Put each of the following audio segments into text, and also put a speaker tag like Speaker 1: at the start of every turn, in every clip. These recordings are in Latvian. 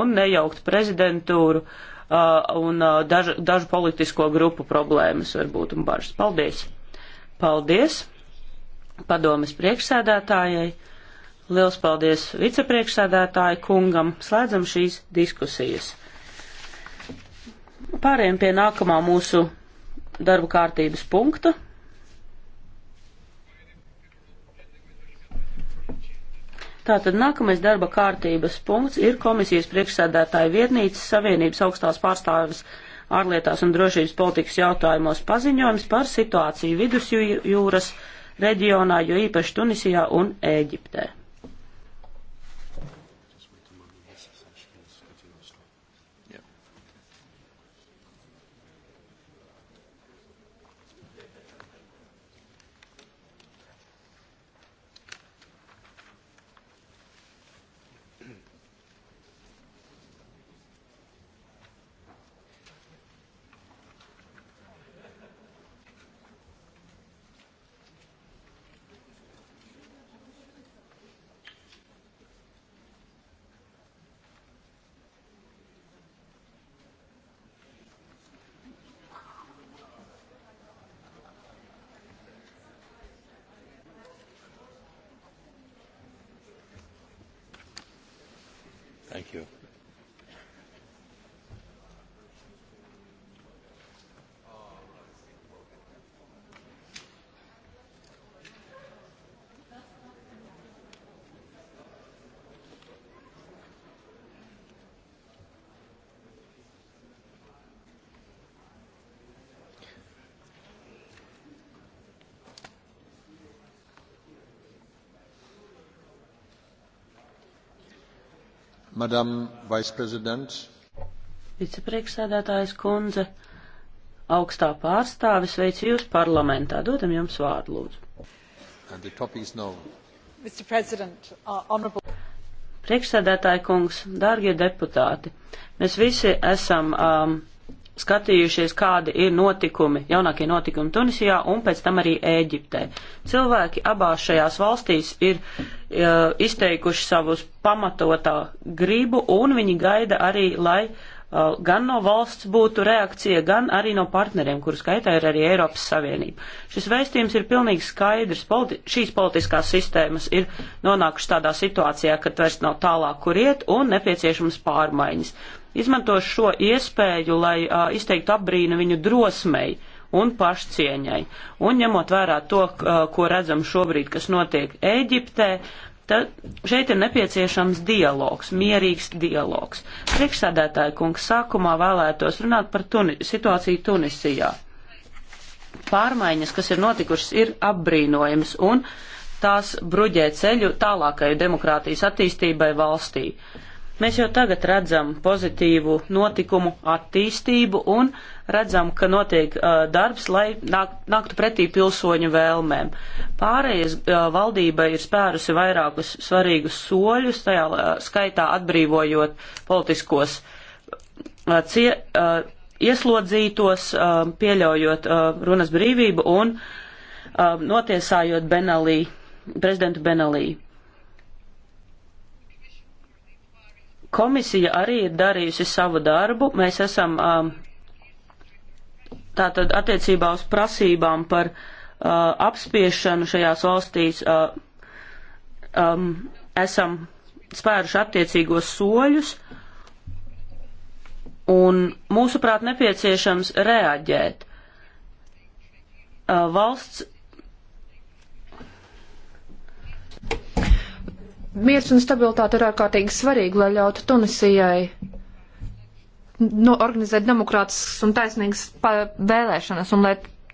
Speaker 1: un nejaukt prezidentūru uh, un uh, daž, dažu politisko grupu problēmas varbūt un bažas. Paldies! Paldies padomas priekšsēdētājai! Liels paldies vicepriekšsēdētāju kungam! Slēdzam šīs diskusijas! Pārējiem pie nākamā mūsu darba kārtības punkta. Tātad nākamais darba kārtības punkts ir komisijas priekšsēdētāja vietnīcas Savienības augstās pārstāvis ārlietās un drošības politikas jautājumos paziņojums par situāciju vidusjūras reģionā, jo īpaši Tunisijā un Ēģiptē.
Speaker 2: Madam Viceprezidents.
Speaker 1: Vicepriekšsēdētājs kundze, augstā pārstāve sveic jūs parlamentā. Dodam jums vārdu, lūdzu. And the top is no.
Speaker 3: Mr. President, uh, honorable.
Speaker 1: Priekšsēdētāji kungs, dārgie deputāti, mēs visi esam um, skatījušies, kādi ir notikumi, jaunākie notikumi Tunisijā un pēc tam arī Ēģiptē. Cilvēki abās šajās valstīs ir izteikuši savus pamatotā gribu, un viņi gaida arī, lai uh, gan no valsts būtu reakcija, gan arī no partneriem, kuru skaitā ir arī Eiropas Savienība. Šis vēstījums ir pilnīgi skaidrs. Politi šīs politiskās sistēmas ir nonākušas tādā situācijā, ka vairs nav tālāk, kur iet, un nepieciešams pārmaiņas. Izmantošu šo iespēju, lai uh, izteiktu apbrīnu viņu drosmei uh, un pašcieņai. Un ņemot vērā to, ko redzam šobrīd, kas notiek Ēģiptē, tad šeit ir nepieciešams dialogs, mierīgs dialogs. Priekšsēdētāja kungs sākumā vēlētos runāt par tuni situāciju Tunisijā. Pārmaiņas, kas ir notikušas, ir apbrīnojamas un tās bruģē ceļu tālākai demokrātijas attīstībai valstī. Uh, Mēs jau tagad redzam pozitīvu notikumu attīstību un redzam, ka notiek uh, darbs, lai nāk, nāktu pretī pilsoņu vēlmēm. Pārējais uh, valdība ir spērusi vairākus svarīgus soļus, tajā uh, skaitā atbrīvojot politiskos uh, cie, uh, ieslodzītos, uh, pieļaujot uh, runas brīvību un uh, notiesājot Benalī, prezidentu Benalī. Komisija arī ir darījusi savu darbu. Mēs esam um, tātad attiecībā uz prasībām par uh, apspiešanu šajās valstīs uh, um, esam spēruši attiecīgos soļus, un mūsuprāt nepieciešams reaģēt. Uh, valsts
Speaker 2: Miers un stabilitāte ir ārkārtīgi svarīgi, lai ļautu Tunisijai no, organizēt demokrātiskas un taisnīgas vēlēšanas un lai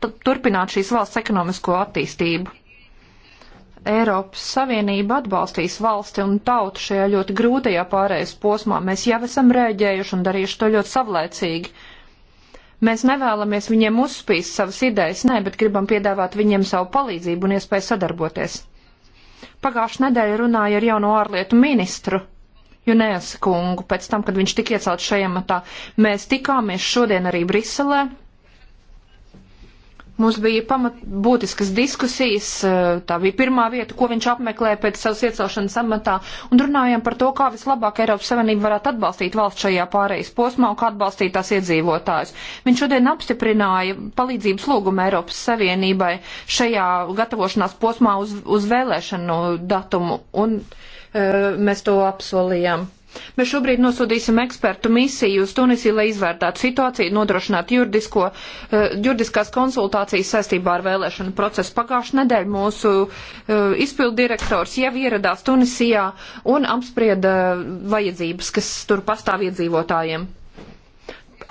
Speaker 2: turpinātu šīs valsts ekonomisko attīstību. Eiropas Savienība atbalstīs valsti un tautu šajā ļoti grūtajā pārējais posmā. Mēs jau esam rēģējuši un darījuši to ļoti savlaicīgi. Mēs nevēlamies viņiem uzspīst savas idejas, nē, bet gribam piedāvāt viņiem savu palīdzību un iespēju sadarboties. Pagājušā nedēļa runāja ar jauno ārlietu ministru Junēs kungu, pēc tam, kad viņš tika iecelts šajā matā. Mēs tikāmies šodien arī Briselē Mums bija pamat būtiskas diskusijas, eh, tā bija pirmā vieta, ko viņš apmeklēja pēc savas iecelšanas amatā, un runājām par to, kā vislabāk Eiropas Savienība varētu atbalstīt valsts šajā pārejas posmā un kā atbalstīt tās iedzīvotājus. Viņš šodien apstiprināja palīdzības lūgumu Eiropas Savienībai šajā gatavošanās posmā uz, uz vēlēšanu datumu, un e, mēs to apsolījām. Mēs šobrīd nosūtīsim ekspertu misiju uz Tunisiju, lai izvērtātu situāciju, nodrošinātu juridisko, eh, juridiskās konsultācijas saistībā ar vēlēšanu procesu. Pagājušajā nedēļā mūsu eh, izpildu direktors jau ieradās Tunisijā un apsprieda vajadzības, kas tur pastāv iedzīvotājiem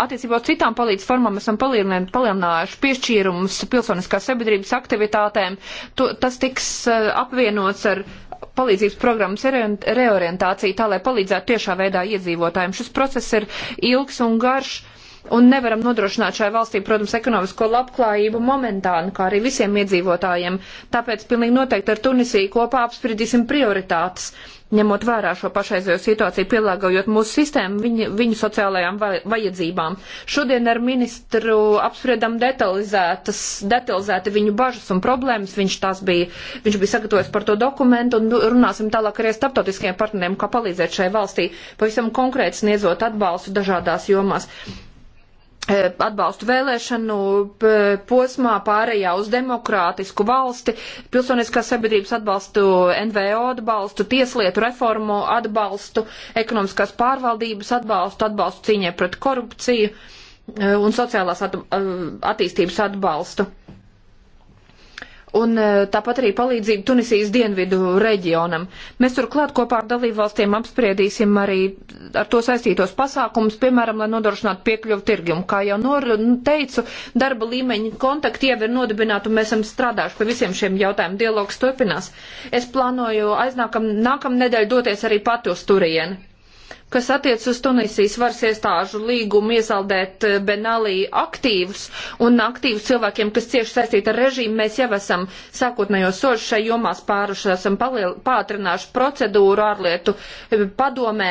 Speaker 2: attiecībā uz citām palīdzības formām esam palielinājuši piešķīrumus pilsoniskās sabiedrības aktivitātēm. To, tas tiks eh, apvienots ar palīdzības programmas reorientāciju tā, lai palīdzētu tiešā veidā iedzīvotājiem. Šis process ir ilgs un garš un nevaram nodrošināt šai valstī, protams, ekonomisko labklājību momentāni, kā arī visiem iedzīvotājiem. Tāpēc pilnīgi noteikti ar Tunisiju kopā apspriedīsim prioritātes, ņemot vērā šo pašreizējo situāciju, pielāgojot mūsu sistēmu viņu, viņu sociālajām vajadzībām. Šodien ar ministru apspriedam detalizētas, detalizēti viņu bažas un problēmas. Viņš, bija, viņš bija sagatavojis par to dokumentu un nu, runāsim tālāk arī ar starptautiskajiem partneriem, kā palīdzēt šai valstī, pavisam konkrēti sniedzot atbalstu dažādās jomās. E, atbalstu vēlēšanu e, posmā pārējā uz demokrātisku valsti, pilsoniskās sabiedrības atbalstu, NVO atbalstu, tieslietu reformu atbalstu, ekonomiskās pārvaldības atbalstu, atbalstu cīņai pret korupciju e, un sociālās at attīstības atbalstu un e, tāpat arī palīdzību Tunisijas dienvidu reģionam. Mēs turklāt kopā ar dalībvalstiem apspriedīsim arī ar to saistītos pasākumus, piemēram, lai nodrošinātu piekļuvu tirgumu. Kā jau nor, nu, teicu, darba līmeņa kontakti jau ir nodibināti un mēs esam strādājuši pie visiem šiem jautājumiem. Dialogs turpinās. Es plānoju aiznākam nākamnedēļ doties arī pati uz turieni kas attiec uz Tunisijas varas iestāžu līgumu iesaldēt eh, Benalī aktīvus un aktīvus cilvēkiem, kas cieši saistīti ar režīmu, mēs jau esam sākotnējos soļus šai jomās pāruši, esam pātrinājuši procedūru ārlietu eh, padomē,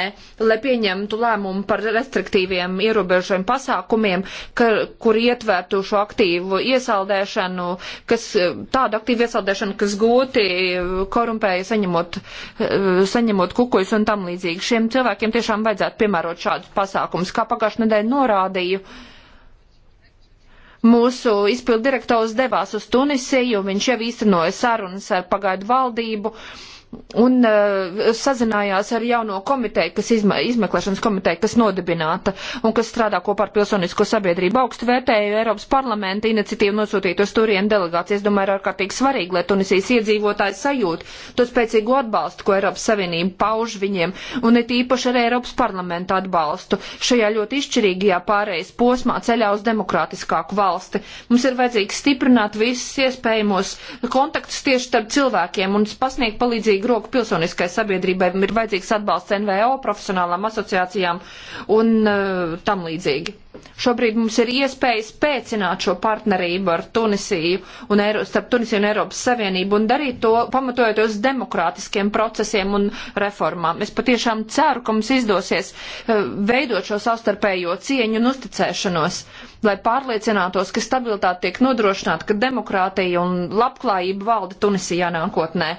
Speaker 2: lai pieņemtu lēmumu par restriktīviem ierobežojumiem pasākumiem, ka, kur ietvērtu šo aktīvu iesaldēšanu, kas, eh, tādu aktīvu iesaldēšanu, kas gūti korumpēja saņemot, saņemot kukuļus un tam līdzīgi. Šiem cilvēkiem tieši tiešām vajadzētu piemērot šādus pasākumus. Kā pagājušajā nedēļā norādīju, mūsu izpildu direktors devās uz Tunisiju, viņš jau īstenoja sarunas ar pagaidu valdību. Uh, un uh, sazinājās ar jauno komiteju, kas izma, izmeklēšanas komiteju, kas nodibināta un kas strādā kopā ar pilsonisko sabiedrību. Augstu vērtēju Eiropas parlamenta iniciatīvu nosūtīt uz turienu delegācijas. Domāju, ir ārkārtīgi svarīgi, lai Tunisijas iedzīvotāji sajūt to spēcīgo atbalstu, ko Eiropas Savienība pauž viņiem, un it īpaši ar Eiropas parlamenta atbalstu šajā ļoti izšķirīgajā pārejas posmā ceļā uz demokrātiskāku valsti. Mums ir vajadzīgs stiprināt visus iespējamos kontaktus tieši starp cilvēkiem un pasniegt palīdzību palīdzīgu roku pilsoniskai sabiedrībai, ir vajadzīgs atbalsts NVO, profesionālām asociācijām un uh, tam līdzīgi. Šobrīd mums ir iespēja spēcināt šo partnerību ar Tunisiju un Eiro, starp Tunisiju un Eiropas Savienību un darīt to pamatojot uz demokrātiskiem procesiem un reformām. Es patiešām ceru, ka mums izdosies eh, veidot šo savstarpējo cieņu un uzticēšanos, lai pārliecinātos, ka stabilitāte tiek nodrošināta, ka demokrātija un labklājība valda Tunisijā nākotnē.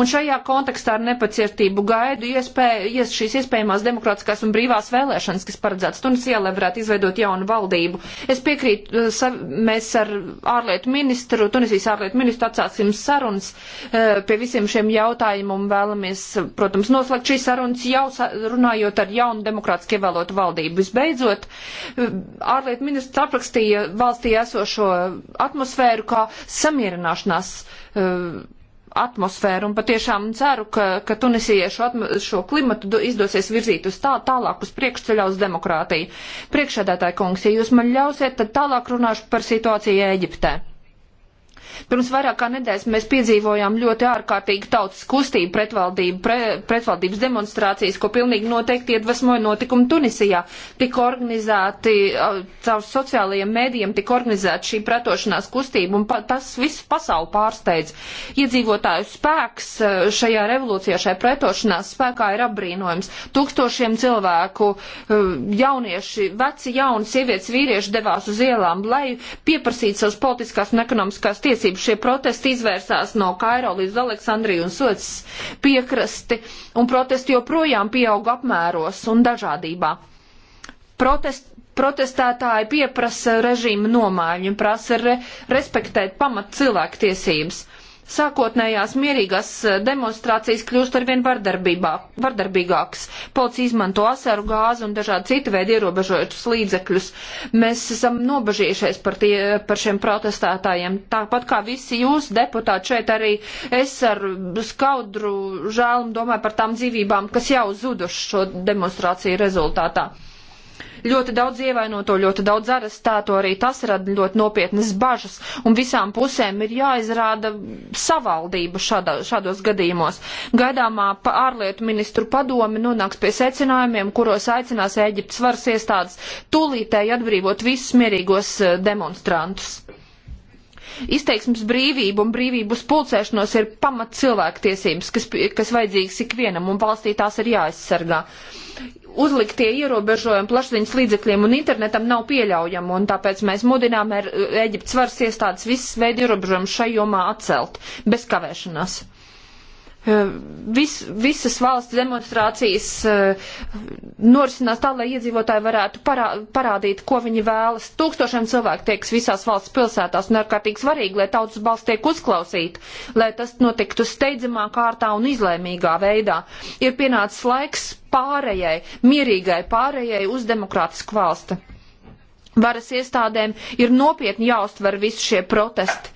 Speaker 2: Un šajā kontekstā ar nepacietību gaidu iespēju, ies šīs iespējamās demokrātiskās un brīvās vēlēšanas, kas paredzētas Tunisijā, lai varētu izveidot jaunu valdību. Es piekrītu, eh, mēs ar ārlietu ministru, Tunisijas ārlietu ministru atsāksim sarunas eh, pie visiem šiem jautājumiem un vēlamies, protams, noslēgt šīs sarunas jau runājot ar jaunu demokrātiski ievēlotu valdību. Visbeidzot, eh, ārlietu ministrs aprakstīja valstī esošo atmosfēru kā samierināšanās uh, atmosfēru un patiešām ceru, ka, ka tunisiešu šo klimatu izdosies virzīt uz tā, tālāk uz priekšceļā uz demokrātiju. Priekšsēdētāji kungs, ja jūs man ļausiet, tad tālāk runāšu par situāciju Ēģiptē. Pirms vairāk kā nedēļas mēs piedzīvojām ļoti ārkārtīgu tautas kustību pretvaldību, pre, pretvaldības demonstrācijas, ko pilnīgi noteikti iedvesmoja notikumi Tunisijā. Tik organizēti, uh, caur sociālajiem mēdījiem tik organizēta šī pretošanās kustība, un pa, tas visu pasauli pārsteidz. Iedzīvotāju spēks uh, šajā revolūcijā, šajā pretošanās spēkā ir apbrīnojums. Tūkstošiem cilvēku, uh, jaunieši, veci, jauni, sievietes, vīrieši devās uz ielām, lai pieprasītu savas politiskās un ekonomiskās tiesības tiesības. Šie protesti izvērsās no Kairo līdz Aleksandriju un Socas piekrasti, un protesti joprojām pieauga apmēros un dažādībā. Protest, protestētāji pieprasa režīmu nomaiņu, prasa re, respektēt pamat cilvēktiesības. Sākotnējās mierīgās eh, demonstrācijas kļūst arvien vardarbīgākas. Policija izmanto asaru gāzi un dažādi cita veidi ierobežojušus līdzekļus. Mēs esam nobežījušies par, tie, par šiem protestētājiem. Tāpat kā visi jūs deputāti šeit arī es ar skaudru žēlumu domāju par tām dzīvībām, kas jau zudušas šo demonstrāciju rezultātā. Ļoti daudz ievainoto, ļoti daudz arestēto, arī tas rada ļoti nopietnas bažas, un visām pusēm ir jāizrāda savaldība šāda, šādos gadījumos. Gaidāmā ārlietu ministru padome nonāks pie secinājumiem, kuros aicinās Ēģiptes varas iestādes tūlītēji atbrīvot visus mierīgos eh, demonstrantus izteiksmes brīvība un brīvību spulcēšanos ir pamat cilvēktiesības, kas, kas vajadzīgs ikvienam un valstī tās ir jāaizsargā. Uzliktie ierobežojumi plašsaziņas līdzekļiem un internetam nav pieļaujami, un tāpēc mēs mudinām er, Eģiptes varas iestādes visas veidu ierobežojumus šai jomā atcelt bez kavēšanās. Eh, vis, visas valsts demonstrācijas eh, norisinās tā, lai iedzīvotāji varētu parā, parādīt, ko viņi vēlas. Tūkstošiem cilvēku tieks visās valsts pilsētās un ārkārtīgi svarīgi, lai tautas balss tiek uzklausīta, lai tas notiktu steidzamā kārtā un izlēmīgā veidā. Ir pienācis laiks pārējai, mierīgai pārējai uz demokrātisku valsti. Varas iestādēm ir nopietni jāuztver visi šie protesti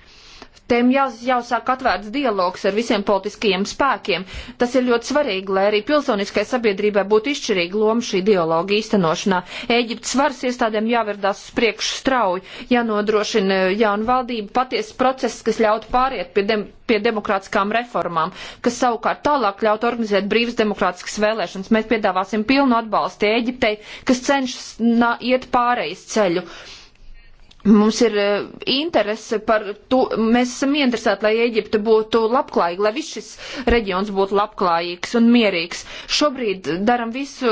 Speaker 2: Tiem jā, jāsāk atvērts dialogs ar visiem politiskajiem spēkiem. Tas ir ļoti svarīgi, lai arī pilsoniskai sabiedrībai būtu izšķirīga loma šī dialoga īstenošanā. Ēģiptes varas iestādēm jāverdās uz priekšu strauji, jānodrošina jauna valdība patiesas process, kas ļautu pāriet pie, dem pie demokrātiskām reformām, kas savukārt tālāk ļautu organizēt brīvas demokrātiskas vēlēšanas. Mēs piedāvāsim pilnu atbalstu Ēģiptei, kas cenšas iet pārējais ceļu. Uh, Mums ir eh, interese par to, mēs esam interesēti, lai Eģipte būtu labklājīga, lai viss šis reģions būtu labklājīgs un mierīgs. Šobrīd daram visu,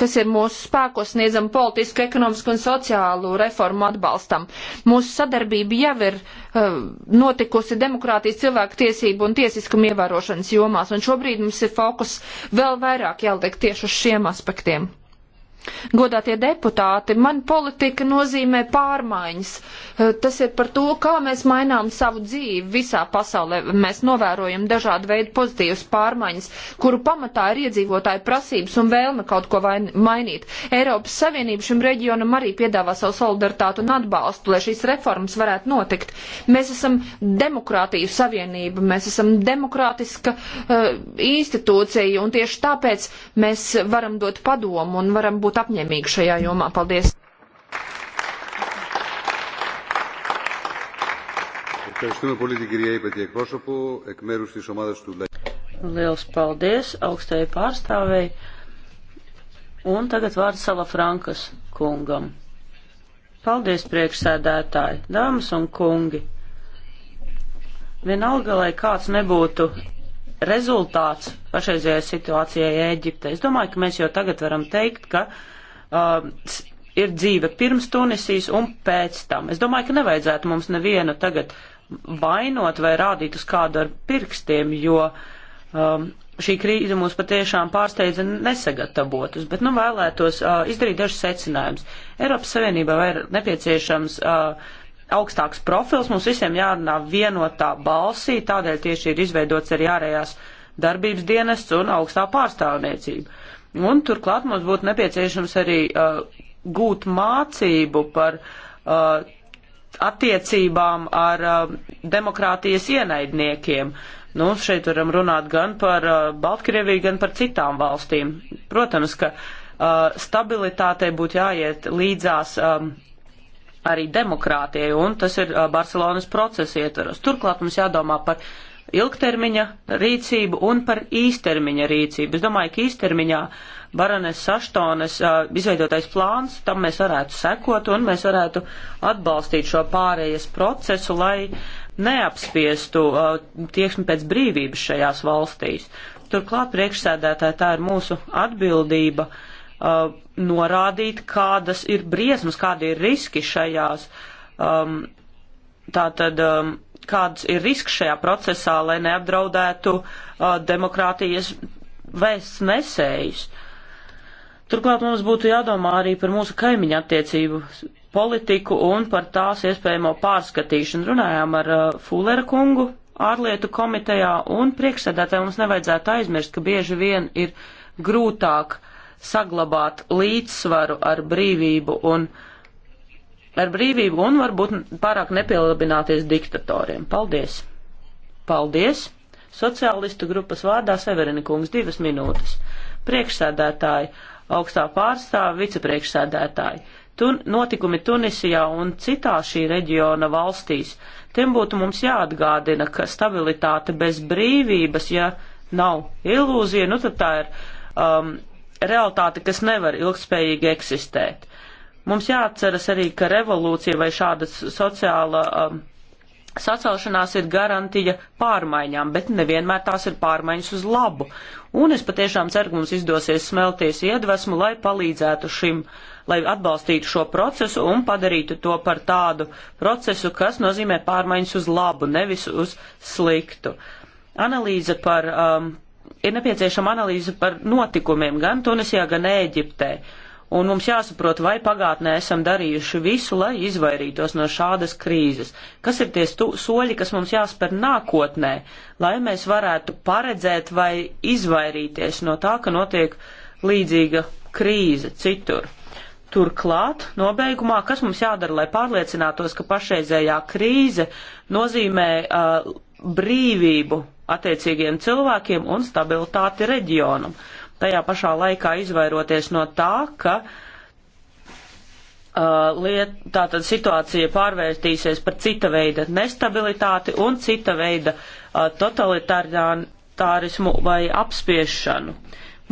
Speaker 2: kas ir mūsu spēkos, sniedzam politisku, ekonomisku un sociālu reformu atbalstam. Mūsu sadarbība jau ir uh, notikusi demokrātijas cilvēku tiesību un tiesiskumu ievērošanas jomās, un šobrīd mums ir fokus vēl vairāk jāliek tieši uz šiem aspektiem. Godātie deputāti, man politika nozīmē pārmaiņas. Eh, tas ir par to, kā mēs mainām savu dzīvi visā pasaulē. Mēs novērojam dažādu veidu pozitīvas pārmaiņas, kuru pamatā ir iedzīvotāju prasības un vēlme kaut ko mainīt. Eiropas Savienība šim reģionam arī piedāvā savu solidaritātu un atbalstu, lai šīs reformas varētu notikt. Mēs esam demokrātiju savienība, mēs esam demokrātiska uh, institūcija un tieši tāpēc mēs varam dot padomu un varam būt būt apņēmīgi šajā jomā. Paldies!
Speaker 1: Liels paldies augstajai pārstāvēji. Un tagad vārds Sala Frankas kungam. Paldies, priekšsēdētāji, dāmas un kungi. Vienalga, lai kāds nebūtu rezultāts pašreizējai situācijai Ēģipte. Es domāju, ka mēs jau tagad varam teikt, ka uh, ir dzīve pirms Tunisijas un pēc tam. Es domāju, ka nevajadzētu mums nevienu tagad vainot vai rādīt uz kādu ar pirkstiem, jo um, šī krīze mūs patiešām pārsteidza nesagatavotus, bet nu vēlētos uh, izdarīt dažus secinājumus. Eiropas Savienībā ir nepieciešams uh, augstāks profils, mums visiem jārunā vienotā balsī, tādēļ tieši ir izveidots arī ārējās darbības dienests un augstā pārstāvniecība. Un turklāt mums būtu nepieciešams arī uh, gūt mācību par uh, attiecībām ar uh, demokrātijas ienaidniekiem. Nu, šeit varam runāt gan par uh, Baltkrieviju, gan par citām valstīm. Protams, ka uh, stabilitātei būtu jāiet līdzās um, arī demokrātijai, un tas ir Barcelonas procesa ietvaros. Turklāt mums jādomā par ilgtermiņa rīcību un par īstermiņa rīcību. Es domāju, ka īstermiņā Baranes Saštones uh, izveidotais plāns, tam mēs varētu sekot un mēs varētu atbalstīt šo pārējas procesu, lai neapspiestu uh, tieksmi pēc brīvības šajās valstīs. Turklāt priekšsēdētāji tā ir mūsu atbildība. Uh, norādīt, kādas ir briesmas, kādi ir riski šajās, um, tātad, um, kāds ir risks šajā procesā, lai neapdraudētu uh, demokrātijas vēsts nesējus. Turklāt mums būtu jādomā arī par mūsu kaimiņu attiecību politiku un par tās iespējamo pārskatīšanu. Runājām ar uh, Fulera kungu ārlietu komitejā un priekšsēdētāji mums nevajadzētu aizmirst, ka bieži vien ir grūtāk uh, saglabāt līdzsvaru ar brīvību un ar brīvību un varbūt pārāk nepielabināties diktatoriem. Paldies! Paldies! Sociālistu grupas vārdā Severini kungs divas minūtes. Priekšsēdētāji, augstā pārstāve, vicepriekšsēdētāji. Tun, notikumi Tunisijā un citā šī reģiona valstīs. Tiem būtu mums jāatgādina, ka stabilitāte bez brīvības, ja nav ilūzija, nu tad tā ir um, realitāte, kas nevar ilgspējīgi eksistēt. Mums jāatceras arī, ka revolūcija vai šāda sociāla um, sacelšanās ir garantija pārmaiņām, bet nevienmēr tās ir pārmaiņas uz labu. Un es patiešām ceru, ka mums izdosies smelties iedvesmu, lai palīdzētu šim, lai atbalstītu šo procesu un padarītu to par tādu procesu, kas nozīmē pārmaiņas uz labu, nevis uz sliktu. Analīze par um, ir nepieciešama analīze par notikumiem gan Tunisijā, gan Ēģiptē. Un mums jāsaprot, vai pagātnē esam darījuši visu, lai izvairītos no šādas krīzes. Kas ir tie soļi, kas mums jāspēr nākotnē, lai mēs varētu paredzēt vai izvairīties no tā, ka notiek līdzīga krīze citur. Turklāt, nobeigumā, kas mums jādara, lai pārliecinātos, ka pašreizējā krīze nozīmē uh, brīvību attiecīgiem cilvēkiem un stabilitāti reģionam. Tajā pašā laikā izvairoties no tā, ka uh, liet, tātad situācija pārvērtīsies par cita veida nestabilitāti un cita veida uh, totalitārismu vai apspiešanu.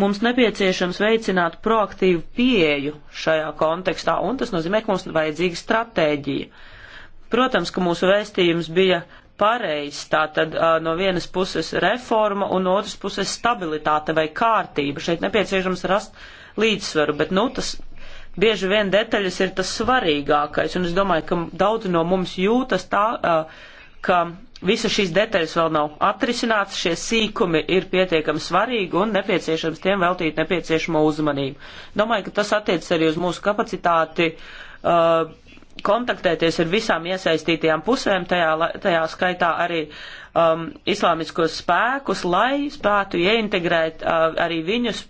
Speaker 1: Mums nepieciešams veicināt proaktīvu pieeju šajā kontekstā, un tas nozīmē, ka mums vajadzīga stratēģija. Protams, ka mūsu vēstījums bija pareizs. Tātad uh, no vienas puses reforma un no otras puses stabilitāte vai kārtība. Šeit nepieciešams rast līdzsvaru, bet nu tas bieži vien detaļas ir tas svarīgākais. Un es domāju, ka daudzi no mums jūtas tā, uh, ka visas šīs detaļas vēl nav atrisinātas, šie sīkumi ir pietiekami svarīgi un nepieciešams tiem veltīt nepieciešamo uzmanību. Domāju, ka tas attiec arī uz mūsu kapacitāti. Uh, kontaktēties ar visām iesaistītajām pusēm, tajā, tajā skaitā arī um, islāmiskos spēkus, lai spētu ieintegrēt uh, arī viņus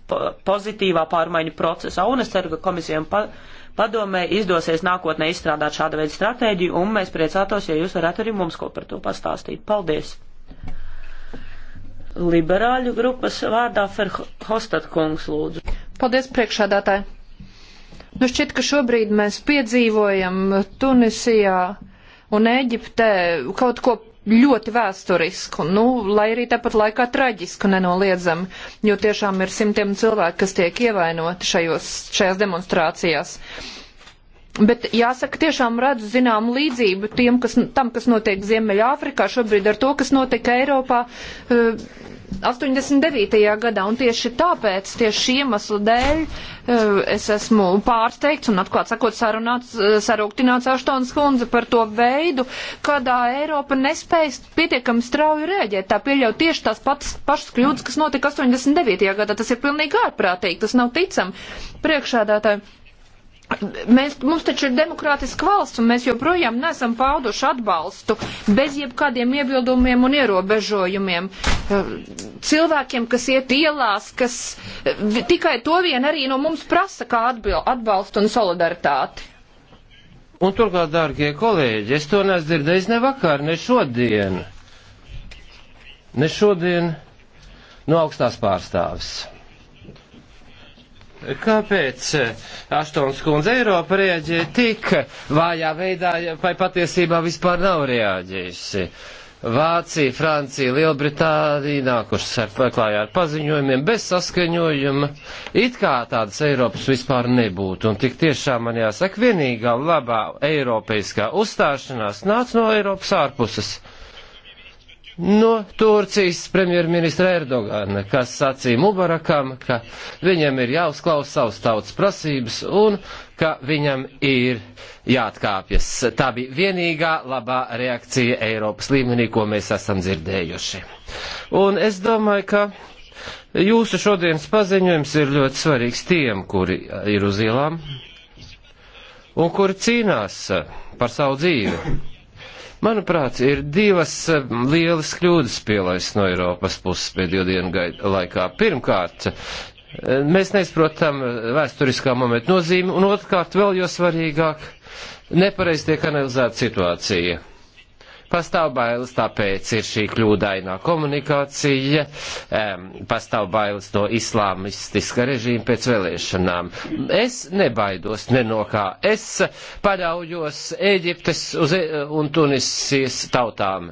Speaker 1: pozitīvā pārmaiņu procesā. Un es ceru, ka komisijām pa, padomē izdosies nākotnē izstrādāt šāda veida stratēģiju, un mēs priecātos, ja jūs varētu arī mums ko par to pastāstīt. Paldies! Liberāļu grupas vārdā Ferhostat kungs lūdzu.
Speaker 2: Paldies priekšādātāji! Nu šķiet, ka šobrīd mēs piedzīvojam Tunisijā un Eģiptē kaut ko ļoti vēsturisku, nu, lai arī tāpat laikā traģisku nenoliedzami, jo tiešām ir simtiem cilvēku, kas tiek ievainoti šajos, šajās demonstrācijās. Bet jāsaka, tiešām redzu zinām līdzību tiem, kas, tam, kas notiek Ziemeļāfrikā šobrīd ar to, kas notiek Eiropā. Uh, 89. gadā, un tieši tāpēc, tieši šī iemesla dēļ, eh, es esmu pārsteigts un atklāt sakot sarunāts, eh, sarūktināts Aštons kundze par to veidu, kādā Eiropa nespēja pietiekami strauji rēģēt. Tā pieļauj tieši tās pats, pašas kļūdas, kas notika 89. gadā. Tas ir pilnīgi ārprātīgi, tas nav ticam priekšādātāji Mēs, mums taču ir demokrātiska valsts, un mēs joprojām nesam pauduši atbalstu bez jebkādiem iebildumiem un ierobežojumiem. Eh, cilvēkiem, kas iet ielās, kas eh, tikai to vien arī no mums prasa kā atbalstu un solidaritāti.
Speaker 4: Un turklāt, dārgie kolēģi, es to nesdzirdēju ne vakar, ne šodien. Ne šodien no augstās pārstāvis. Kāpēc eh, Aštons kundze Eiropa reaģēja tik vājā veidā, vai patiesībā vispār nav reaģējusi? Vācija, Francija, Lielbritānija nākušas ar, klājā ar paziņojumiem bez saskaņojuma, it kā tādas Eiropas vispār nebūtu. Un tik tiešām man jāsaka, vienīgā labā eiropeiskā uzstāšanās nāca no Eiropas ārpuses no Turcijas premjerministra Erdogana, kas sacīja Mubarakam, ka viņam ir jāuzklaus savas tautas prasības un ka viņam ir jāatkāpjas. Tā bija vienīgā labā reakcija Eiropas līmenī, ko mēs esam dzirdējuši. Un es domāju, ka jūsu šodienas paziņojums ir ļoti svarīgs tiem, kuri ir uz ielām un kuri cīnās par savu dzīvi Manuprāt, ir divas eh, lielas kļūdas pielaist no Eiropas puses pēdējo dienu laikā. Pirmkārt, eh, mēs neizprotam eh, vēsturiskā momenta nozīmi, un otrkārt, vēl jo svarīgāk, nepareiz tiek analizēta situācija. Pastāv bailes, tāpēc ir šī kļūdainā komunikācija, um, pastāv bailes no islāmistiska režīma pēc vēlēšanām. Es nebaidos nenokā. Es paļaujos Ēģiptes e, un Tunisijas tautām.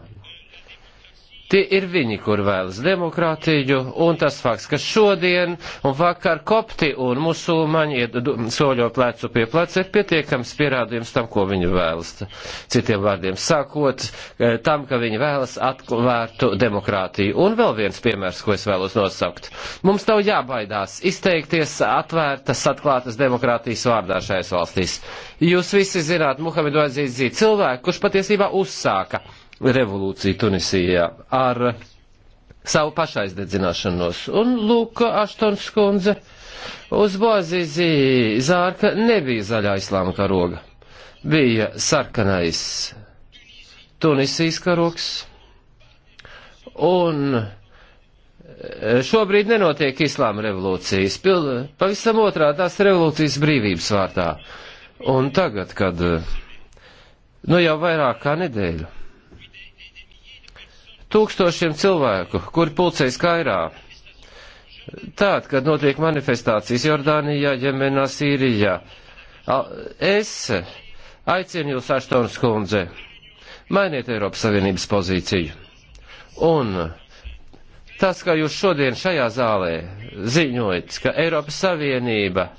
Speaker 4: Tie ir viņi, kur vēlas demokrātiju, un tas fakts, ka šodien un vakar kopti un musulmaņi ied, soļo plecu pie pleca, ir pietiekams pierādījums tam, ko viņi vēlas. Citiem vārdiem sakot, e, tam, ka viņi vēlas atklātu demokrātiju. Un vēl viens piemērs, ko es vēlos nosaukt. Mums nav jābaidās izteikties atvērtas, atklātas demokrātijas vārdā šajās valstīs. Jūs visi zināt, Muhamedu Azīzī cilvēku, kurš patiesībā uzsāka revolūciju Tunisijā ar savu pašaizdedzināšanos. Un lūk, Aštons kundze, uz Bozīzī zārka nebija zaļā islāma karoga. Bija sarkanais Tunisijas karoks. Un e, šobrīd nenotiek islāma revolūcijas. Pil, pavisam otrā tās revolūcijas brīvības vārtā. Un tagad, kad e, nu jau vairāk kā nedēļu tūkstošiem cilvēku, kuri pulcējas Kairā. Tātad, kad notiek manifestācijas Jordānijā, Jemenā, Sīrijā, es aicinu jūs, Aštons kundze, mainiet Eiropas Savienības pozīciju. Un tas, ka jūs šodien šajā zālē ziņojat, ka Eiropas Savienība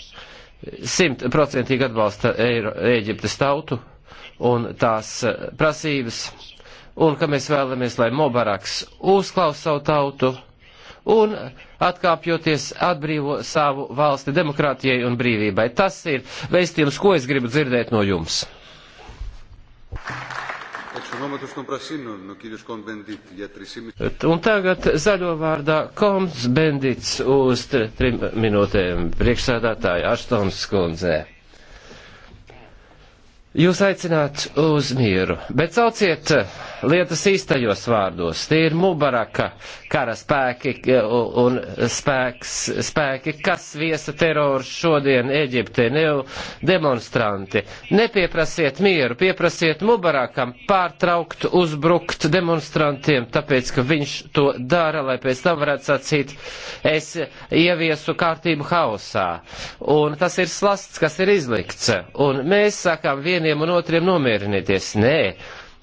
Speaker 4: simtprocentīgi atbalsta Eiro, Eģiptes tautu un tās e, prasības, un ka mēs vēlamies, lai Mobaraks uzklaus savu tautu un atkāpjoties atbrīvo savu valsti demokrātijai un brīvībai. Tas ir vēstījums, ko es gribu dzirdēt no jums. Un tagad zaļo vārdā Koms Bendits uz trim minūtēm priekšsādātāja Aštons skundzē. Jūs aicināt uz mieru, bet sauciet eh, lietas īstajos vārdos. Tie ir Mubaraka kara spēki eh, un spēks, spēki, kas viesa terors šodien Eģiptē, ne demonstranti. Nepieprasiet mieru, pieprasiet Mubarakam pārtraukt uzbrukt demonstrantiem, tāpēc, ka viņš to dara, lai pēc tam varētu sacīt, es ieviesu kārtību hausā. Un tas ir slasts, kas ir izlikts. Un mēs sakām vien vieniem un otriem nomierinieties. Nē,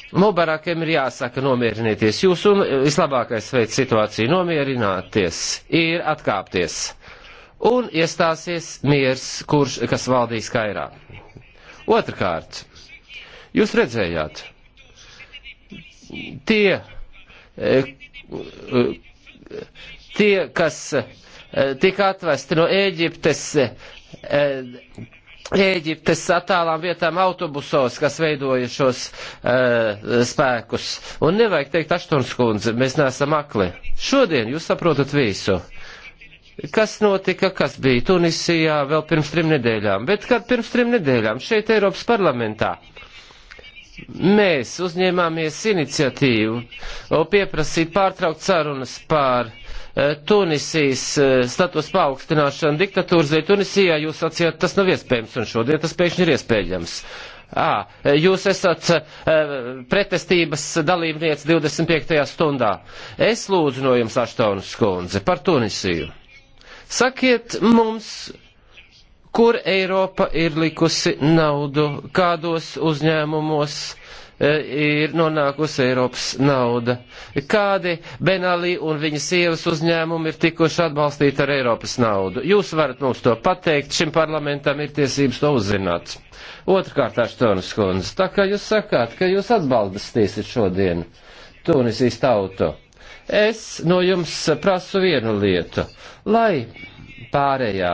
Speaker 4: Mubarakiem ir jāsaka nomierinieties jūs, un vislabākais veids situāciju nomierināties ir atkāpties. Un iestāsies miers, kurš, kas valdīs kairā. Otrkārt, jūs redzējāt, tie, e, tie kas e, tika atvesti no Ēģiptes, e, Ēģiptes attālām vietām autobusos, kas veidoja šos uh, spēkus. Un nevajag teikt, Aštons kundze, mēs neesam akli. Šodien jūs saprotat visu. Kas notika, kas bija Tunisijā vēl pirms trim nedēļām, bet kad pirms trim nedēļām šeit Eiropas parlamentā uh, mēs uzņēmāmies iniciatīvu pieprasīt pārtraukt sarunas pār e, Tunisijas e, status paaugstināšanu diktatūras dēļ Tunisijā. Jūs sacījāt, tas nav iespējams, un šodien tas pēkšņi ir iespējams. À, e, jūs esat pretestības dalībniece 25. stundā. Es lūdzu no jums, Aštaunas kundze, par Tunisiju. Sakiet mums, kur Eiropa ir likusi naudu, kādos uzņēmumos e, ir nonākusi Eiropas nauda, kādi Benalī un viņa sievas uzņēmumi ir tikuši atbalstīti ar Eiropas naudu. Jūs varat mums to pateikt, šim parlamentam ir tiesības to uzzināt. Otrkārt, Aštonas kundze, tā kā jūs sakāt, ka jūs atbalstīsiet šodien Tunisijas tautu, es no jums prasu vienu lietu, lai pārējā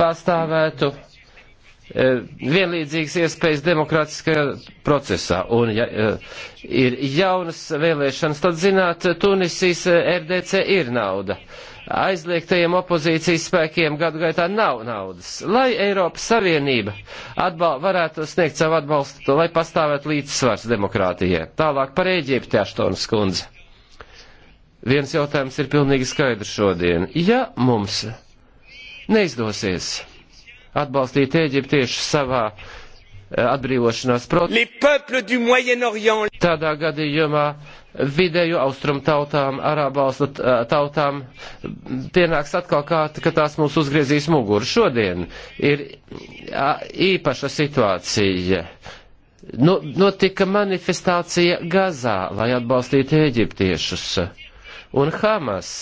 Speaker 4: pastāvētu e, vienlīdzīgas iespējas demokrātiskajā procesā. Un ja e, ir jaunas vēlēšanas, tad zināt, Tunisijas e, RDC ir nauda. Aizliegtajiem opozīcijas spēkiem gadu gaitā nav naudas. Lai Eiropas Savienība atbal, varētu sniegt savu atbalstu, lai pastāvētu līdzsvars demokrātijai. Tālāk par Ēģipti Aštonas kundze. Viens jautājums ir pilnīgi skaidrs šodien. Ja mums neizdosies atbalstīt eģiptiešus savā eh, atbrīvošanās procesā. Tādā gadījumā vidēju austrumu tautām, arābalstu eh, tautām pienāks atkal kāda, ka tās mūs uzgriezīs muguru. Šodien ir īpaša situācija. Nu, notika manifestācija Gazā, lai atbalstītu eģiptiešus. Un Hamas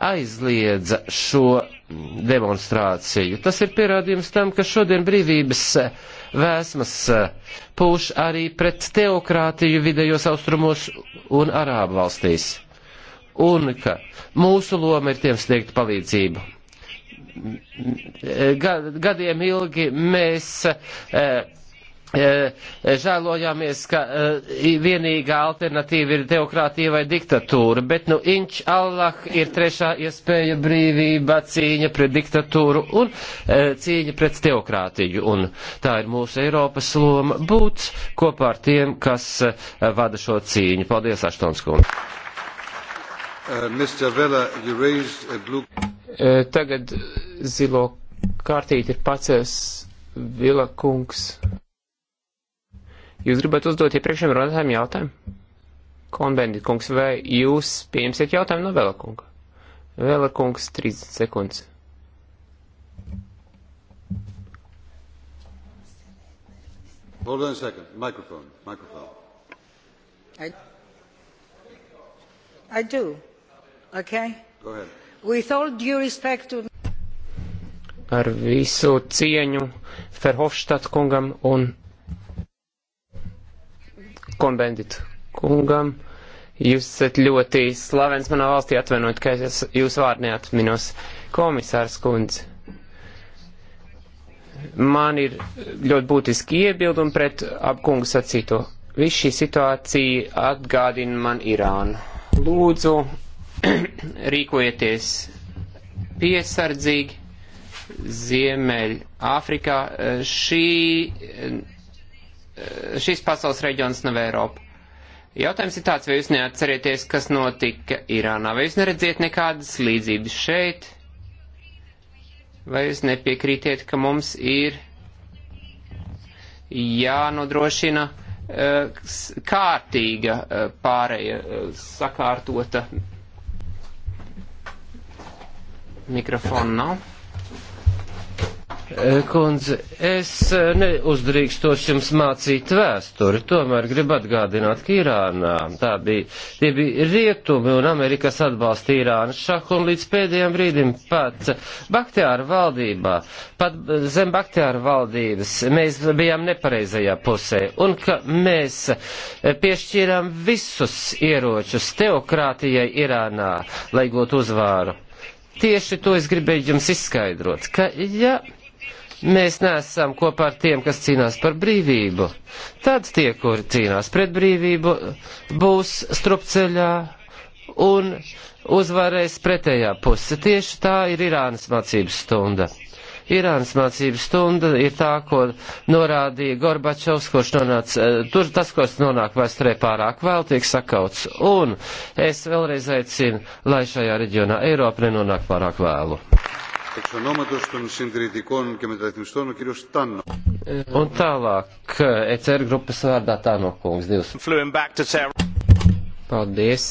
Speaker 4: aizliedza šo demonstrāciju. Tas ir pierādījums tam, ka šodien brīvības eh, vēsmas eh, pūš arī pret teokrātiju vidējos austrumos un arābu valstīs. Un ka mūsu loma ir tiem sniegt palīdzību. Gadiem ilgi mēs. Eh, E, žēlojāmies, ka e, vienīgā alternatīva ir demokrātija vai diktatūra, bet nu inč Allah ir trešā iespēja brīvība, cīņa pret diktatūru un e, cīņa pret teokrātiju. Un tā ir mūsu Eiropas loma būt kopā ar tiem, kas vada šo cīņu. Paldies, Aštonskungs!
Speaker 1: Uh, Vela, blue...
Speaker 5: uh, tagad zilo kārtīti ir pacēs Vila kungs. Jūs gribat uzdot iepriekšējiem runātājiem jautājumu? Konbendit kungs, vai jūs pieņemsiet jautājumu no Vela kunga? Vela kungs, 30 sekundes.
Speaker 1: Hold on a second. Microphone. Microphone.
Speaker 3: I, I do. Okay? Go ahead. With all due respect to...
Speaker 5: Ar visu cieņu Ferhofstadt kungam un konbenditu kungam. Jūs esat ļoti slavens manā valstī, atvainojiet, ka es jūsu vārdu neatminos. Komisārs kundze, man ir ļoti būtiski iebildumi pret apkungu sacīto. Viss šī situācija atgādina man Irānu. Lūdzu, rīkojieties piesardzīgi Ziemeļ Āfrikā. Šī šis pasaules reģions nav Eiropa. Jautājums ir tāds, vai jūs neatcerieties, kas notika Irānā, vai jūs neredziet nekādas līdzības šeit, vai jūs nepiekrītiet, ka mums ir jānodrošina eh, kārtīga eh, pārēja, eh, sakārtota. Mikrofona nav. Eh,
Speaker 4: kundze, es eh, neuzdrīkstos jums mācīt vēsturi, tomēr gribu atgādināt, ka Irānā tā bija, tie bija rietumi un Amerikas atbalsta Irānas šahu un līdz pēdējiem brīdim pat Baktiāra valdībā, pat zem Baktiāra valdības mēs bijām nepareizajā pusē un ka mēs eh, piešķīrām visus ieročus teokrātijai Irānā, lai gūtu uzvāru. Tieši to es gribēju jums izskaidrot, ka ja Mēs neesam kopā ar tiem, kas cīnās par brīvību. Tad tie, kuri cīnās pret brīvību, būs strupceļā un uzvarēs pretējā puse. Tieši tā ir Irānas mācības stunda. Irānas mācības stunda ir tā, ko norādīja Gorbačovs, kurš nonāca, eh, tur tas, kurš nonāk vēsturē pārāk vēl, tiek sakauts. Un es vēlreiz aicinu, lai šajā reģionā Eiropa nenonāk pārāk vēlu. Un tālāk, ECR grupas vārdā Tānokungs, divas.
Speaker 5: Paldies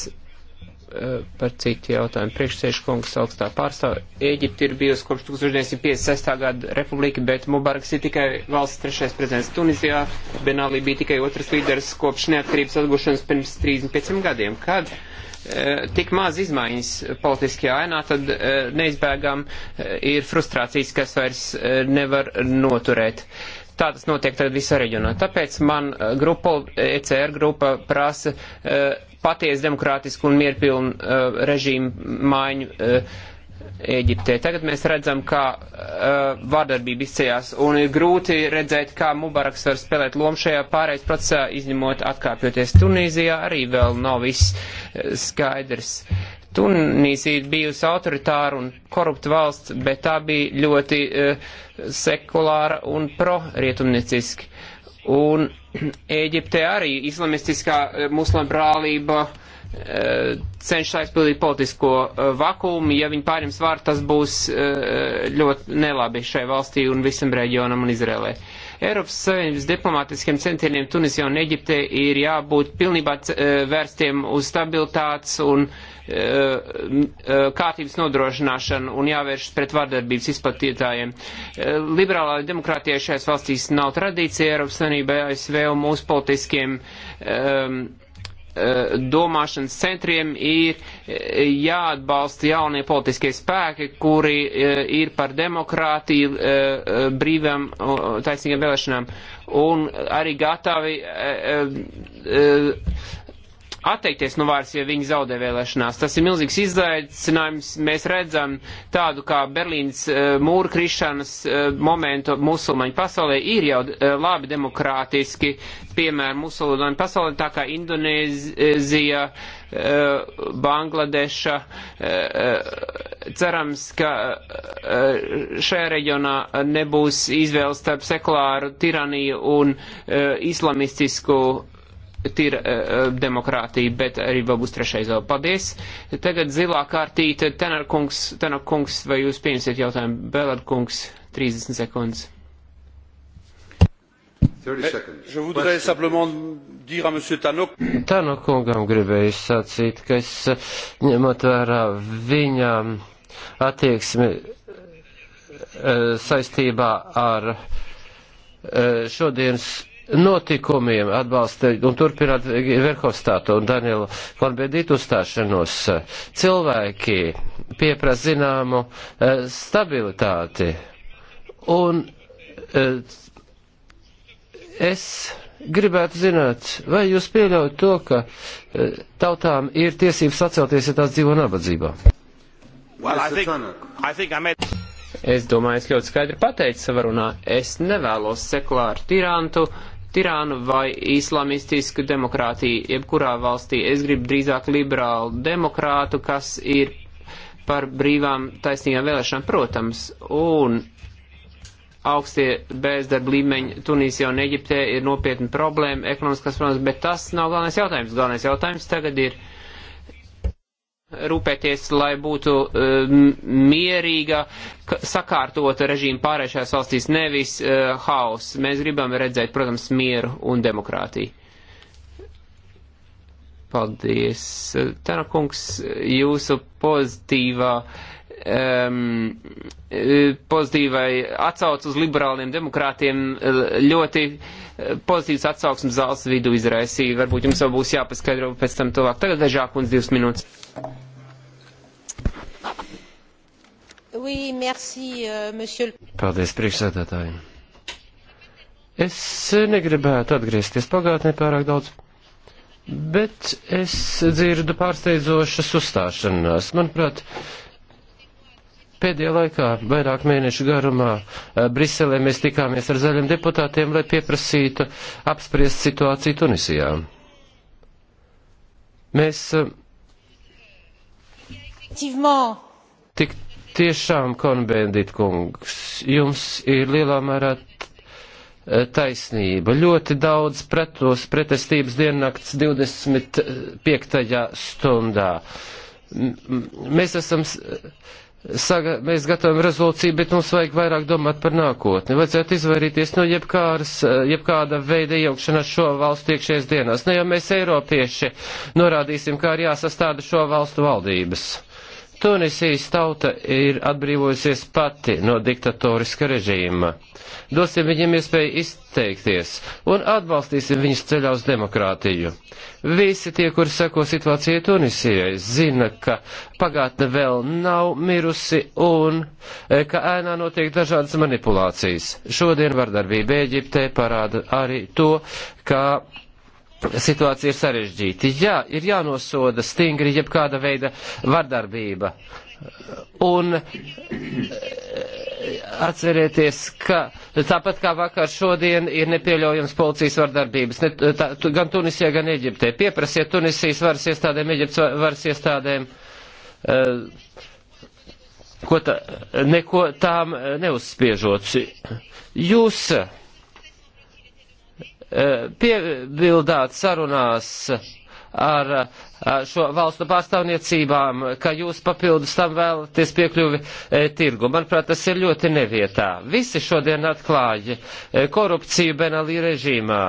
Speaker 5: par citu jautājumu. Priekšsēžu kungs augstā pārstāv. Ēģipte ir bijusi kopš 1956. gada republika, bet Mubaraks ir tikai valsts trešais prezidents Tunizijā. Benālī bija tikai otrs līderis kopš neatkarības atgūšanas pirms 35 gadiem, kad uh, Eh, tik maz izmaiņas politiskajā ainā, tad eh, neizbēgam eh, ir frustrācijas, kas vairs nevar noturēt. Tā tas notiek tagad visā reģionā. Tāpēc man grupa, ECR grupa prasa patiesu demokrātisku un mierpilnu režīmu maiņu Ēģiptē. Tagad mēs redzam, kā uh, vārdarbība izcējās, un ir grūti redzēt, kā Mubaraks var spēlēt lomu šajā pārējais procesā, izņemot atkāpjoties Tunīzijā, arī vēl nav viss uh, skaidrs. Tunīzija bijusi autoritāra un korupta valsts, bet tā bija ļoti uh, sekulāra un pro-rietumnieciski. Un Ēģiptē arī islamistiskā uh, muslimbrālība uh, cenšas aizpildīt politisko e, vakumu. Ja viņi pārņems vārdu, tas būs e, ļoti nelabi šai valstī un visam reģionam un Izrēlē. Eiropas Savienības diplomātiskiem centieniem Tunisijā un Eģiptē ir jābūt pilnībā e, vērstiem uz stabilitātes un kārtības nodrošināšanu un jāvēršas pret vardarbības izplatītājiem. Liberālā demokrātija šajās valstīs nav tradīcija Eiropas Savienībā, ASV un mūsu politiskiem um, Eh, domāšanas centriem ir eh, jāatbalsta jaunie politiskie spēki, kuri eh, ir par demokrātiju, brīvam, taisnīgiem vēlēšanām un arī gatavi atteikties no varas, ja viņi zaudē vēlēšanās. Tas ir milzīgs izaicinājums. Mēs redzam tādu kā Berlīnas eh, mūra krišanas eh, momentu musulmaņu pasaulē. Ir jau eh, labi demokrātiski, piemēram, musulmaņu pasaulē, tā kā Indonēzija, Bangladeša. Cerams, ka šajā reģionā nebūs izvēles starp sekulāru tiraniju un islamistisku tīra uh, eh, eh, demokrātija, bet arī vēl būs trešais vēl. Paldies. Tagad zilā kārtīte. Tenar kungs, tenar kungs, vai jūs pieņemsiet jautājumu? Belard kungs, 30 sekundes.
Speaker 1: Eh, je voudrais simplement dire à Monsieur Tanok.
Speaker 4: Tanok kungam gribēju sacīt, ka es ņemot vērā viņa attieksmi saistībā ar šodienas notikumiem atbalsta un turpināt Verhofstātu un Danielu Konbedītu uzstāšanos. Cilvēki pieprasa zināmu eh, stabilitāti. Un eh, es gribētu zināt, vai jūs pieļaujat to, ka eh, tautām ir tiesības atcelties, ja tās dzīvo nabadzībā?
Speaker 5: Well, I think, I think I made... Es domāju, es ļoti skaidri pateicu savarunā. Es nevēlos sekulāru tirantu. Uh, tirānu vai islamistisku demokrātiju. Jebkurā valstī es gribu drīzāk liberālu demokrātu, kas ir par brīvām taisnīgām vēlēšanām, protams, un augstie bezdarba līmeņi Tunīsijā un Eģiptē ir nopietna problēma, ekonomiskas problēmas, bet tas nav galvenais jautājums. Galvenais jautājums tagad ir rūpēties, lai būtu um, mierīga, sakārtota režīma pārējās valstīs, nevis uh, eh, haus. Mēs gribam redzēt, protams, mieru un demokrātiju. Paldies. Tanakungs, jūsu pozitīvā uh, um, e, pozitīvai atsauc uz liberāliem demokrātiem e, ļoti e, pozitīvs atsauksmes zāles vidu izraisīja. Varbūt jums vēl būs jāpaskaidro pēc tam tuvāk. Tagad dažāk un divas minūtes.
Speaker 1: Oui, merci, euh, monsieur.
Speaker 4: Paldies, priekšsēdētāji. Es negribētu atgriezties pagātnē pārāk daudz. Bet es dzirdu pārsteidzošas uzstāšanās. Manuprāt, uh, Pēdējā laikā, vairāk mēnešu garumā, eh, Briselē mēs tikāmies ar zaļiem deputātiem, lai pieprasītu apspriest situāciju Tunisijā. Mēs eh, tik tiešām, konbendit kungs, jums ir lielā mērā eh, taisnība. Ļoti daudz pretos pretestības diennakts 25. stundā. M mēs esam saga, mēs gatavojam rezolūciju, bet mums vajag vairāk domāt par nākotni. Vajadzētu izvairīties no jebkādas, jebkāda veida iejaukšanās šo valstu iekšējās dienās. Ne nu, jau mēs, Eiropieši, norādīsim, kā ir jāsastāda šo valstu valdības. Tunisijas tauta ir atbrīvojusies pati no diktatoriska režīma. Dosim viņiem iespēju izteikties un atbalstīsim viņus ceļā uz demokrātiju. Visi tie, kuri seko situācijai Tunisijai, zina, ka pagātne vēl nav mirusi un e, ka ēnā notiek dažādas manipulācijas. Šodien vardarbība Eģiptē parāda arī to, ka situācija ir sarežģīta. Jā, ir jānosoda stingri jebkāda veida vardarbība. Un eh, atcerieties, ka tāpat kā vakar šodien ir nepieļaujams policijas vardarbības, ne, tā, gan Tunisijā, gan Eģiptē. Pieprasiet Tunisijas varas iestādēm, Eģiptes varas iestādēm. Uh, ko tā, neko tām eh, neuzspiežot. Jūs Eh, piebildāt sarunās ar šo valstu pārstāvniecībām, ka jūs papildus tam vēlaties piekļuvi eh, tirgu. Manuprāt, tas ir ļoti nevietā. Visi šodien atklāja eh, korupciju Benalī režīmā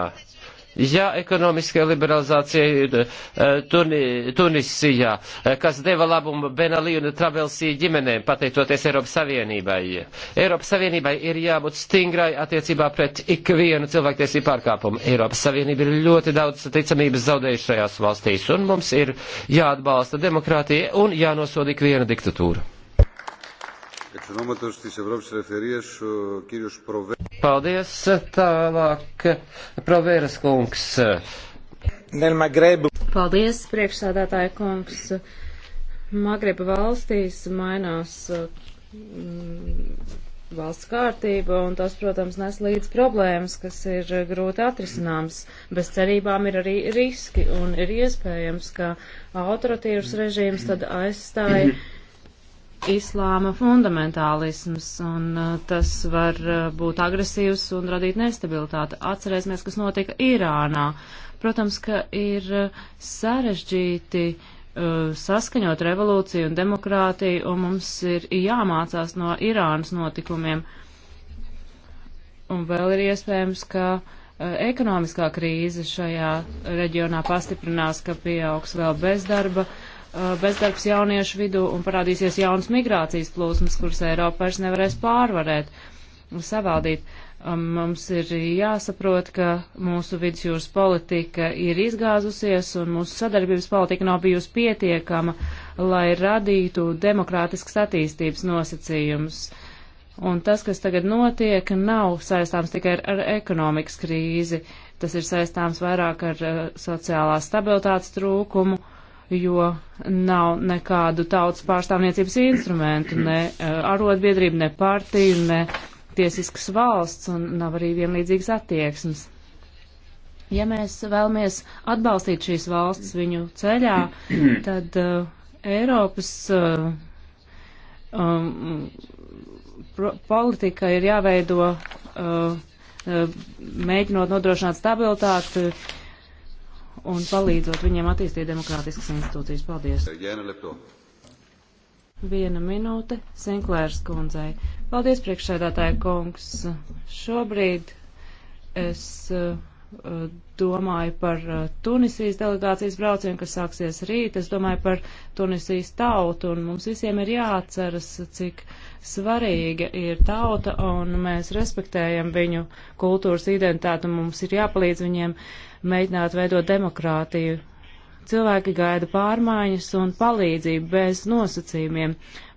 Speaker 4: Ja ekonomiskajai liberalizācijai eh, Tuni, Tunisijā, eh, kas deva labumu Benalī un Travelsī ģimenēm, pateicoties Eiropas Savienībai. Eiropas Savienībai ir jābūt stingrai attiecībā pret ikvienu cilvēktiesību pārkāpumu. Eiropas Savienība ir ļoti daudz ticamības zaudējušajās valstīs, un mums ir jāatbalsta demokrātija un jānosod ikviena diktatūra.
Speaker 1: Paldies,
Speaker 4: tālāk, Proveras kungs.
Speaker 3: Paldies, priekšsādātāja kungs.
Speaker 4: Magreba valstīs
Speaker 3: mainās mm, valsts kārtība, un tas, protams, nes līdz problēmas, kas ir grūti atrisināms. Bez cerībām ir arī riski, un ir iespējams, ka autoritīvs režīms tad aizstāja islāma fundamentālisms, un uh, tas var uh, būt agresīvs un radīt nestabilitāti. Atcerēsimies, kas notika Irānā. Protams, ka ir uh, sarežģīti saskaņot revolūciju un demokrātiju, un mums ir jāmācās no Irānas notikumiem. Un vēl ir iespējams, ka ekonomiskā krīze šajā reģionā pastiprinās, ka pieaugs vēl bezdarba. Uh, Uh, bezdarbs jauniešu vidū un parādīsies jaunas migrācijas plūsmas, kuras Eiropa vairs nevarēs pārvarēt un savaldīt. Um, mums ir jāsaprot, ka mūsu vidusjūras politika ir izgāzusies un mūsu sadarbības politika nav bijusi pietiekama, lai radītu demokrātiskas attīstības nosacījumus. Un tas, kas tagad notiek, nav saistāms tikai ar, ar ekonomikas krīzi, tas ir saistāms vairāk ar, ar uh, sociālās stabilitātes trūkumu. Uh, jo nav nekādu tautas pārstāvniecības instrumentu, ne eh, arotbiedrību, ne partiju, ne tiesiskas valsts, un nav arī vienlīdzīgas attieksmes. Ja mēs vēlamies atbalstīt šīs valstis viņu ceļā, tad uh, Eiropas uh, um, politika ir jāveido, uh, uh, mēģinot nodrošināt stabilitāti, uh, un palīdzot viņiem attīstīt demokrātiskas institūcijas. Paldies! Viena minūte Sinklērs kundzei. Paldies, priekšsēdētāja kungs. Šobrīd es uh, domāju par uh, Tunisijas delegācijas braucienu, kas sāksies rīt. Es domāju par Tunisijas tautu, un mums visiem ir jāatceras, cik svarīga ir tauta, un mēs respektējam viņu kultūras identitāti, un mums ir jāpalīdz viņiem uh, mēģināt veidot demokrātiju. Cilvēki gaida pārmaiņas un palīdzību bez nosacījumiem.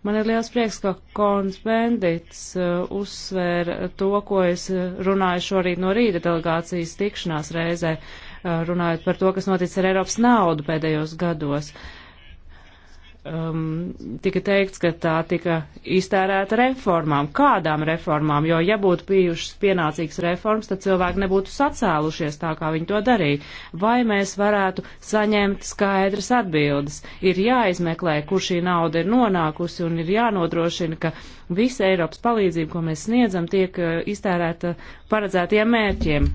Speaker 3: Man ir liels prieks, ka Kons Bendits uh, uzsvēra to, ko es uh, runāju šorīt no rīta delegācijas tikšanās reizē, uh, runājot par to, kas noticis ar Eiropas naudu pēdējos gados. Uh, um, tika teikts, ka tā tika iztērēta reformām. Kādām reformām? Jo, ja būtu bijušas pienācīgas reformas, tad cilvēki nebūtu sacēlušies tā, kā viņi to darīja. Vai mēs varētu saņemt skaidras atbildes? Ir jāizmeklē, kur šī nauda ir nonākusi un ir jānodrošina, ka visa Eiropas palīdzība, ko mēs sniedzam, tiek uh, iztērēta paredzētiem mērķiem.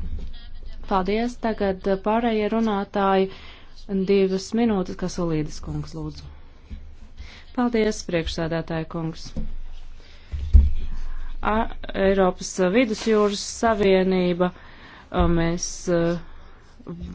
Speaker 3: Paldies. Tagad uh, pārējie runātāji. Divas minūtes, kas Olīdis kungs lūdzu. Paldies, priekšsādātāja kungs. A Eiropas vidusjūras savienība, mēs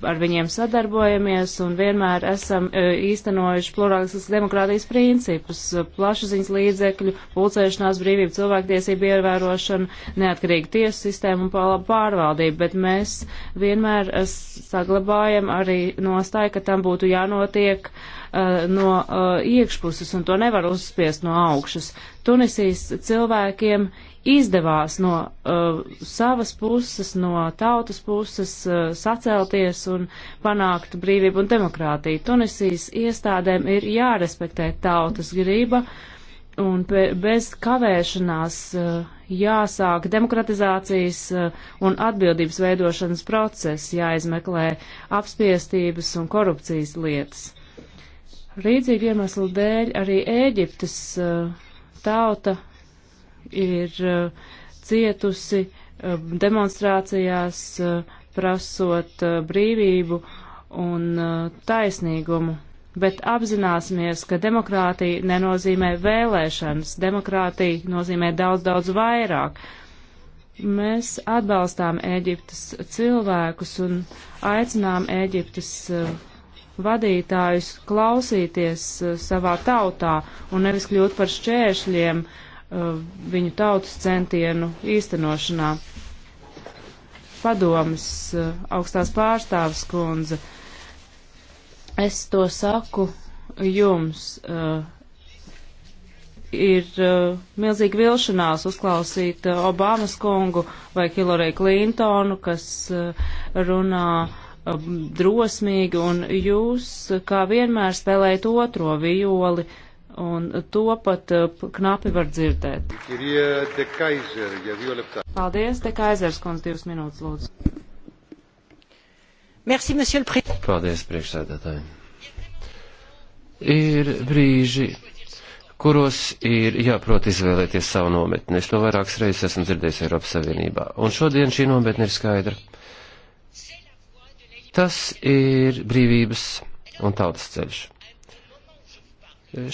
Speaker 3: ar viņiem sadarbojamies un vienmēr esam īstenojuši plurāliskas demokrātijas principus, plašsaziņas līdzekļu, pulcēšanās brīvību, cilvēktiesību ievērošanu, neatkarīgu tiesu sistēmu un labu pārvaldību, bet mēs vienmēr saglabājam arī nostāju, ka tam būtu jānotiek uh, Eh, no eh, iekšpuses, un to nevar uzspiest no augšas. Tunisijas cilvēkiem izdevās no eh, savas puses, no tautas puses sacelties un panākt brīvību un demokrātiju. Tunisijas iestādēm ir jārespektē tautas grība un bez kavēšanās jāsāk demokratizācijas un atbildības veidošanas process, jāizmeklē apspiestības un korupcijas lietas. Līdzīgi iemeslu dēļ arī Ēģiptes eh, tauta ir eh, cietusi eh, demonstrācijās prasot brīvību un taisnīgumu. Bet apzināsimies, ka demokrātija nenozīmē vēlēšanas, demokrātija nozīmē daudz, daudz vairāk. Mēs atbalstām Ēģiptes cilvēkus un aicinām Ēģiptes uh, vadītājus klausīties uh, savā tautā un nevis kļūt par šķēršļiem uh, viņu tautas centienu īstenošanā. Padomas uh, augstās pārstāvis kundze, es to saku jums. Ir milzīga vilšanās uzklausīt Obamas kungu vai Hillary Clintonu, kas runā uh, Um, drosmīgi, un jūs, kā vienmēr, spēlējat otro violi, un to pat uh, knapi var dzirdēt. Paldies, te Kaizers, kundz, divas minūtes, lūdzu. Merci, monsieur le président.
Speaker 4: Paldies, priekšsēdētāji. Ir brīži, kuros ir jāprot izvēlēties savu nometni. Es to vairākas reizes esmu dzirdējis Eiropas Savienībā. Un šodien šī nometne ir skaidra. Tas ir brīvības un tautas ceļš.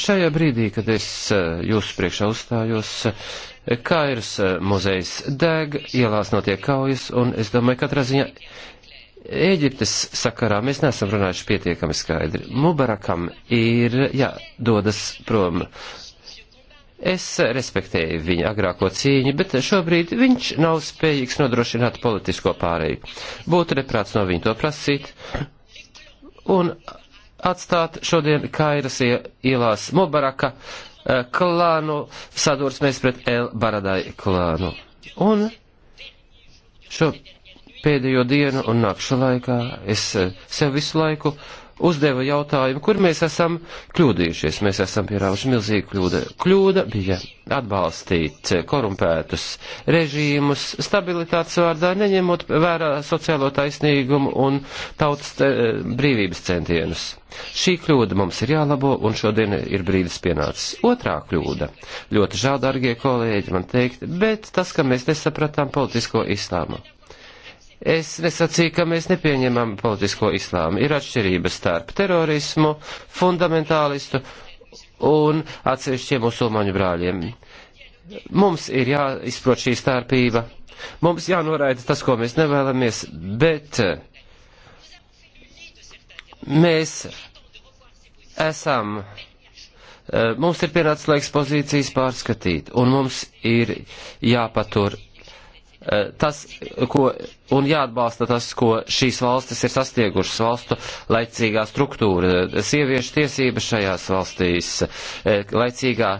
Speaker 4: Šajā brīdī, kad es eh, jūsu priekšā uzstājos, eh, Kairas eh, muzejs deg, ielās notiek kaujas, un es domāju, katrā ziņā Ēģiptes sakarā mēs neesam runājuši pietiekami skaidri. Mubarakam ir jādodas prom Es respektēju viņa agrāko cīņu, bet šobrīd viņš nav spējīgs nodrošināt politisko pārēju. Būtu neprāts no viņa to prasīt un atstāt šodien Kairas ielās Mubaraka eh, klānu sadursmēs pret El Baradai klānu. Un šo pēdējo dienu un nakšu laikā es eh, sev visu laiku uh, uzdeva jautājumu, kur mēs esam kļūdījušies. Mēs esam pierāvuši milzīgu kļūdu. Kļūda bija atbalstīt korumpētus režīmus stabilitātes vārdā, neņemot vērā sociālo taisnīgumu un tautas eh, brīvības centienus. Šī kļūda mums ir jālabo, un šodien ir brīdis pienācis. Otrā kļūda. Ļoti žēl, darbie kolēģi, man teikt, bet tas, ka mēs nesapratām politisko islāmu. Es nesacīju, ka mēs nepieņemam politisko islāmu. Ir atšķirības starp terorismu, fundamentālistu un atsevišķiem musulmaņu brāļiem. Mums ir jāizprot šī starpība. Mums jānoraida tas, ko mēs nevēlamies, bet mēs esam, mums ir pienācis laiks pozīcijas pārskatīt, un mums ir jāpatur Eh, tas, ko, un jāatbalsta tas, ko šīs valstis ir sastiegušas valstu laicīgā struktūra, eh, sieviešu tiesības šajās valstīs, eh, laicīgā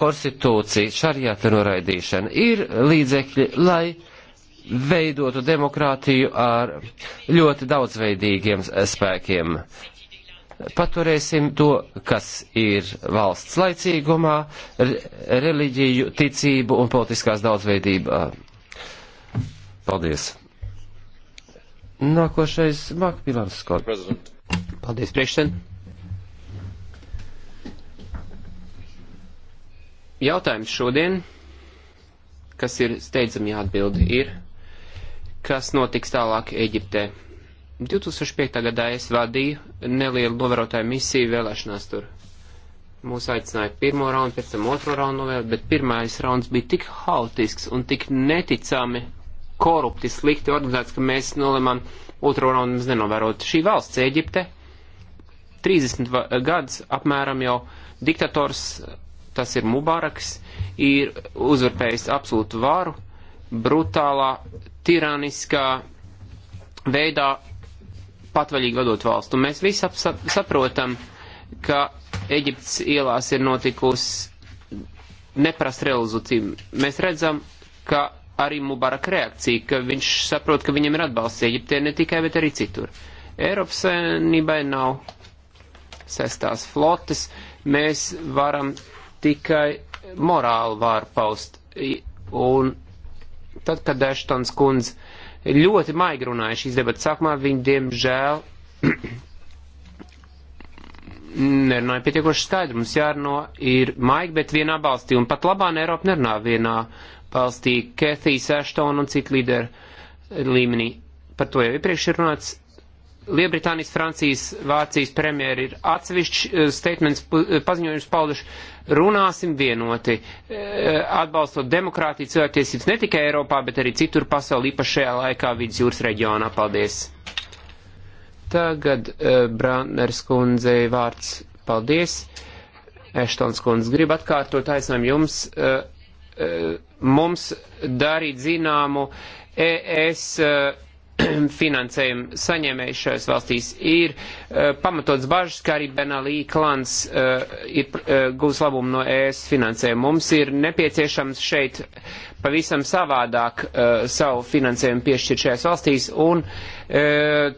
Speaker 4: konstitūcija, šarjāta noraidīšana ir līdzekļi, lai veidotu demokrātiju ar ļoti daudzveidīgiem spēkiem. Paturēsim to, kas ir valsts laicīgumā, reliģiju, ticību un politiskās daudzveidībā. Paldies! Nākošais Makpilāns Skots.
Speaker 5: Paldies, priekšsēd! Jautājums šodien, kas ir steidzami jāatbild, ir, kas notiks tālāk Eģiptē. 2005. gadā es vadīju nelielu novērotāju misiju vēlēšanās tur. Mūs aicināja pirmo raundu, pēc tam otro raundu novērot, bet pirmais rauns bija tik haotisks un tik neticami korupti, slikti organizēts, ka mēs nolemām otro raundu mums nenovērot. Šī valsts, Eģipte, 30 gadus apmēram jau diktators, tas ir Mubaraks, ir uzvarpējis absolūtu varu, brutālā, tiraniskā veidā patvaļīgi vadot valstu. Un mēs visi saprotam, ka Eģiptes ielās ir notikusi neprast realizācija. Mēs redzam, ka arī Mubarak reakcija, ka viņš saprot, ka viņam ir atbalsts Eģiptē ne tikai, bet arī citur. Eiropas savienībai nav sestās flotes, mēs varam tikai morāli vāru paust. Un tad, kad Eštons kundze ļoti maigi runāja šīs debatas sākumā, viņa diemžēl nerunāja pietiekoši skaidri. Mums jārunā ir maigi, bet vienā balstī. Un pat labāk Eiropa nerunā vienā atbalstīja Kethijas Ashton un citu līderu līmenī. Par to jau iepriekš ir runāts. Liebritānijas, Francijas, Vācijas premjeri ir atsevišķi eh, statements eh, paziņojums pauduši. Runāsim vienoti, eh, atbalstot demokrātiju cilvēktiesības ne tikai Eiropā, bet arī citur pasaulī, īpaši šajā laikā vidusjūras reģionā. Paldies! Tagad Brandners kundzei vārds. Paldies! Eštons kundze grib atkārtot, aicinām jums. Uh, uh, mums darīt zināmu ES eh, finansējumu saņēmēju šajās valstīs. Ir eh, pamatots bažas, ka arī Benalī klans eh, ir gūs labumu no ES finansējuma. Mums ir nepieciešams šeit pavisam savādāk uh, savu finansējumu piešķirt šajās valstīs, un uh,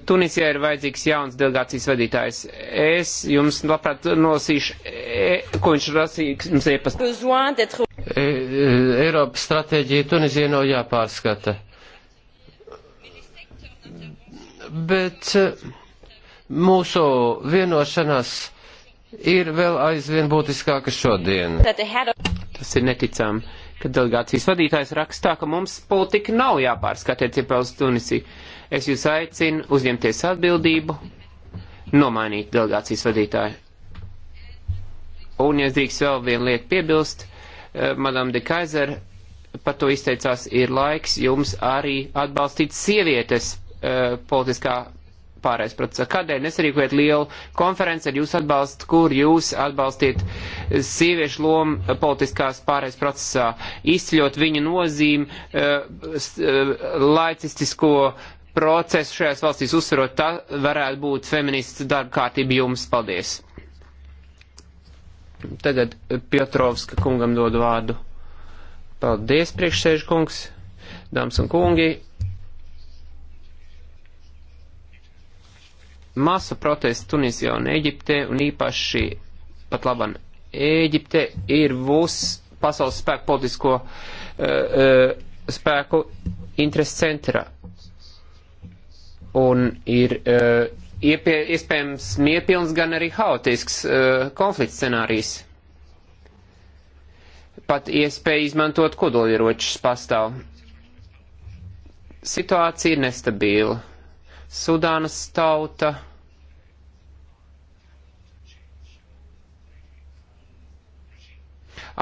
Speaker 5: Tunisijai ir vajadzīgs jauns delegācijas vadītājs. Es jums labprāt nolasīšu, e, ko viņš rasīja, mums iepast. E, e, Eiropas stratēģija Tunizijai nav jāpārskata.
Speaker 4: Bet e, mūsu
Speaker 5: vienošanās ir vēl aizvien būtiskāka šodien. Tas ir neticami, ka delegācijas vadītājs rakstā, ka mums politika nav jāpārskata attiecībā uz Tunisiju. Es jūs aicinu uzņemties atbildību, nomainīt delegācijas vadītāju. Un, ja drīkst vēl vienu lietu piebilst, Eh, Madame de Kaiser par to izteicās, ir laiks jums arī atbalstīt sievietes uh, politiskā pārējais procesā. Kādēļ nesarīkojat lielu konferenci ar jūsu atbalstu, kur jūs atbalstiet sieviešu lomu politiskās pārējais procesā, izceļot viņa nozīmi, uh, laicistisko procesu šajās valstīs uzsverot, tā varētu būt feminists darba kārtība jums. Paldies! Tagad Piotrovska kungam dodu vārdu. Paldies, priekšsēžu kungs, dāmas un kungi. Masu protestu Tunisijā un Eģiptē, un īpaši pat laban Eģipte ir būs pasaules spēku politisko uh, uh, spēku interesu centra. Un ir uh, iepie, iespējams miepilns, gan arī haotisks uh, konflikts scenārijs. Pat iespēja izmantot kodolieročus pastāv. Situācija ir nestabila. Sudānas tauta.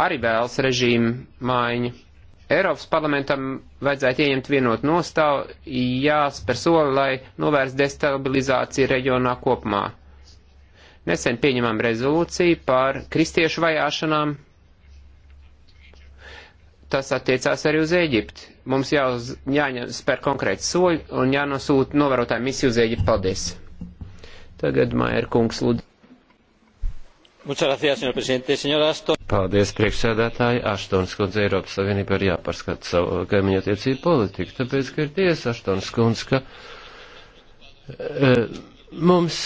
Speaker 5: Arī vēlas režīmu maiņu. Eiropas parlamentam vajadzētu ieņemt vienot nostāvu, jāspēr soli, lai novērst destabilizāciju reģionā kopumā. Nesen pieņemam rezolūciju par kristiešu vajāšanām. Tas attiecās arī uz Ēģipti. Mums jāuz, jāspēr konkrēti soļi un jānosūta novērotāju misiju uz Ēģipti. Paldies! Tagad Maier kungs lūdzu
Speaker 4: señor presidente señora Ashton. Paldies, priekšsēdētāji. Aštons kundze Eiropas Savienība ir jāpārskata savu kaimiņu attiecību politiku, tāpēc, ka ir tiesa, Aštons kundze, ka e, mums,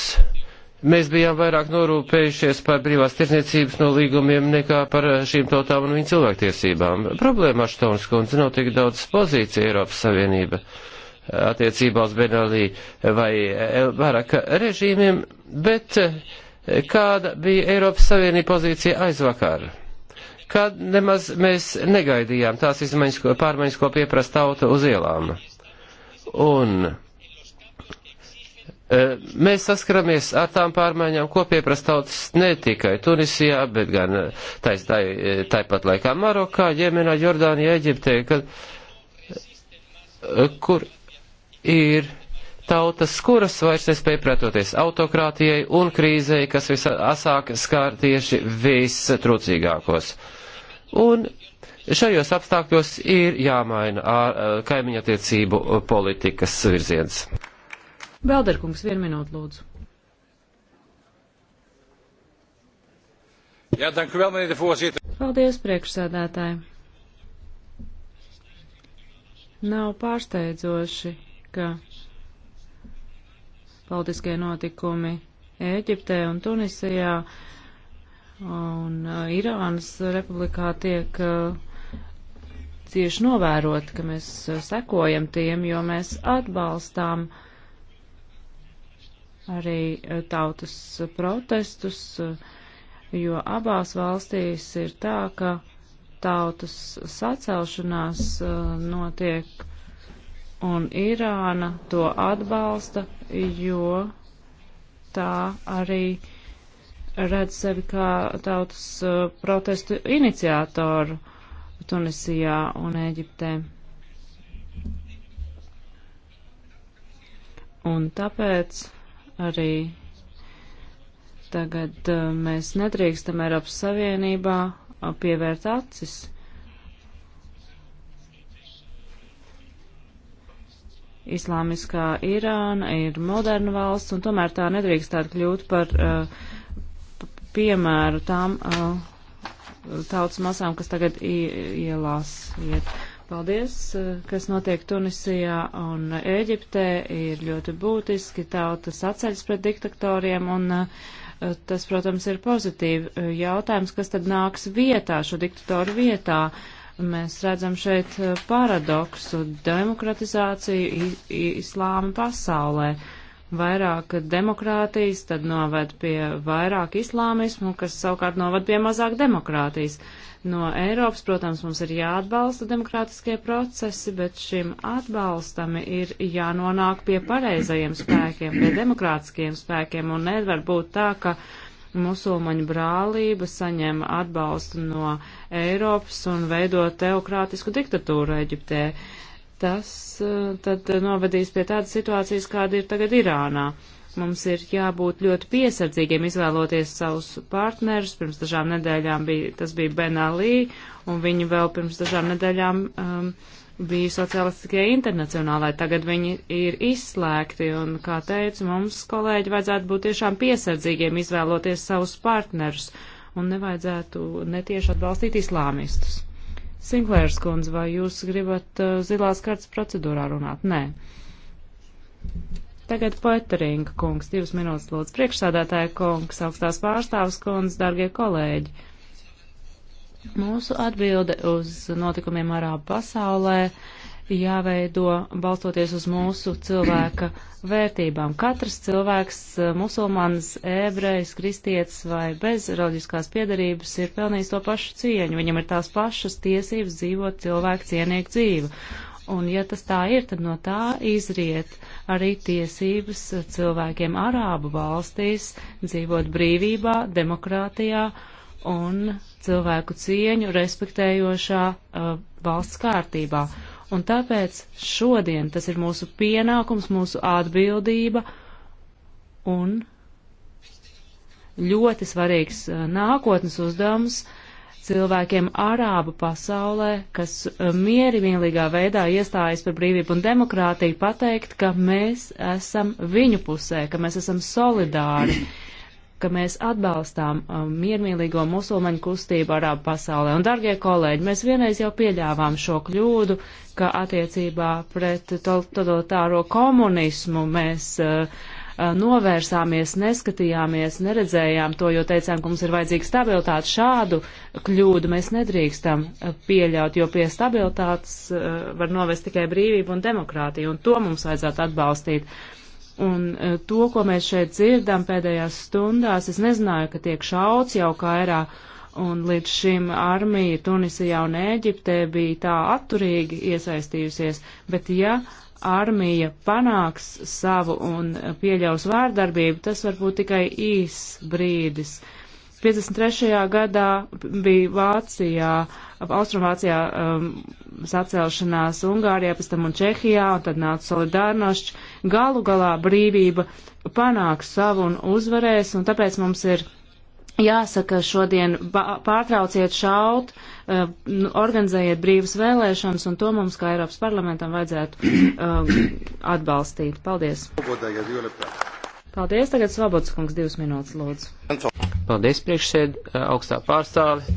Speaker 4: mēs bijām vairāk norūpējušies par brīvās tirsniecības nolīgumiem nekā par šīm tautām un viņu cilvēktiesībām. Problēma Aštons kundze nav tik daudz pozīcija Eiropas Savienība attiecībā uz Benelī vai e, vairāk režīmiem, bet. E, kāda bija Eiropas Savienība pozīcija aizvakar kad nemaz mēs negaidījām tās izmaiņas, ko, pārmaiņas, ko pieprasa tauta uz ielām. Un e, mēs saskaramies ar tām pārmaiņām, ko pieprasa tautas ne tikai Tunisijā, bet gan tais, tai, taipat laikā Marokā, Jemenā, Jordānijā, Eģiptē, kad, e, kur ir tautas, kuras vairs nespēja pretoties autokrātijai un krīzei, kas visasāk skār tieši vistrūcīgākos. Un šajos apstākļos ir jāmaina ar, kaimiņa attiecību politikas virziens.
Speaker 3: Belderkungs, vienu minūtu lūdzu.
Speaker 1: Jā, dank vēl, meneer de voorzitter.
Speaker 3: Paldies, priekšsēdētāji. Nav pārsteidzoši, ka politiskie notikumi Ēģiptē un Tunisijā un uh, Irānas republikā tiek uh, cieši novērot, ka mēs uh, sekojam tiem, jo mēs atbalstām arī tautas protestus, jo abās valstīs ir tā, ka tautas sacelšanās notiek un Irāna to atbalsta, jo tā arī redz sevi kā tautas uh, protestu iniciātoru Tunisijā un Eģiptē. Un tāpēc arī tagad uh, mēs nedrīkstam Eiropas Savienībā uh, pievērt acis Islāmiskā Irāna ir moderna valsts, un tomēr tā nedrīkst tāda kļūt par uh, piemēru tām uh, tautas masām, kas tagad ielās iet. Paldies, uh, kas notiek Tunisijā un Ēģiptē, ir ļoti būtiski, tautas atceļas pret diktatoriem, un uh, tas, protams, ir pozitīvi jautājums, kas tad nāks vietā, šo diktatoru vietā. Uh, Mēs redzam šeit eh, paradoksu - demokratizāciju islāma pasaulē. Vairāk demokrātijas tad noved pie vairāk islāmismu, kas savukārt noved pie mazāk demokrātijas. No Eiropas, protams, mums ir jāatbalsta demokrātiskie procesi, bet šim atbalstam ir jānonāk pie pareizajiem spēkiem, pie demokrātiskiem spēkiem, un nevar būt tā, ka uh, musulmaņu brālība saņem atbalstu no Eiropas un veido teokrātisku diktatūru Eģiptē. Tas eh, tad novedīs pie tādas situācijas, kāda ir tagad Irānā. Mums ir jābūt ļoti piesardzīgiem izvēloties savus partnerus. Pirms dažām nedēļām bija, tas bija Ben Ali, un viņi vēl pirms dažām nedēļām um, uh, bija sociālistiskajai internacionālai, tagad viņi ir izslēgti, un, kā teicu, mums, kolēģi, vajadzētu būt tiešām piesardzīgiem, izvēloties savus partnerus, un nevajadzētu netieši atbalstīt islāmistus. Sinklērs kundze, vai jūs gribat uh, zilās kartas procedūrā runāt? Nē. Tagad Poeteringa kungs, divas minūtes lūdzu, priekšsādātāja kungs, augstās pārstāvs kundze, dargie kolēģi. Mūsu atbilde uz notikumiem Arābu pasaulē jāveido balstoties uz mūsu cilvēka vērtībām. Katrs cilvēks, musulmanis, ebrejs, kristietis vai bez reliģiskās piedarības, ir pelnījis to pašu cieņu. Viņam ir tās pašas tiesības dzīvot cilvēku cienīgu dzīvi. Un ja tas tā ir, tad no tā izriet arī tiesības cilvēkiem Arābu valstīs dzīvot brīvībā, demokrātijā un cilvēku cieņu respektējošā uh, valsts kārtībā. Un tāpēc šodien tas ir mūsu pienākums, mūsu atbildība un ļoti svarīgs uh, nākotnes uzdevums cilvēkiem Arābu pasaulē, kas uh, mieri vienīgā veidā iestājas par brīvību un demokrātiju, pateikt, ka mēs esam viņu pusē, ka mēs esam solidāri. ka mēs atbalstām um, miermīlīgo musulmaņu kustību arābu pasaulē. Un, dargie kolēģi, mēs vienreiz jau pieļāvām šo kļūdu, ka attiecībā pret totalitāro komunismu mēs uh, uh, novērsāmies, neskatījāmies, neredzējām to, jo teicām, ka mums ir vajadzīga stabilitāte. Šādu kļūdu mēs nedrīkstam uh, pieļaut, jo pie stabilitātes uh, var novest tikai brīvība un demokrātija, un to mums vajadzētu atbalstīt. Uh, Un eh, to, ko mēs šeit dzirdam pēdējās stundās, es nezināju, ka tiek šauts jau kairā, un līdz šim armija Tunisijā un Ēģiptē bija tā atturīgi iesaistījusies, bet ja armija panāks savu un eh, pieļaus vārdarbību, tas var būt tikai īs brīdis. Uh, 53. gadā bija Vācijā, Austrumvācijā um, sacelšanās Ungārijā, pēc tam un Čehijā, un tad nāca solidārnošķi. Galu galā brīvība panāks savu un uzvarēs, un tāpēc mums ir jāsaka šodien pārtrauciet šaut, uh, nu, organizējiet brīvas vēlēšanas, un to mums kā Eiropas parlamentam vajadzētu uh, atbalstīt. Paldies! Paldies! Tagad Svobods kungs divas
Speaker 5: minūtes lūdzu. Paldies priekšsēd, augstā pārstāve.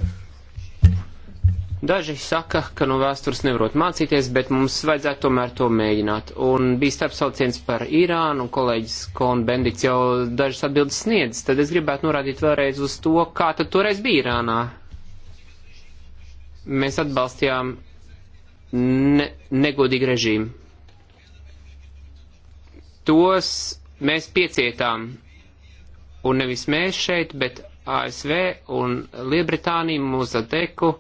Speaker 5: Daži saka, ka no vēstures nevarot mācīties, bet mums vajadzētu tomēr to mēģināt. Un bija starpsauciens par Irānu, un kolēģis Kon Bendits jau dažas atbildes sniedz. Tad es gribētu norādīt vēlreiz uz to, kā tad toreiz bija Irānā. Mēs atbalstījām ne, negodīgu režīmu. Tos mēs piecietām un nevis mēs šeit, bet ASV un Liebritānija Muzadeku e,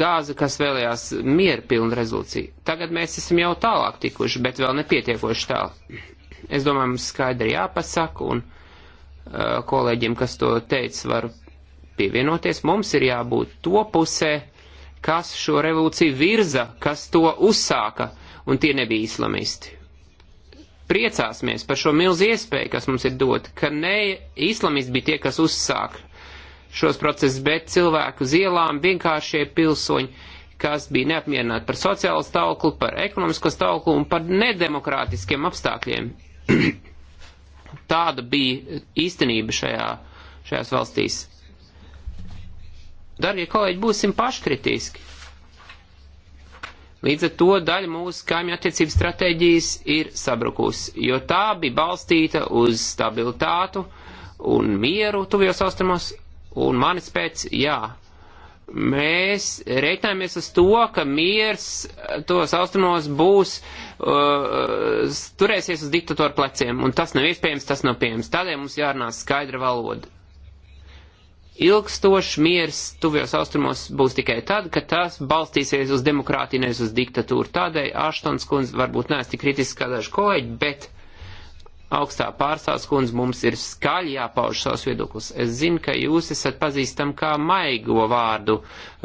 Speaker 5: gāzi, kas vēlējās mieru pilnu rezolūciju. Tagad mēs esam jau tālāk tikuši, bet vēl nepietiekoši tālu. Es domāju, mums skaidri jāpasaka, un uh, kolēģiem, kas to teica, var pievienoties. Mums ir jābūt to pusē, kas šo revolūciju virza, kas to uzsāka, un tie nebija islamisti priecāsimies par šo milzu iespēju, kas mums ir dot, ka ne islamisti bija tie, kas uzsāk šos procesus, bet cilvēku uz ielām vienkāršie pilsoņi, kas bija neapmierināti par sociālo stāvokli, par ekonomisko stāvokli un par nedemokrātiskiem apstākļiem. Tāda bija īstenība šajā, šajās valstīs. Darbie kolēģi, būsim paškritiski. Līdz ar to daļa mūsu kaimiņu attiecību stratēģijas ir sabrukusi, jo tā bija balstīta uz stabilitātu un mieru tuvijos austrumos, un manis pēc, jā, mēs reiķināmies uz to, ka miers tos austrumos būs, uh, turēsies uz diktatoru pleciem, un tas nav iespējams, tas nav pieejams. Tādēļ mums jārunā skaidra valoda. Ilgstošs miers tuvjos austrumos būs tikai tad, kad tās balstīsies uz demokrātiju, nevis uz diktatūru. Tādēļ Aštons kundze varbūt neesmu tik kritiski kā daži kolēģi, bet augstā pārstāvs kundze mums ir skaļi jāpauž savus viedoklus. Es zinu, ka jūs esat pazīstam kā maigo vārdu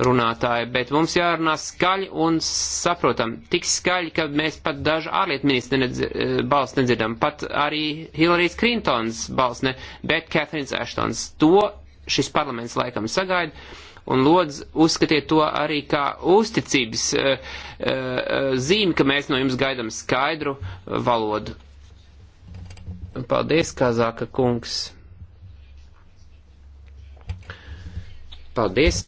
Speaker 5: runātāji, bet mums jārunā skaļi un saprotam. Tik skaļi, ka mēs pat dažu ārlietu ministru nedz, eh, balstu nedzirdam, pat arī Hillarijas Clintons balstu ne, bet Kathrins Ashtons. To šis parlaments laikam sagaida. Un lūdzu, uzskatiet to arī kā uzticības uh, uh, zīmi, ka mēs no jums gaidām skaidru eh, valodu. Paldies, Kazāka kungs. Paldies.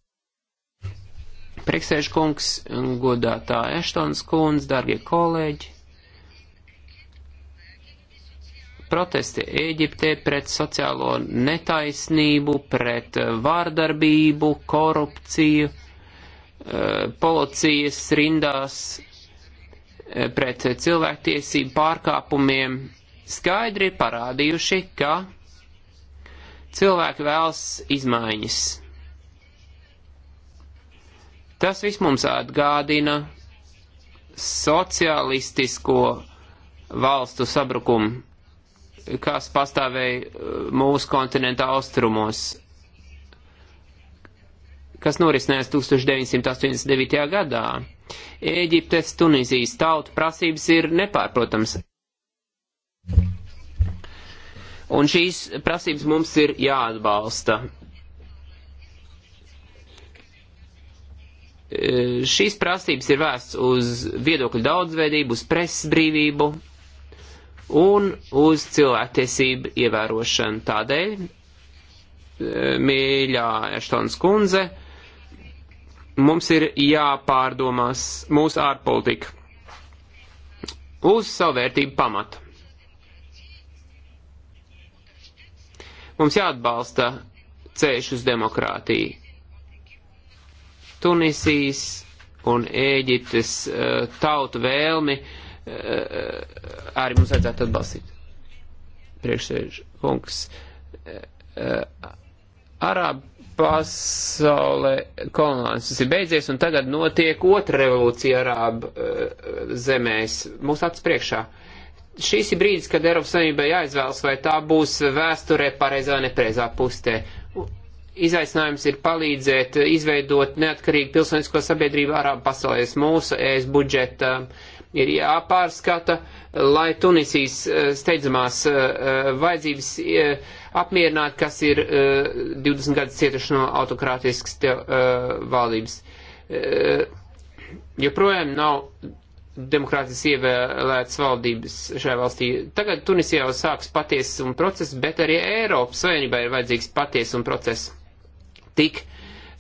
Speaker 5: Priekšsēžu kungs, godātā Eštons kungs, darbie kolēģi. protesti Ēģiptē pret sociālo netaisnību, pret vārdarbību, korupciju, eh, policijas rindās, eh, pret cilvēktiesību pārkāpumiem, skaidri parādījuši, ka cilvēki vēlas izmaiņas. Tas viss mums atgādina sociālistisko valstu sabrukumu kas pastāvēja uh, mūsu kontinenta austrumos, kas norisinājās 1989. gadā. Ēģiptes, Tunizijas tautu prasības ir nepārprotams. Un šīs prasības mums ir jāatbalsta. Šīs prasības ir vērsts uz viedokļu daudzveidību, uz presas brīvību, un uz cilvēktiesību ievērošanu. Tādēļ, e, mīļā Eštons kundze, mums ir jāpārdomās mūsu ārpolitika uz savu vērtību pamatu. Mums jāatbalsta ceļš uz demokrātiju. Tunisijas un Ēģiptes uh, tautu vēlmi uh, arī mums vajadzētu atbalstīt. Priekšsēž kungs. Arābu pasaulē kolonālisms ir beidzies un tagad notiek otra revolūcija Arābu zemēs. Mums acis priekšā. Šis ir brīdis, kad Eiropas Savienībai jāizvēlas, vai tā būs vēsturē pareizā vai nepareizā pustē izaicinājums ir palīdzēt izveidot neatkarīgu pilsonisko sabiedrību ārā pasaulēs mūsu ES budžeta ir jāpārskata, lai Tunisijas eh, steidzamās eh, eh, vajadzības apmierinātu, kas ir 20 gadus cietuši no autokrātiskas valdības. Joprojām nav demokrātiski ievēlētas valdības šajā valstī. Tagad Tunisijā jau sāks patiesuma process, bet arī Eiropas Savienībā ir vajadzīgs patiesuma process. Tik uh,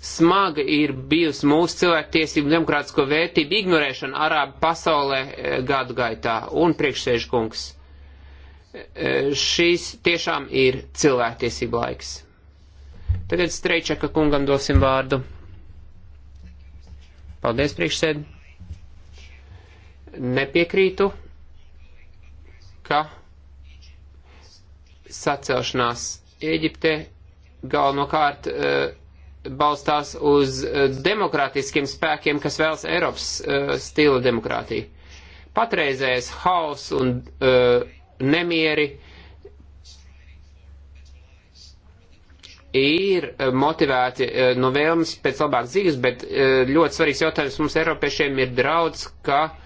Speaker 5: smaga ir bijusi mūsu cilvēktiesību demokrātisko vērtību ignorēšana Arābu pasaulē e, gadu gaitā un priekšsēžkungs. E, e, šīs tiešām ir cilvēktiesību laiks. Tagad Streičaka kungam dosim vārdu. Paldies, priekšsēd. Nepiekrītu, ka sacelšanās Ēģipte galvenokārt uh, balstās uz eh, demokrātiskiem spēkiem, kas vēlas Eiropas uh, stila demokrātiju. Patreizējais haus un uh, nemieri ir motivēti uh, no vēlmes pēc labākas dzīves, bet uh, ļoti svarīgs jautājums mums Eiropiešiem ir draudz, ka uh,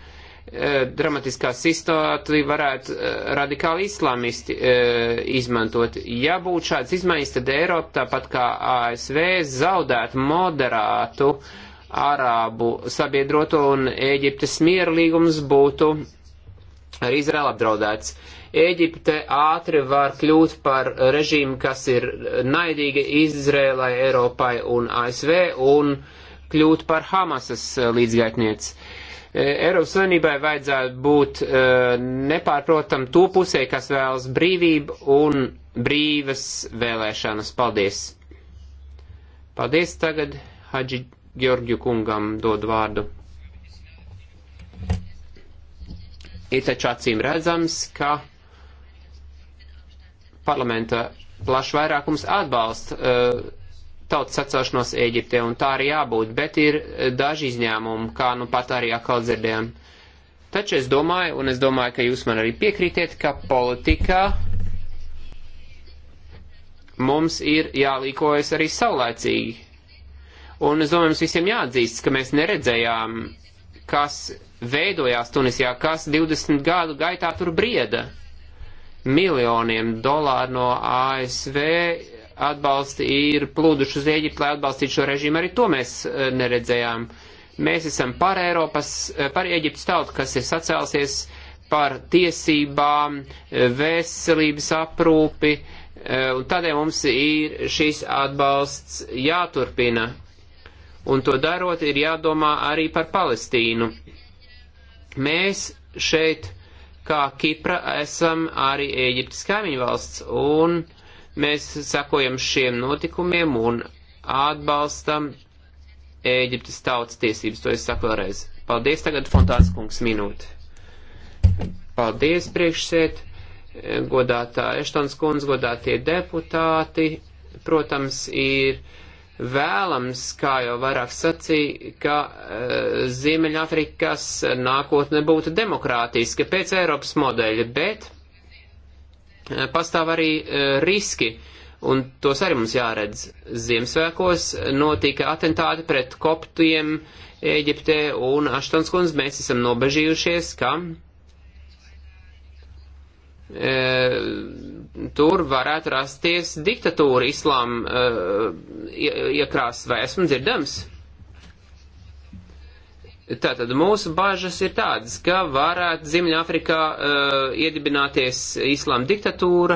Speaker 5: Eh, dramatiskā sistāti varētu eh, radikāli islamisti eh, izmantot. Ja būtu šāds izmaiņas, tad Eiropa, tāpat kā ASV, zaudētu moderātu arābu sabiedroto un Ēģiptes miera līgums būtu arī Izraela apdraudēts. Ēģipte ātri var kļūt par režīmu, kas ir naidīga Izrēlai, Eiropai un ASV un kļūt par Hamasas līdzgaitnieci. Uh, E, Eiropas Savienībai vajadzētu būt e, nepārprotam to pusē, kas vēlas brīvību un brīvas vēlēšanas. Paldies! Paldies tagad Hadži Georgiju kungam dod vārdu. Ir taču acīm redzams, ka parlamenta plašs vairākums atbalsta uh, tautas atcelšanos Ēģiptē, un tā arī jābūt, bet ir e, daži izņēmumi, kā nu pat arī atkal dzirdējām. Taču es domāju, un es domāju, ka jūs man arī piekrītiet, ka politikā mums ir jālīkojas arī saulēcīgi. Un es domāju, mums visiem jāatzīst, ka mēs neredzējām, kas veidojās Tunisijā, kas 20 gadu gaitā tur brieda. Miljoniem dolāru no ASV atbalsti ir plūduši uz Ēģipti, lai atbalstītu šo režīmu. Arī to mēs e, neredzējām. Mēs esam par Eiropas, e, par Ēģiptes tautu, kas ir sacēlsies par tiesībām, e, veselības aprūpi, un tādēļ mums ir šīs atbalsts jāturpina. Un to darot ir jādomā arī par Palestīnu. Mēs šeit, kā Kipra, esam arī Ēģiptes kaimiņvalsts, un uh, Mēs sakojam šiem notikumiem un atbalstam Ēģiptes tautas tiesības. To es saku vēlreiz. Paldies tagad, Fontāns kungs, minūte. Paldies, priekšsēd, godātā Eštons kundz, godātie deputāti. Protams, ir vēlams, kā jau vairāk sacīja, ka uh, Ziemeļāfrikas nākotne būtu demokrātiska pēc Eiropas modeļa, bet Eh, pastāv arī eh, riski, un tos arī mums jāredz. Ziemassvētkos eh, notika atentāti pret koptiem Eģiptē, un Aštonskundz mēs esam nobežījušies, ka e, tur varētu rasties diktatūra islām e, iekrās, vai esmu dzirdams? Tātad mūsu bažas ir tādas, ka varētu Ziemeļāfrikā uh, iedibināties islāma diktatūra,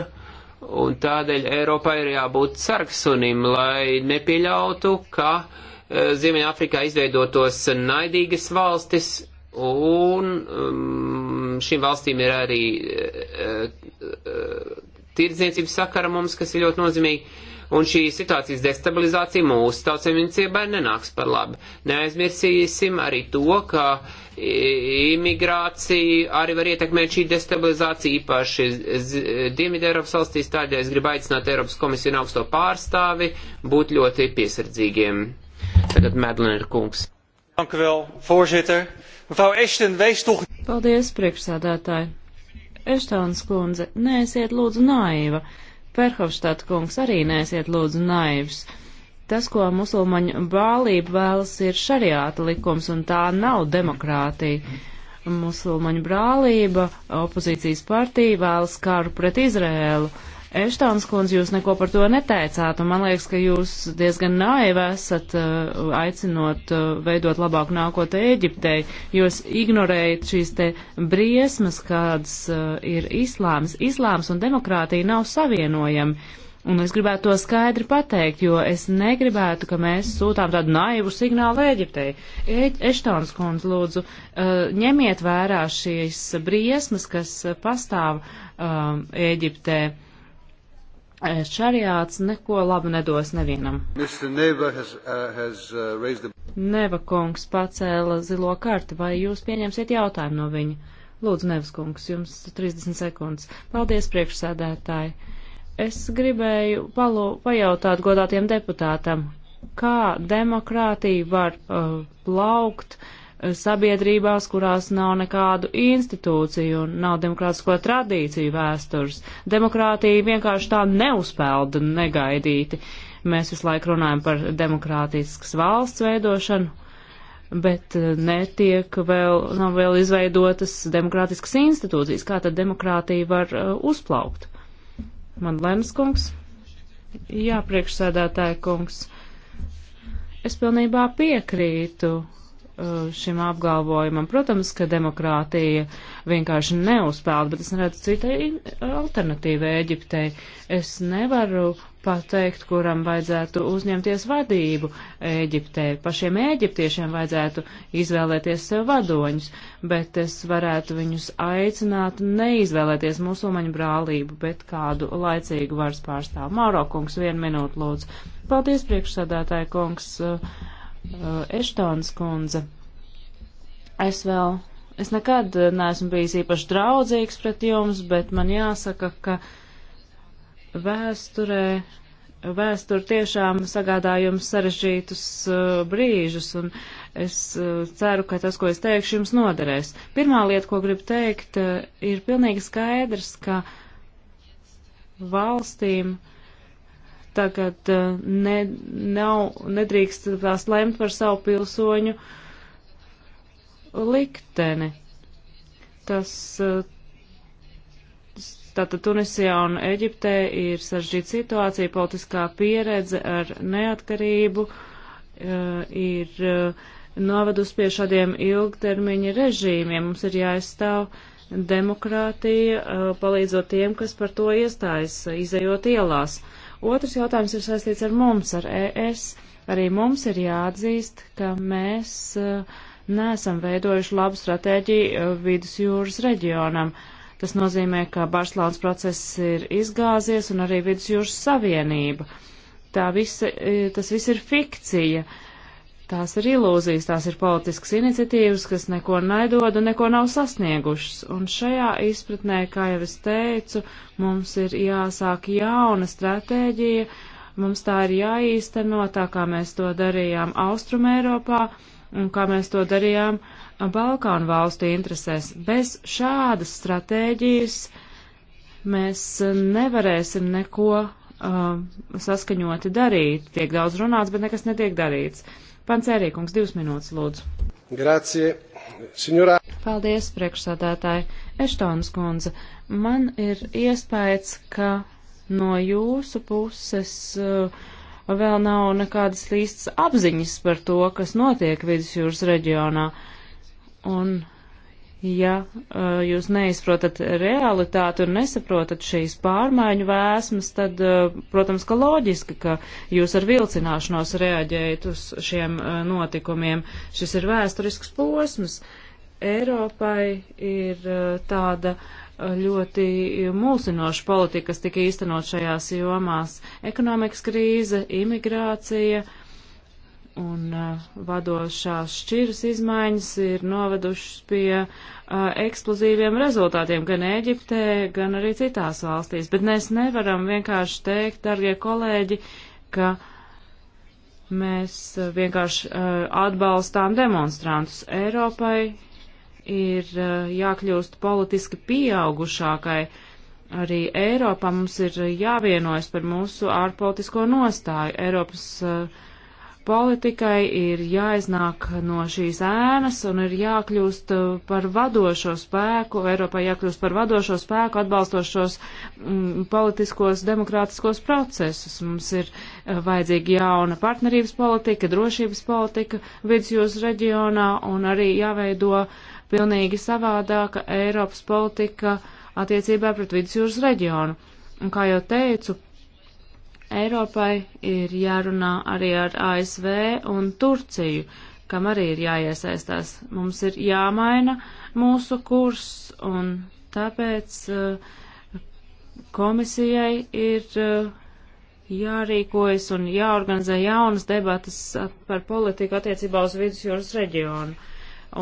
Speaker 5: un tādēļ Eiropā ir jābūt sargsunim, lai nepieļautu, ka uh, Ziemeļāfrikā izveidotos naidīgas valstis, un um, šīm valstīm ir arī uh, uh, tirdzniecības sakara mums, kas ir ļoti nozīmīgi. Uh, un šī situācijas destabilizācija mūsu tautsēmniecībai nenāks par labu. Neaizmirsīsim arī to, ka imigrācija arī var ietekmēt šī destabilizācija, īpaši Dienvidu Eiropas valstīs, tādēļ es gribu aicināt Eiropas komisiju un augsto pārstāvi būt ļoti piesardzīgiem. Tagad Medliner kungs. Dank u wel, voorzitter. Mevrouw Ashton, wees toch.
Speaker 3: Paldies, priekšsādātāji. Eštons kundze, neesiet lūdzu naiva. Uh, Perhovštāt kungs arī nēsiet lūdzu naivs. Tas, ko musulmaņu brālība vēlas, ir šariāta likums, un tā nav demokrātija. Musulmaņu brālība, opozīcijas partija vēlas karu pret Izrēlu. Uh, Eštāns kundze, jūs neko par to neteicāt, un man liekas, ka jūs diezgan naivi esat uh, aicinot uh, veidot labāku nākotnē Eģiptei. Jūs ignorējat šīs te briesmas, kādas uh, ir islāms. Islāms un demokrātija nav savienojami. Un es gribētu to skaidri pateikt, jo es negribētu, ka mēs sūtām tādu naivu signālu Eģiptei. Eštāns kundze, lūdzu, ņemiet vērā šīs briesmas, kas pastāv Eģiptē. Um, Eh, šariāts neko labu nedos nevienam.
Speaker 1: Has, uh, has, uh, the...
Speaker 3: Neva kungs pacēla zilo karti, vai jūs pieņemsiet jautājumu no viņa? Lūdzu, Nevas kungs, jums 30 sekundes. Paldies, priekšsēdētāji. Es gribēju palu, pajautāt godātiem deputātam, kā demokrātija var uh, plaukt, uh, sabiedrībās, kurās nav nekādu institūciju un nav demokrātisko tradīciju vēstures. Demokrātija vienkārši tā neuzpelda negaidīti. Mēs visu laiku runājam par demokrātiskas valsts veidošanu, bet eh, netiek vēl, nav vēl izveidotas demokrātiskas institūcijas. Kā tad demokrātija var uh, uzplaukt? Man Lenas kungs? Jā, priekšsēdētāja kungs. Es pilnībā piekrītu Uh, šim apgalvojumam. Protams, ka demokrātija vienkārši neuzpeld, bet es neredzu citai alternatīvai Eģiptei. Es nevaru pateikt, kuram vajadzētu uzņemties vadību Eģiptē. Pašiem eģiptiešiem vajadzētu izvēlēties sev vadoņus, bet es varētu viņus aicināt neizvēlēties musulmaņu brālību, bet kādu laicīgu varas pārstāvu. Mauro kungs, vienu minūtu lūdzu. Paldies, priekšsādātāja kungs. Uh, Eh, Eštons kundze. Es vēl, es nekad eh, neesmu bijis īpaši draudzīgs pret jums, bet man jāsaka, ka vēsturē, vēstur tiešām sagādā jums sarežģītus uh, brīžus, un es uh, ceru, ka tas, ko es teikšu, jums noderēs. Pirmā lieta, ko gribu teikt, uh, ir pilnīgi skaidrs, ka valstīm uh, tagad eh, ne, nav, nedrīkst tās lemt par savu pilsoņu likteni. Tas eh, Tātad Tunisijā un Eģiptē ir saržģīta situācija, politiskā pieredze ar neatkarību eh, ir novedus pie šādiem ilgtermiņa režīmiem. Mums ir jāizstāv demokrātija, palīdzot tiem, kas par to iestājas, izējot ielās. Uh, Otrs jautājums ir saistīts ar mums, ar ES. Arī mums ir jāatzīst, ka mēs eh, neesam veidojuši labu stratēģiju eh, vidusjūras reģionam. Tas nozīmē, ka Barcelonas process ir izgāzies un arī vidusjūras savienība. Tā visa, eh, tas viss ir fikcija. Uh, Tās ir ilūzijas, tās ir politiskas iniciatīvas, kas neko nedod un neko nav sasniegušas. Un šajā izpratnē, kā jau es teicu, mums ir jāsāk jauna stratēģija, mums tā ir jāīsteno tā, kā mēs to darījām Austrum Eiropā un kā mēs to darījām Balkānu valstu interesēs. Bez šādas stratēģijas mēs nevarēsim neko uh, saskaņoti darīt. Tiek daudz runāts, bet nekas netiek darīts. Pants Ērīkungs, divas minūtes, lūdzu.
Speaker 4: Grācie, signora.
Speaker 3: Paldies, priekšsādātāji. Eštonas kundze, man ir iespējas, ka no jūsu puses uh, vēl nav nekādas līstas apziņas par to, kas notiek vidusjūras reģionā. Un ja uh, jūs neizprotat realitāti un nesaprotat šīs pārmaiņu vēsmas, tad, uh, protams, ka loģiski, ka jūs ar vilcināšanos reaģējat uz šiem uh, notikumiem. Šis ir vēsturisks posms. Eiropai ir uh, tāda uh, ļoti mulsinoša politika, kas tika īstenot šajās jomās - ekonomikas krīze, imigrācija. Uh, un uh, vadošās šķiras izmaiņas ir novedušas pie uh, eksplozīviem rezultātiem gan Eģiptē, gan arī citās valstīs. Bet mēs nevaram vienkārši teikt, darbie kolēģi, ka mēs uh, vienkārši uh, atbalstām demonstrantus. Eiropai ir uh, jākļūst politiski pieaugušākai. Arī Eiropā mums ir uh, jāvienojas par mūsu ārpolitisko nostāju. Eiropas uh, Politikai ir jāiznāk no šīs ēnas un ir jākļūst uh, par vadošo spēku, Eiropā jākļūst par vadošo spēku atbalstošos mm, politiskos demokrātiskos procesus. Mums ir uh, vajadzīga jauna partnerības politika, drošības politika vidusjūras reģionā un arī jāveido pilnīgi savādāka Eiropas politika attiecībā pret vidusjūras reģionu. Un kā jau teicu, Eiropai ir jārunā arī ar ASV un Turciju, kam arī ir jāiesaistās. Mums ir jāmaina mūsu kurs un tāpēc eh, komisijai ir eh, jārīkojas un jāorganizē jaunas debatas par politiku attiecībā uz vidusjūras reģionu.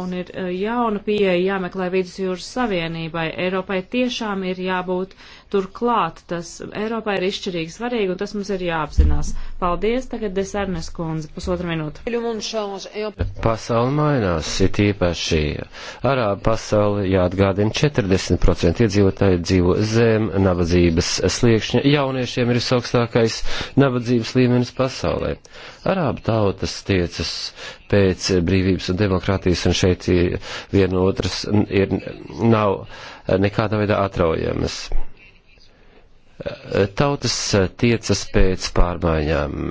Speaker 3: Un ir eh, jauna pieeja jāmeklē vidusjūras savienībai. Eiropai tiešām ir jābūt Turklāt tas Eiropā ir izšķirīgi svarīgi, un tas mums ir jāapzinās. Paldies, tagad Desarnes kundze, pusotra minūte.
Speaker 4: Pasauli mainās, ir tīpaši arāba pasauli jāatgādina 40% iedzīvotāji dzīvo zem nabadzības sliekšņa. Jauniešiem ir visaugstākais nabadzības līmenis pasaulē. Arāba tautas tiecas pēc brīvības un demokrātijas, un šeit viena otras ir, nav nekādā veidā atraujamas tautas eh, tiecas pēc pārmaiņām,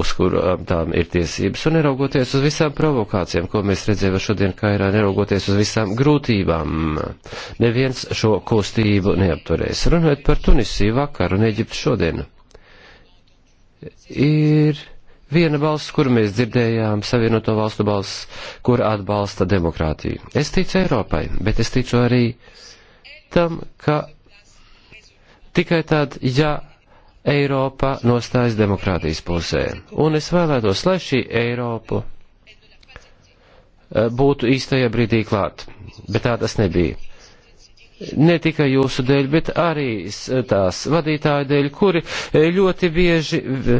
Speaker 4: uz kurām tām ir tiesības, un neraugoties uz visām provokācijām, ko mēs redzējām šodien Kairā, neraugoties uz visām grūtībām, neviens šo kustību neapturēs. Runājot par Tunisiju vakar un Eģiptu šodien, ir viena balss, kur mēs dzirdējām, Savienoto valstu balss, kur atbalsta demokrātiju. Es ticu Eiropai, bet es ticu arī tam, ka tikai tad, ja Eiropa nostājas demokrātijas pusē. Un es vēlētos, lai šī Eiropa eh, būtu īstajā brīdī klāt, bet tā tas nebija. Ne tikai jūsu dēļ, bet arī tās vadītāju dēļ, kuri eh, ļoti bieži eh,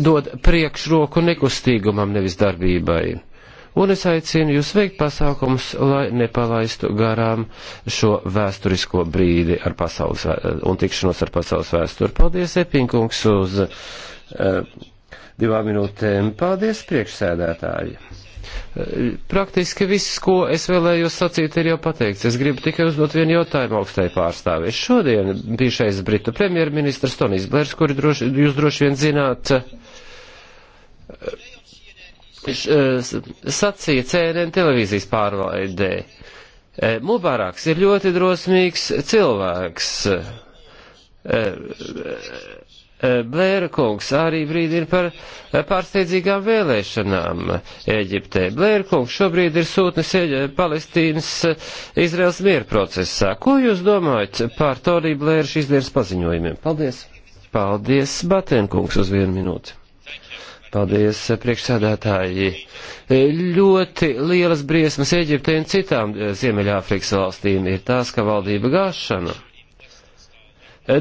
Speaker 4: dod priekšroku nekustīgumam, nevis darbībai un es aicinu jūs veikt pasākums, lai nepalaistu garām šo vēsturisko brīdi ar pasaules, un tikšanos ar pasaules vēsturi. Paldies, Epinkungs, uz uh, divām minūtēm. Paldies, priekšsēdētāji. Eh, praktiski viss, ko es vēlējos sacīt, ir jau pateikts. Es gribu tikai uzdot vienu jautājumu augstai pārstāvēs. Šodien bijušais Britu premjerministrs Tonijs Blērs, kuri droši, jūs droši vien zināt, uh, Eh, sacīja CNN televīzijas pārlaidē. Eh, Mubaraks ir ļoti drosmīgs cilvēks. Eh, Blēra kungs arī brīdina par pārsteidzīgām vēlēšanām Eģiptē. Blēra kungs šobrīd ir sūtnis Palestīnas Izraels mieru procesā. Ko jūs domājat par Toniju Blēru šīs dienas paziņojumiem? Paldies! Paldies, Batēnkungs, uz vienu minūti! Paldies, priekšsēdētāji. Ļoti lielas briesmas Eģiptei un citām eh, Ziemeļāfrikas valstīm ir tās, ka valdība gāšana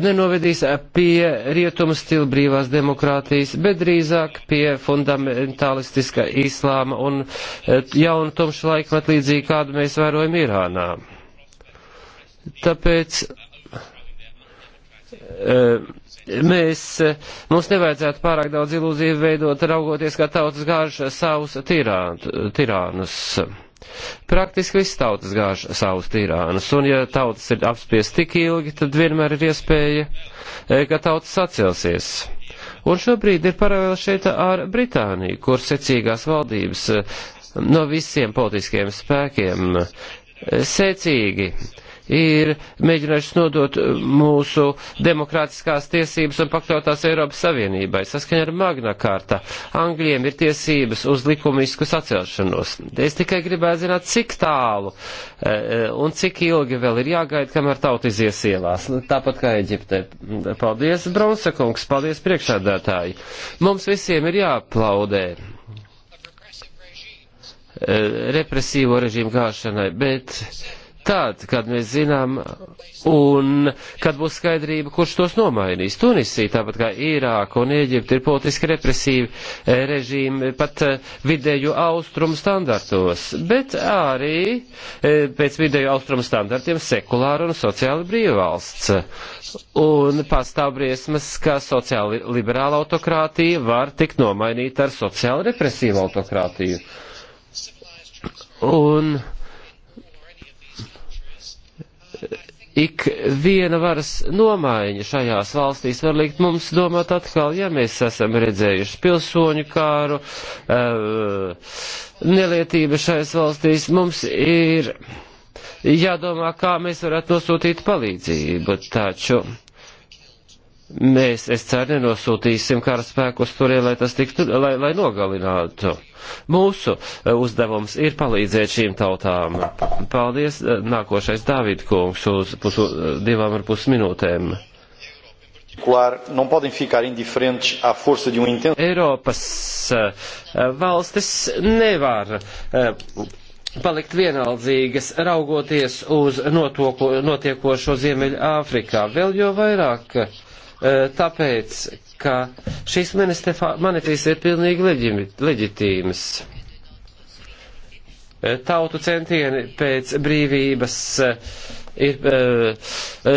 Speaker 4: nenovedīs eh, pie rietumu stila brīvās demokrātijas, bet drīzāk pie fundamentālistiska islāma un eh, jaunu tumšu laikmetu līdzīgi kādu mēs vērojam Irānā. Tāpēc Eh, mēs, eh, mums nevajadzētu pārāk daudz ilūziju veidot, raugoties, kā tautas gāž savus tirānus. Praktiski viss tautas gāž savus tirānus, un ja tautas ir apspiest tik ilgi, tad vienmēr ir iespēja, eh, ka tautas sacelsies. Un šobrīd ir paralēli šeit ar Britāniju, kur secīgās valdības no visiem politiskiem spēkiem secīgi ir mēģinājušas nodot mūsu demokrātiskās tiesības un pakļautās Eiropas Savienībai. Saskaņā ar Magna kārta Angļiem ir tiesības uz likumisku sacelšanos. Es tikai gribētu zināt, cik tālu e, e, un cik ilgi vēl ir jāgaida, kamēr tauta izies ielās. Nu, tāpat kā Eģiptē. Paldies, Bronsakungs, paldies priekšādātāji. Mums visiem ir jāaplaudē e, represīvo režīmu gāšanai, bet tad, kad mēs zinām un kad būs skaidrība, kurš tos nomainīs. Tunisija, tāpat kā Irāka un Ēģipte, ir politiski represīvi eh, režīmi pat eh, vidēju austrumu standartos, bet arī eh, pēc vidēju austrumu standartiem sekulāra un sociāli brīvvalsts. Un pastāv briesmas, ka sociāli liberāla autokrātija var tikt nomainīta ar sociāli represīvu autokrātiju. Un ik viena varas nomaiņa šajās valstīs var likt mums domāt atkal, ja mēs esam redzējuši pilsoņu kāru, eh, nelietība šajās valstīs, mums ir jādomā, kā mēs varētu nosūtīt palīdzību. Taču mēs, es ceru, nenosūtīsim karaspēkus tur, lai tas tiktu, lai, lai nogalinātu. Mūsu e, uzdevums ir palīdzēt šīm tautām. Paldies, e, nākošais Dāvid kungs uz pusu, e, divām ar pus minūtēm. Nu, um Eiropas valstis nevar palikt vienaldzīgas, raugoties uz notoko, notiekošo Ziemeļāfrikā, vēl jo vairāk Eh, tāpēc, ka šīs manifestīs ir pilnīgi leģitīmas eh, tautu centieni pēc brīvības eh, ir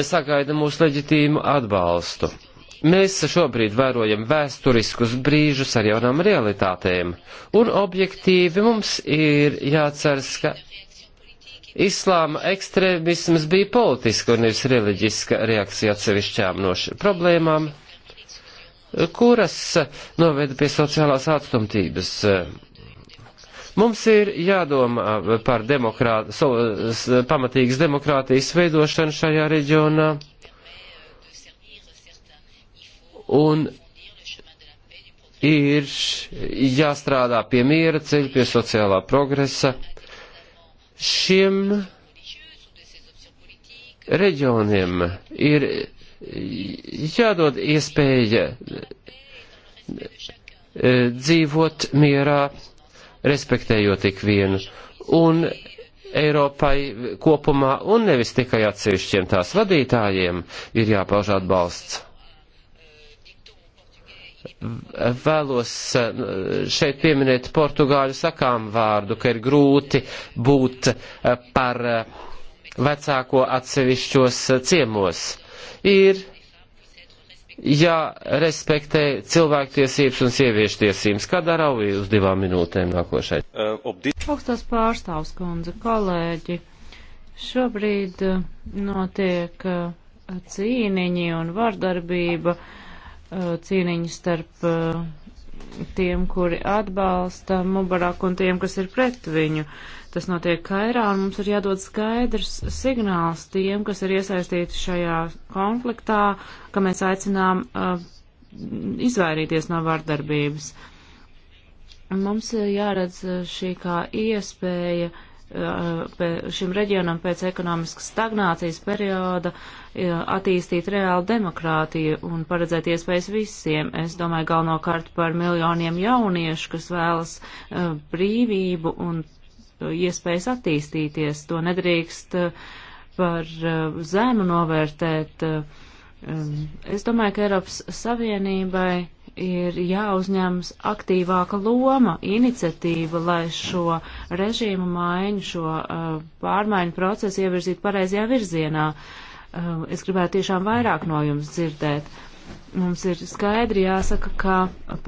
Speaker 4: sagaida mūsu leģitīmu atbalstu. Mēs šobrīd vērojam vēsturiskus brīžus ar jaunām realitātēm, un objektīvi mums ir jāceras, ka Islāma ekstrēmisms bija politiska un nevis reliģiska reakcija atsevišķām no problēmām, kuras noveda pie sociālās atstumtības. Mums ir jādomā par demokrāt, so, pamatīgas demokrātijas veidošanu šajā reģionā. Un ir jāstrādā pie miera ceļa, pie sociālā progresa Šiem reģioniem ir jādod iespēja e, dzīvot mierā, respektējot ikvienu, un Eiropai kopumā, un nevis tikai atsevišķiem tās vadītājiem, ir jāpauž atbalsts vēlos eh, šeit pieminēt portugāļu sakām vārdu, ka ir grūti būt eh, par eh, vecāko atsevišķos ciemos. Ir jārespektē ja cilvēktiesības un sieviešu tiesības. Kādā rauvī uz divām minūtēm nākošai?
Speaker 3: Augstās pārstāvs kundze, kolēģi, šobrīd notiek cīniņi un vardarbība. Uh, Uh, cīniņu starp uh, tiem, kuri atbalsta Mubaraku un tiem, kas ir pret viņu. Tas notiek Kairā, un mums ir jādod skaidrs signāls tiem, kas ir iesaistīti šajā konfliktā, ka mēs aicinām uh, izvairīties no vardarbības. Mums jāredz šī kā iespēja uh, Uh, šim reģionam pēc ekonomiskas stagnācijas perioda uh, attīstīt reālu demokrātiju un paredzēt iespējas visiem. Es domāju galvenokārt par miljoniem jauniešu, kas vēlas uh, brīvību un iespējas attīstīties. To nedrīkst par zēmu novērtēt. Um, es domāju, ka Eiropas Savienībai ir jāuzņemas aktīvāka loma, iniciatīva, lai šo režīmu maiņu, šo uh, pārmaiņu procesu ievirzītu pareizajā virzienā. Uh, es gribētu tiešām vairāk no jums dzirdēt. Mums ir skaidri jāsaka, ka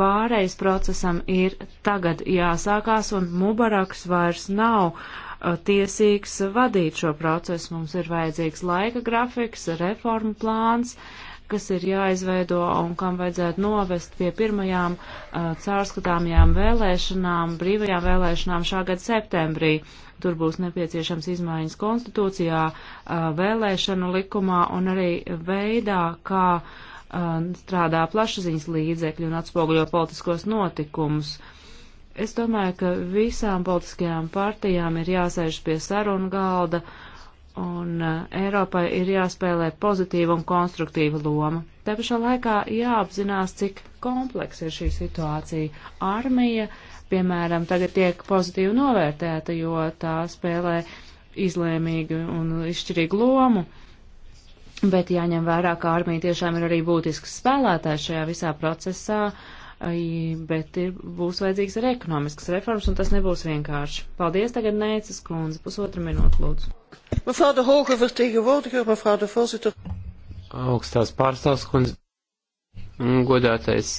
Speaker 3: pārejas procesam ir tagad jāsākās un Mubaraks vairs nav uh, tiesīgs vadīt šo procesu. Mums ir vajadzīgs laika grafiks, reformu plāns. Uh, kas ir jāizveido un kam vajadzētu novest pie pirmajām uh, caurskatāmajām vēlēšanām, brīvajām vēlēšanām šā gada septembrī. Tur būs nepieciešams izmaiņas konstitūcijā, uh, vēlēšanu likumā un arī veidā, kā uh, strādā plašsaziņas līdzekļi un atspoguļo politiskos notikumus. Es domāju, ka visām politiskajām partijām ir jāsēž pie sarunu galda. Uh, un uh, Eiropai ir jāspēlē pozitīva un konstruktīva loma. Te pašā laikā jāapzinās, cik kompleksa ir šī situācija. Armija, piemēram, tagad tiek pozitīvi novērtēta, jo tā spēlē izlēmīgu un izšķirīgu lomu. Bet jāņem vērā, ka armija tiešām ir arī būtisks spēlētājs šajā visā procesā. Uh, bet ir, būs vajadzīgs arī ekonomiskas reformas, un tas nebūs vienkārši. Paldies tagad Nēcas kundze, pusotra minūte lūdzu. Mevrouw de
Speaker 4: hoge vertegenwoordiger, mevrouw de voorzitter.
Speaker 5: Augstās pārstāvs kundze, godātais,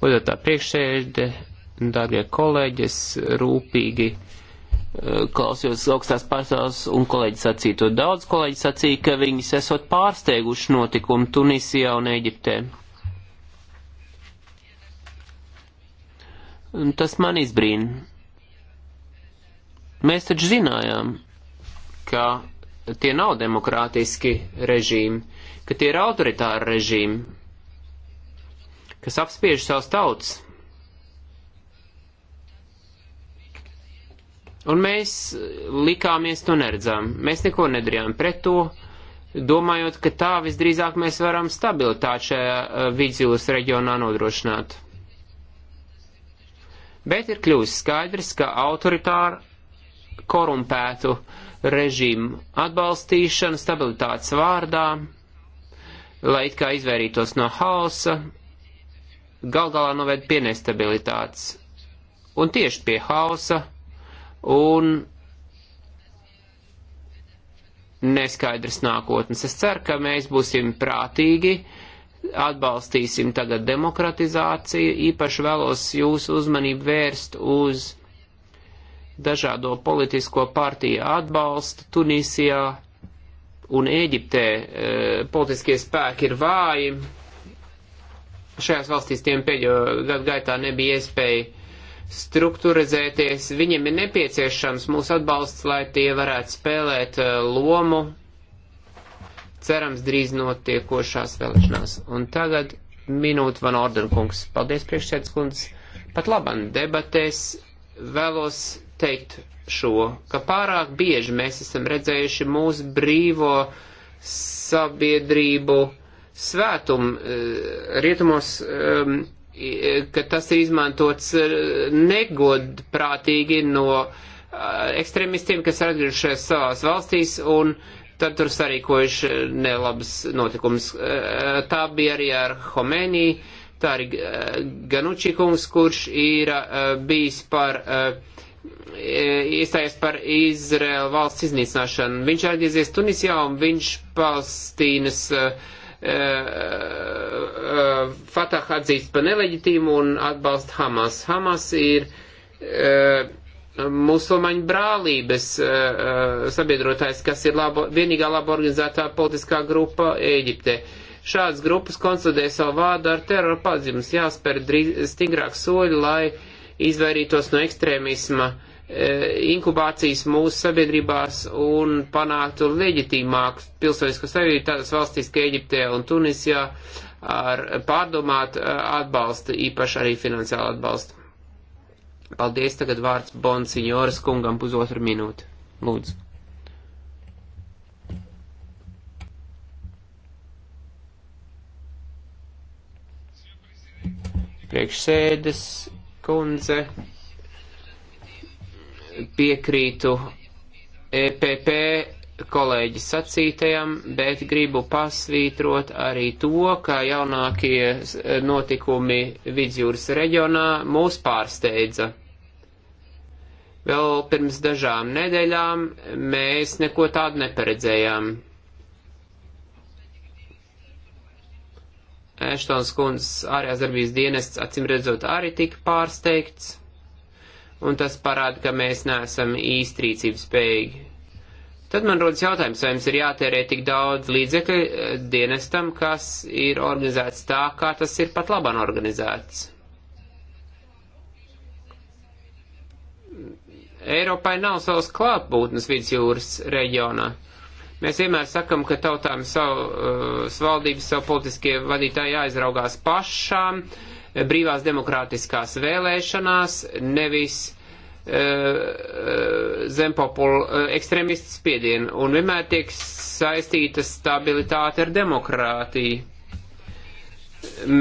Speaker 5: godātā priekšsēde, dārgie kolēģis, rūpīgi eh, klausījos augstās pārstāvs un kolēģis sacīja to. Daudz kolēģis sacīja, ka viņas esot pārsteiguši notikumu Tunisijā un Eģiptē. Un tas man izbrīna. Mēs taču zinājām, ka tie nav demokrātiski režīmi, ka tie ir autoritāri režīmi, kas apspiež savus tautas. Un mēs likāmies to neredzām. Mēs neko nedarījām pret to, domājot, ka tā visdrīzāk mēs varam stabilitāti šajā eh, vidzīlas reģionā nodrošināt. Bet ir kļuvis skaidrs, ka autoritāru korumpētu režīmu atbalstīšana stabilitātes vārdā, lai it kā izvairītos no hausa, gal galā noved pie nestabilitātes. Un tieši pie hausa un neskaidras nākotnes. Es ceru, ka mēs būsim prātīgi atbalstīsim tagad demokratizāciju, īpaši vēlos jūsu uzmanību vērst uz dažādo politisko partiju atbalstu Tunisijā un Ēģiptē. E, politiskie spēki ir vāji. Šajās valstīs tiem pēdējo gadu gaitā nebija iespēja struktūrizēties. Viņiem ir nepieciešams mūsu atbalsts, lai tie varētu spēlēt e, lomu cerams drīz notiekošās vēlēšanās. Un tagad minūte van Ordenkungs. Paldies, priekšsēdus kundze. Pat labam debatēs vēlos teikt šo, ka pārāk bieži mēs esam redzējuši mūsu brīvo sabiedrību svētumu eh, rietumos, ehm, ka tas ir izmantots eh, negodprātīgi no eh, ekstremistiem, kas ir atgriežušies savās valstīs un uh, tad tur sarīkojuši eh, nelabas notikumus. Eh, tā bija arī ar Homēnī, tā arī eh, Ganuči kungs, kurš ir bijis par iestājies par Izraēlu valsts iznīcināšanu. Viņš atgriezies Tunisijā un viņš Palestīnas uh, Fatah atzīst par neleģitīmu un atbalsta Hamas. Hamas ir uh, musulmaņu brālības eh, eh, sabiedrotājs, kas ir labo, vienīgā laba organizētā politiskā grupa Ēģipte. Šādas grupas konsolidē savu vādu ar terora padzimus, jāspēr stingrāk soļi, lai izvairītos no ekstrēmisma eh, inkubācijas mūsu sabiedrībās un panāktu leģitīmāku pilsonisku sabiedrību tādās valstīs kā Eģiptē un Tunisijā ar pārdomātu atbalstu, īpaši arī finansiālu atbalstu. Paldies, tagad vārds Bonsignoras kungam pusotru minūti. Lūdzu. Priekšsēdes kundze piekrītu EPP kolēģi sacītajam, bet gribu pasvītrot arī to, ka jaunākie notikumi Vidzjūras reģionā mūs pārsteidza. Vēl pirms dažām nedēļām mēs neko tādu neparedzējām. Eštons kundzes ārējās darbības dienests acīm redzot arī tika pārsteigts, un tas parāda, ka mēs neesam īstrīcības spējīgi Tad man rodas jautājums, vai mums ir jātērē tik daudz līdzekļu eh, dienestam, kas ir organizēts tā, kā tas ir pat labāk organizēts. Eiropai nav savas klātbūtnes vidusjūras reģionā. Mēs vienmēr sakam, ka tautām savu uh, eh, valdības, savu politiskie vadītāji jāizraugās pašām brīvās demokrātiskās vēlēšanās, nevis uh, Eh, eh, Zempopulu eh, ekstrēmistu spiedienu un vienmēr tiek saistīta stabilitāte ar demokrātiju.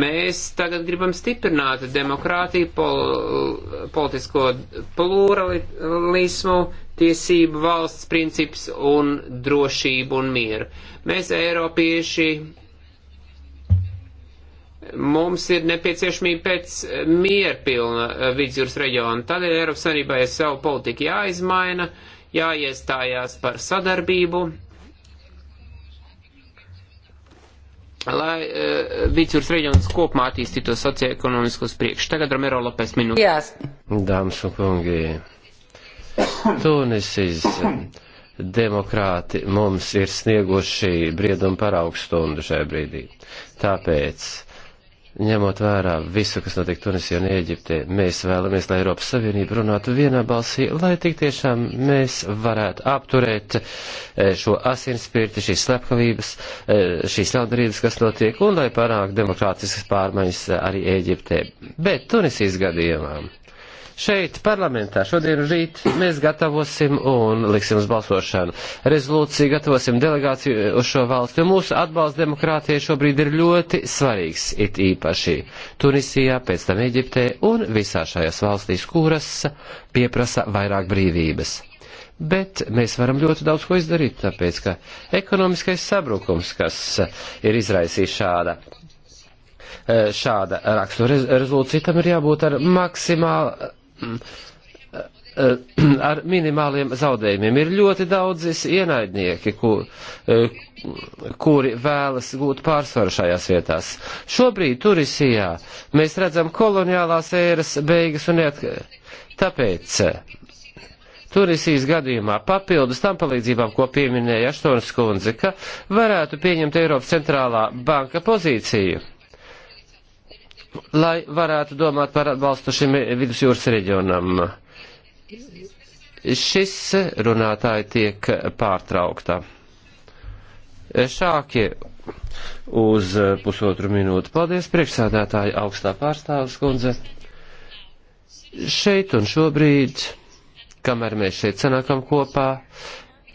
Speaker 5: Mēs tagad gribam stiprināt demokrātiju, pol, politisko pluralismu, tiesību valsts princips un drošību un mieru. Mēs, Eiropieši, Mums ir nepieciešamība pēc mierpilna eh, vidusjūras reģiona. Tādēļ Eiropas Savienībā ir savu politiku jāizmaina, jāiestājās par sadarbību, lai uh, vidusjūras reģions kopumā attīstītos socioekonomiskos priekš. Tagad Romero Lopes minūte. Jā.
Speaker 4: Dāmas un kungi, Tunisis demokrāti mums ir snieguši briedumu paraugstundu šajā brīdī. Tāpēc ņemot vērā visu, kas notiek Tunisijā un Ēģiptē, mēs vēlamies, lai Eiropas Savienība runātu vienā balsī, lai tik tiešām mēs varētu apturēt e, šo asinspirti, šīs slepkavības, e, šīs ļaundarības, kas notiek, un lai panāk demokrātiskas pārmaiņas arī Ēģiptē. Bet Tunisijas gadījumā šeit parlamentā šodien un rīt mēs gatavosim un liksim uz balsošanu. Rezolūciju gatavosim delegāciju uz šo valsti, un mūsu atbalsts demokrātijai šobrīd ir ļoti svarīgs, it īpaši Tunisijā, pēc tam Eģiptē un visā šajās valstīs, kuras pieprasa vairāk brīvības. Bet mēs varam ļoti daudz ko izdarīt, tāpēc ka ekonomiskais sabrukums, kas ir izraisījis šāda šāda rakstura rezolūcija, tam ir jābūt ar maksimālu Mm. ar minimāliem zaudējumiem. Ir ļoti daudzis ienaidnieki, kur, eh, kuri vēlas gūt pārsvaru šajās vietās. Šobrīd Turisijā mēs redzam koloniālās ēras beigas un iet. Tāpēc eh, Turisijas gadījumā papildus tam palīdzībām, ko pieminēja Aštonas kundze, ka varētu pieņemt Eiropas centrālā banka pozīciju lai varētu domāt par atbalstu šim vidusjūras reģionam. Šis runātāji tiek pārtraukta. Šākie uz pusotru minūtu. Paldies, priekšsādātāji, augstā pārstāvis kundze. Šeit un šobrīd, kamēr mēs šeit sanākam kopā,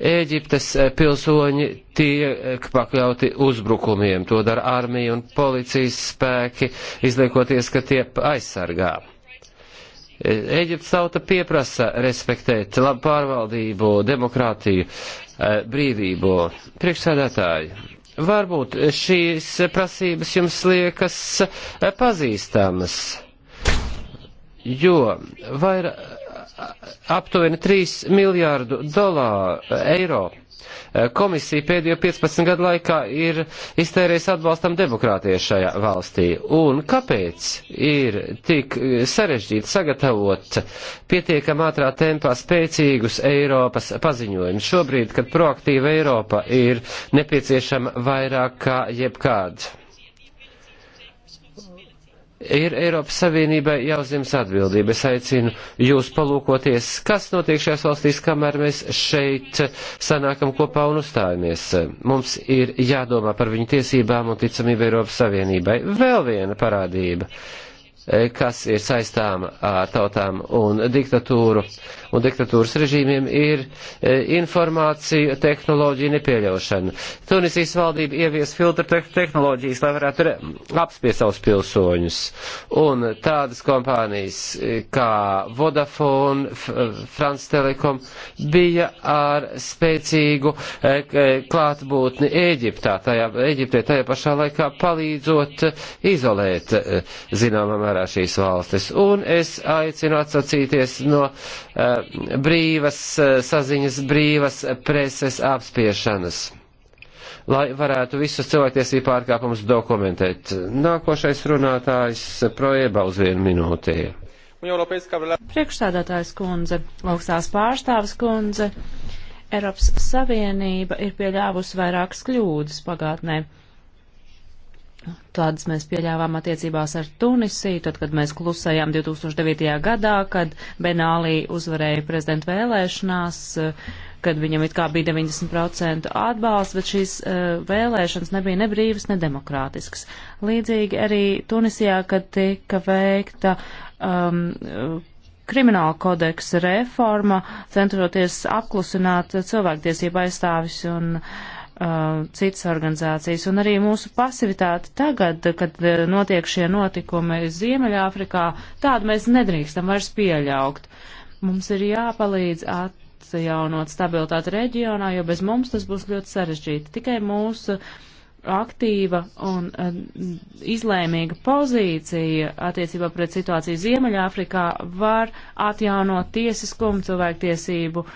Speaker 4: Ēģiptes eh, pilsoņi tiek pakļauti uzbrukumiem. To dara armija un policijas spēki, izliekoties, ka tie aizsargā. Eh, Ēģiptes tauta pieprasa respektēt labu pārvaldību, demokrātiju, eh, brīvību. Priekšsēdētāji, varbūt šīs prasības jums liekas pazīstamas, jo vairāk aptuveni 3 miljārdu dolāru eh, eiro. Eh, komisija pēdējo 15 gadu laikā ir iztērējusi atbalstam demokrātijai šajā valstī. Un kāpēc ir tik eh, sarežģīti sagatavot pietiekam ātrā tempā spēcīgus Eiropas paziņojumus šobrīd, kad proaktīva Eiropa ir nepieciešama vairāk kā jebkāda? ir Eiropas Savienībai jāuzņems atbildība. Es aicinu jūs palūkoties, kas notiek šajās valstīs, kamēr mēs šeit sanākam kopā un uzstājamies. Mums ir jādomā par viņu tiesībām un ticamību Eiropas Savienībai. Vēl viena parādība. Uh, E, kas ir saistām ar tautām un diktatūru un diktatūras režīmiem, ir e, informācija, tehnoloģija nepieļaušana. Tunisijas valdība ievies filtru te tehnoloģijas, lai varētu apspies savus pilsoņus. Un tādas kompānijas e, kā Vodafone, France Telekom bija ar spēcīgu klātbūtni Ēģiptā, tajā, Ēģiptē tajā pašā laikā palīdzot izolēt zināmā mērā vērā šīs valstis. Un es aicinu atsacīties no uh, brīvas uh, saziņas, brīvas preses apspiešanas, lai varētu visus cilvēktiesību pārkāpumus dokumentēt. Nākošais runātājs projēbā uz vienu minūti.
Speaker 3: Priekšstādātājs kundze, augstās pārstāvs kundze, Eiropas Savienība ir pieļāvusi vairākas kļūdas pagātnē Tādas mēs pieļāvām attiecībās ar Tunisiju, tad, kad mēs klusējām 2009. gadā, kad Benālī uzvarēja prezidenta vēlēšanās, kad viņam it kā bija 90% atbalsts, bet šīs eh, vēlēšanas nebija ne brīvas, ne demokrātiskas. Līdzīgi arī Tunisijā, kad tika veikta um, krimināla kodeksa reforma, centroties apklusināt cilvēktiesību aizstāvis un uh, Uh, citas organizācijas, un arī mūsu pasivitāte tagad, kad uh, notiek šie notikumi Ziemeļāfrikā, tādu mēs nedrīkstam vairs pieļaukt. Mums ir jāpalīdz atjaunot stabilitāti reģionā, jo bez mums tas būs ļoti sarežģīti. Tikai mūsu aktīva un uh, izlēmīga pozīcija attiecībā pret situāciju Ziemeļāfrikā var atjaunot tiesiskumu cilvēktiesību uh,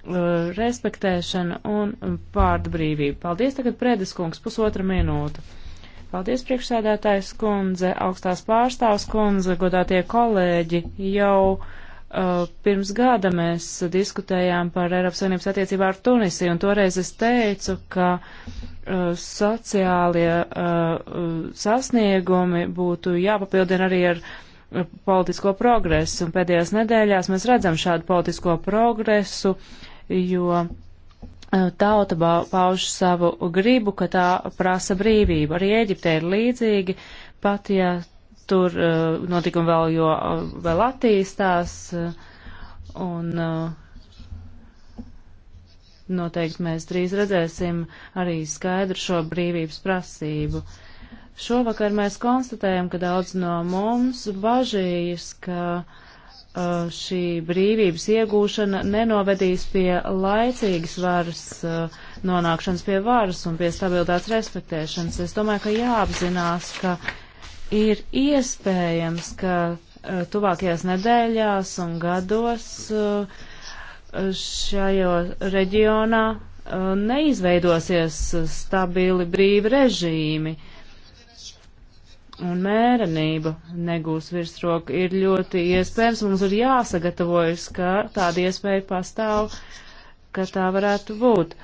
Speaker 3: Uh, respektēšana un vārdu brīvība. Paldies tagad Prēdes kungs, pusotra minūte. Paldies priekšsēdētājs kundze, augstās pārstāvs kundze, godātie kolēģi. Jau uh, pirms gada mēs diskutējām par Eiropas Savienības attiecībā ar Tunisiju, un toreiz es teicu, ka uh, sociālie uh, sasniegumi būtu jāpapildina arī ar uh, politisko progresu, un pēdējās nedēļās mēs redzam šādu politisko progresu. Uh, jo eh, tauta pauž savu gribu, ka tā prasa brīvību. Arī Eģipte ir līdzīgi, pat ja tur eh, notikumi vēl, jo, eh, vēl attīstās, un noteikti mēs drīz redzēsim arī skaidru šo brīvības prasību. Šovakar mēs konstatējam, ka daudz no mums bažījas, ka uh, Uh, šī brīvības iegūšana nenovedīs pie laicīgas varas uh, nonākšanas pie varas un pie stabilitātes respektēšanas. Es domāju, ka jāapzinās, ka ir iespējams, ka uh, tuvākajās nedēļās un gados šajā reģionā neizveidosies stabili brīvi režīmi. Uh, un mērenība negūs virsroku. Ir ļoti iespējams, mums ir jāsagatavojas, ka tāda iespēja pastāv, ka tā varētu būt.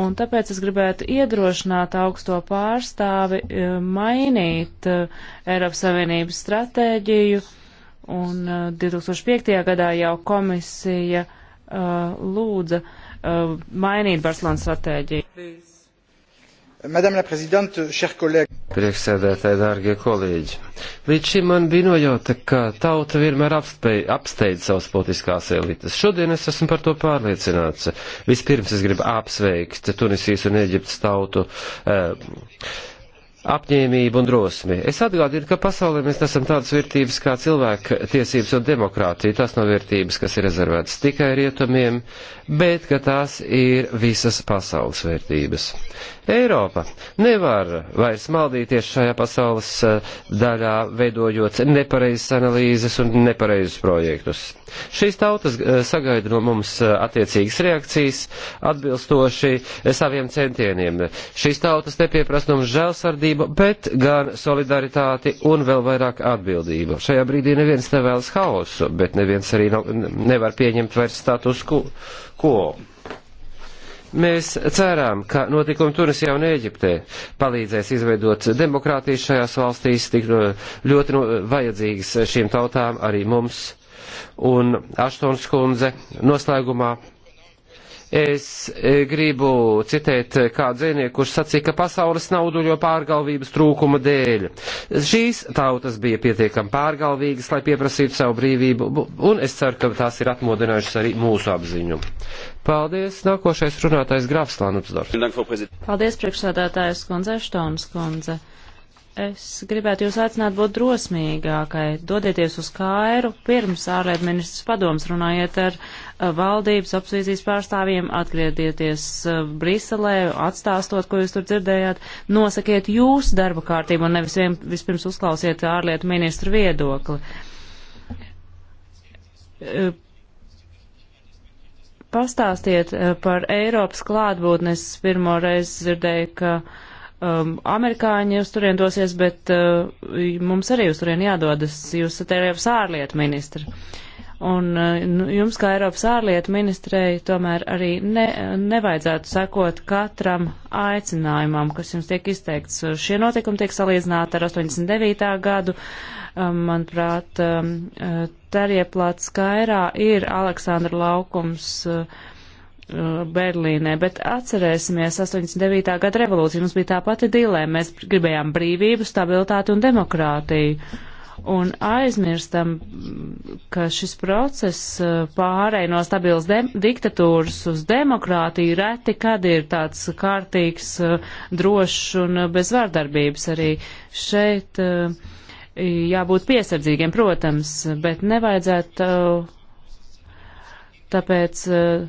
Speaker 3: Un tāpēc es gribētu iedrošināt augsto pārstāvi eh, mainīt eh, Eiropas Savienības stratēģiju, un 2005. Eh, gadā jau komisija lūdza mainīt Barcelonas stratēģiju. Please.
Speaker 4: Madame la Présidente, chers collègues. Priekšsēdētāji, dārgie kolēģi, līdz šim man bija nojauta, ka tauta vienmēr apspēj, apsteidz savas politiskās elites. Šodien es esmu par to pārliecināts. Vispirms es gribu apsveikt Tunisijas un Eģiptes tautu. Eh, apņēmību un drosmi. Es atgādinu, ka pasaulē mēs nesam tādas vērtības kā cilvēka tiesības un demokrātija. Tas nav vērtības, kas ir rezervētas tikai rietumiem, bet ka tās ir visas pasaules vērtības. Eiropa nevar vairs maldīties šajā pasaules eh, daļā, veidojot nepareizas analīzes un nepareizus projektus. Šīs tautas eh, sagaida no mums eh, attiecīgas reakcijas atbilstoši eh, saviem centieniem. Šīs tautas nepieprasa no mums žēlsardību, bet gan solidaritāti un vēl vairāk atbildību. Šajā brīdī neviens nevēlas haosu, bet neviens arī nav, nevar pieņemt vairs status quo. Mēs cerām, ka notikumi Tunisijā un Ēģiptē palīdzēs izveidot demokrātijas šajās valstīs, tik ļoti no, vajadzīgas šīm tautām arī mums un Aštons kundze noslēgumā. Es e, gribu citēt e, kādu dzīvnieku, kurš sacīja, ka pasaules nauduļo pārgalvības trūkuma dēļ. Šīs tautas bija pietiekami pārgalvīgas, lai pieprasītu savu brīvību, un es ceru, ka tās ir atmodinājušas arī mūsu apziņu. Paldies, nākošais runātājs Grafs Lanupsdorf.
Speaker 3: Paldies, priekšsādātājs kundze, Štons kundze. Es gribētu jūs aicināt būt drosmīgākai. Dodieties uz Kairu, pirms ārlietu ministrs padoms runājiet ar uh, valdības opozīcijas pārstāvjiem, atgriedieties uh, Briselē, atstāstot, ko jūs tur dzirdējāt, nosakiet jūsu darba kārtību un nevis vien, vispirms uzklausiet ārlietu ministru viedokli. Uh, pastāstiet par Eiropas klātbūtnes. Pirmo reizi dzirdēju, ka uh, um, amerikāņi uz turien dosies, bet uh, mums arī uz turien jādodas. Jūs esat Eiropas ārlietu ministri. Un uh, nu, jums, kā Eiropas ārlietu ministrei, tomēr arī ne, nevajadzētu sekot katram aicinājumam, kas jums tiek izteikts. Šie notikumi tiek salīdzināti ar 89. gadu. Um, manuprāt, um, uh, Tarieplāts Skairā ir Aleksandra laukums. Uh, Uh, Berlīnē, bet atcerēsimies 89. gada revolūciju. Mums bija tā pati dilēma. Mēs gribējām brīvību, stabilitāti un demokrātiju. Un aizmirstam, ka šis process uh, pārēj no stabilas diktatūras uz demokrātiju reti, kad ir tāds kārtīgs, uh, drošs un bez vardarbības arī šeit jābūt piesardzīgiem, protams, bet nevajadzētu tāpēc uh,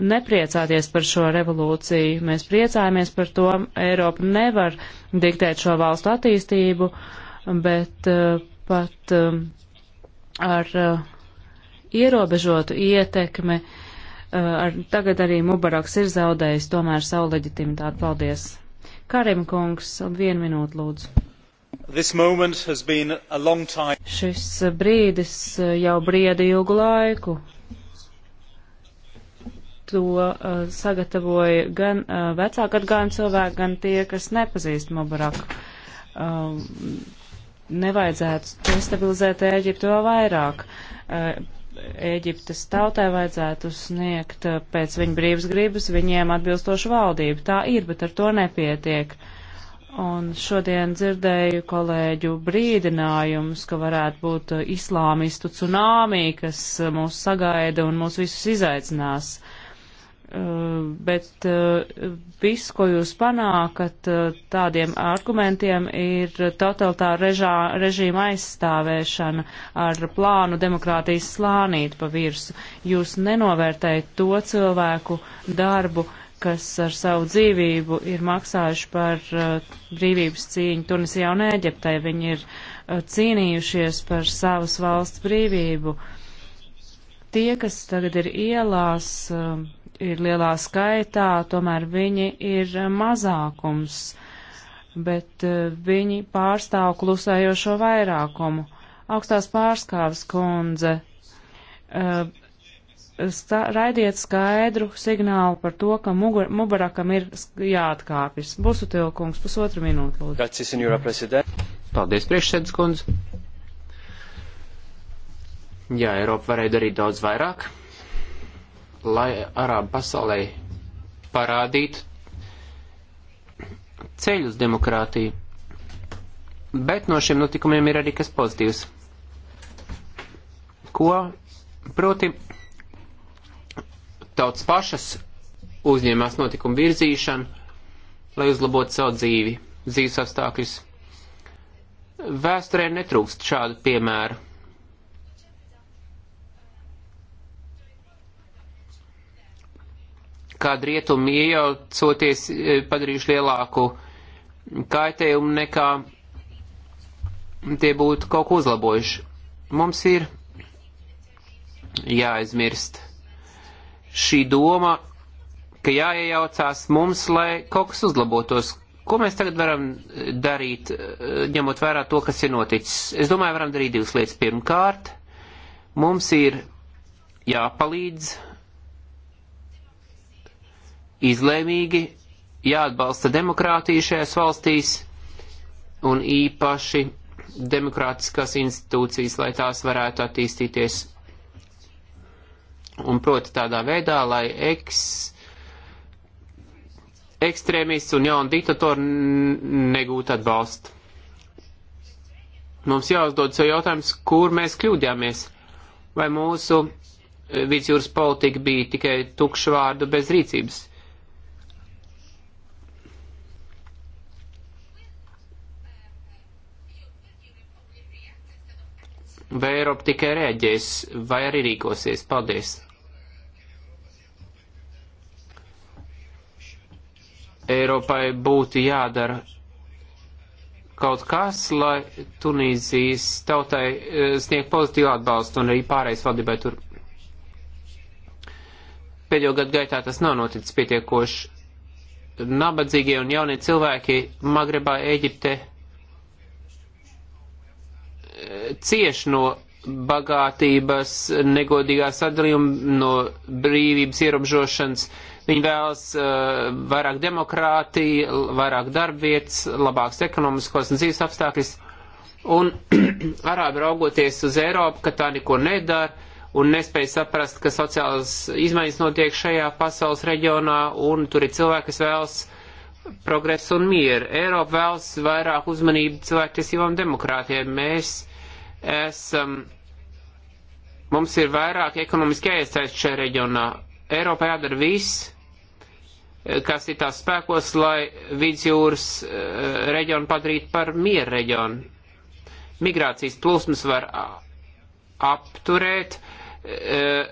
Speaker 3: nepriecāties par šo revolūciju. Mēs priecājamies par to. Eiropa nevar diktēt šo valstu attīstību, bet uh, pat uh, ar uh, ierobežotu ietekmi. Ar, tagad arī Mubaraks ir zaudējis tomēr savu leģitimitāti. Paldies! Karim kungs, vienu minūtu lūdzu. Šis brīdis jau brieda ilgu laiku to uh, sagatavoja gan uh, vecāku atgājumu cilvēku, gan tie, kas nepazīst Mubaraku. Uh, eh, nevajadzētu destabilizēt Ēģiptu vēl vairāk. Uh, Ēģiptes tautai vajadzētu sniegt uh, pēc viņa brīvas gribas viņiem atbilstošu valdību. Tā ir, bet ar to nepietiek. Un šodien dzirdēju kolēģu brīdinājumus, ka varētu būt islāmistu cunāmī, kas mūs sagaida un mūs visus izaicinās. Eh, bet eh, viss, ko jūs panākat eh, tādiem argumentiem, ir totalitāra režīma aizstāvēšana ar plānu demokrātijas slānīt pa virsu. Jūs nenovērtējat to cilvēku darbu, kas ar savu dzīvību ir maksājuši par brīvības cīņu Tunisijā un Ēģiptē. Viņi ir cīnījušies par savas valsts brīvību. Tie, kas tagad ir ielās, uh, ir lielā skaitā, tomēr viņi ir mazākums, bet eh, viņi pārstāv klusējošo vairākumu. Augstās pārskāves kundze, eh, stā, raidiet skaidru signālu par to, ka Mubarakam ir jāatkāpjas. Būsu tilkums, pusotra minūte,
Speaker 4: lūdzu. Paldies, priekšsēdus kundze.
Speaker 5: Jā, Eiropa varēja darīt daudz vairāk lai Arābu pasaulē parādītu ceļu uz demokrātiju. Bet no šiem notikumiem ir arī kas pozitīvs. Ko? Proti, tauts pašas uzņēmās notikumu virzīšanu, lai uzlabotu savu dzīvi, dzīves apstākļus. Vēsturē netrūkst šādu piemēru kad rietumi iejaucoties e, padarījuši lielāku kaitējumu nekā tie būtu kaut ko uzlabojuši. Mums ir jāaizmirst šī doma, ka jāiejaucās mums, lai kaut kas uzlabotos. Ko mēs tagad varam darīt, e, ņemot vērā to, kas ir noticis? Es domāju, varam darīt divas lietas. Pirmkārt, mums ir jāpalīdz izlēmīgi jāatbalsta demokrātija šajās valstīs un īpaši demokrātiskās institūcijas, lai tās varētu attīstīties. Un proti tādā veidā, lai eks, ekstrēmists un jauni diktatori negūtu atbalstu. Mums jāuzdod sev jautājums, kur mēs kļūdījāmies. Vai mūsu eh, vidusjūras politika bija tikai tukšvārdu bez rīcības? vai Eiropa tikai rēģēs, vai arī rīkosies. Paldies! Eiropai būtu jādara kaut kas, lai Tunīzijas tautai e, sniegt pozitīvu atbalstu un arī pārējais valdībai tur. Pēdējo gadu gaitā tas nav noticis pietiekoši. Nabadzīgie un jaunie cilvēki Magrebā, Eģipte cieš no bagātības, negodīgā sadalījuma, no brīvības ierobežošanas. Viņi vēlas uh, vairāk demokrātiju, vairāk darbvietas, labāks ekonomiskos un dzīves apstākļus. Un arābi raugoties uz Eiropu, ka tā neko nedara un nespēja saprast, ka sociālas izmaiņas notiek šajā pasaules reģionā un tur ir cilvēki, kas vēlas progresu un mieru. Eiropa vēlas vairāk uzmanību cilvēktiesībām demokrātiem. Mēs uh, esam, mums ir vairāk ekonomiski jāiesaist šajā reģionā. Eiropā jādara viss, kas ir tās spēkos, lai vidusjūras eh, reģionu padarītu par mieru reģionu. Migrācijas plūsmas var apturēt, eh,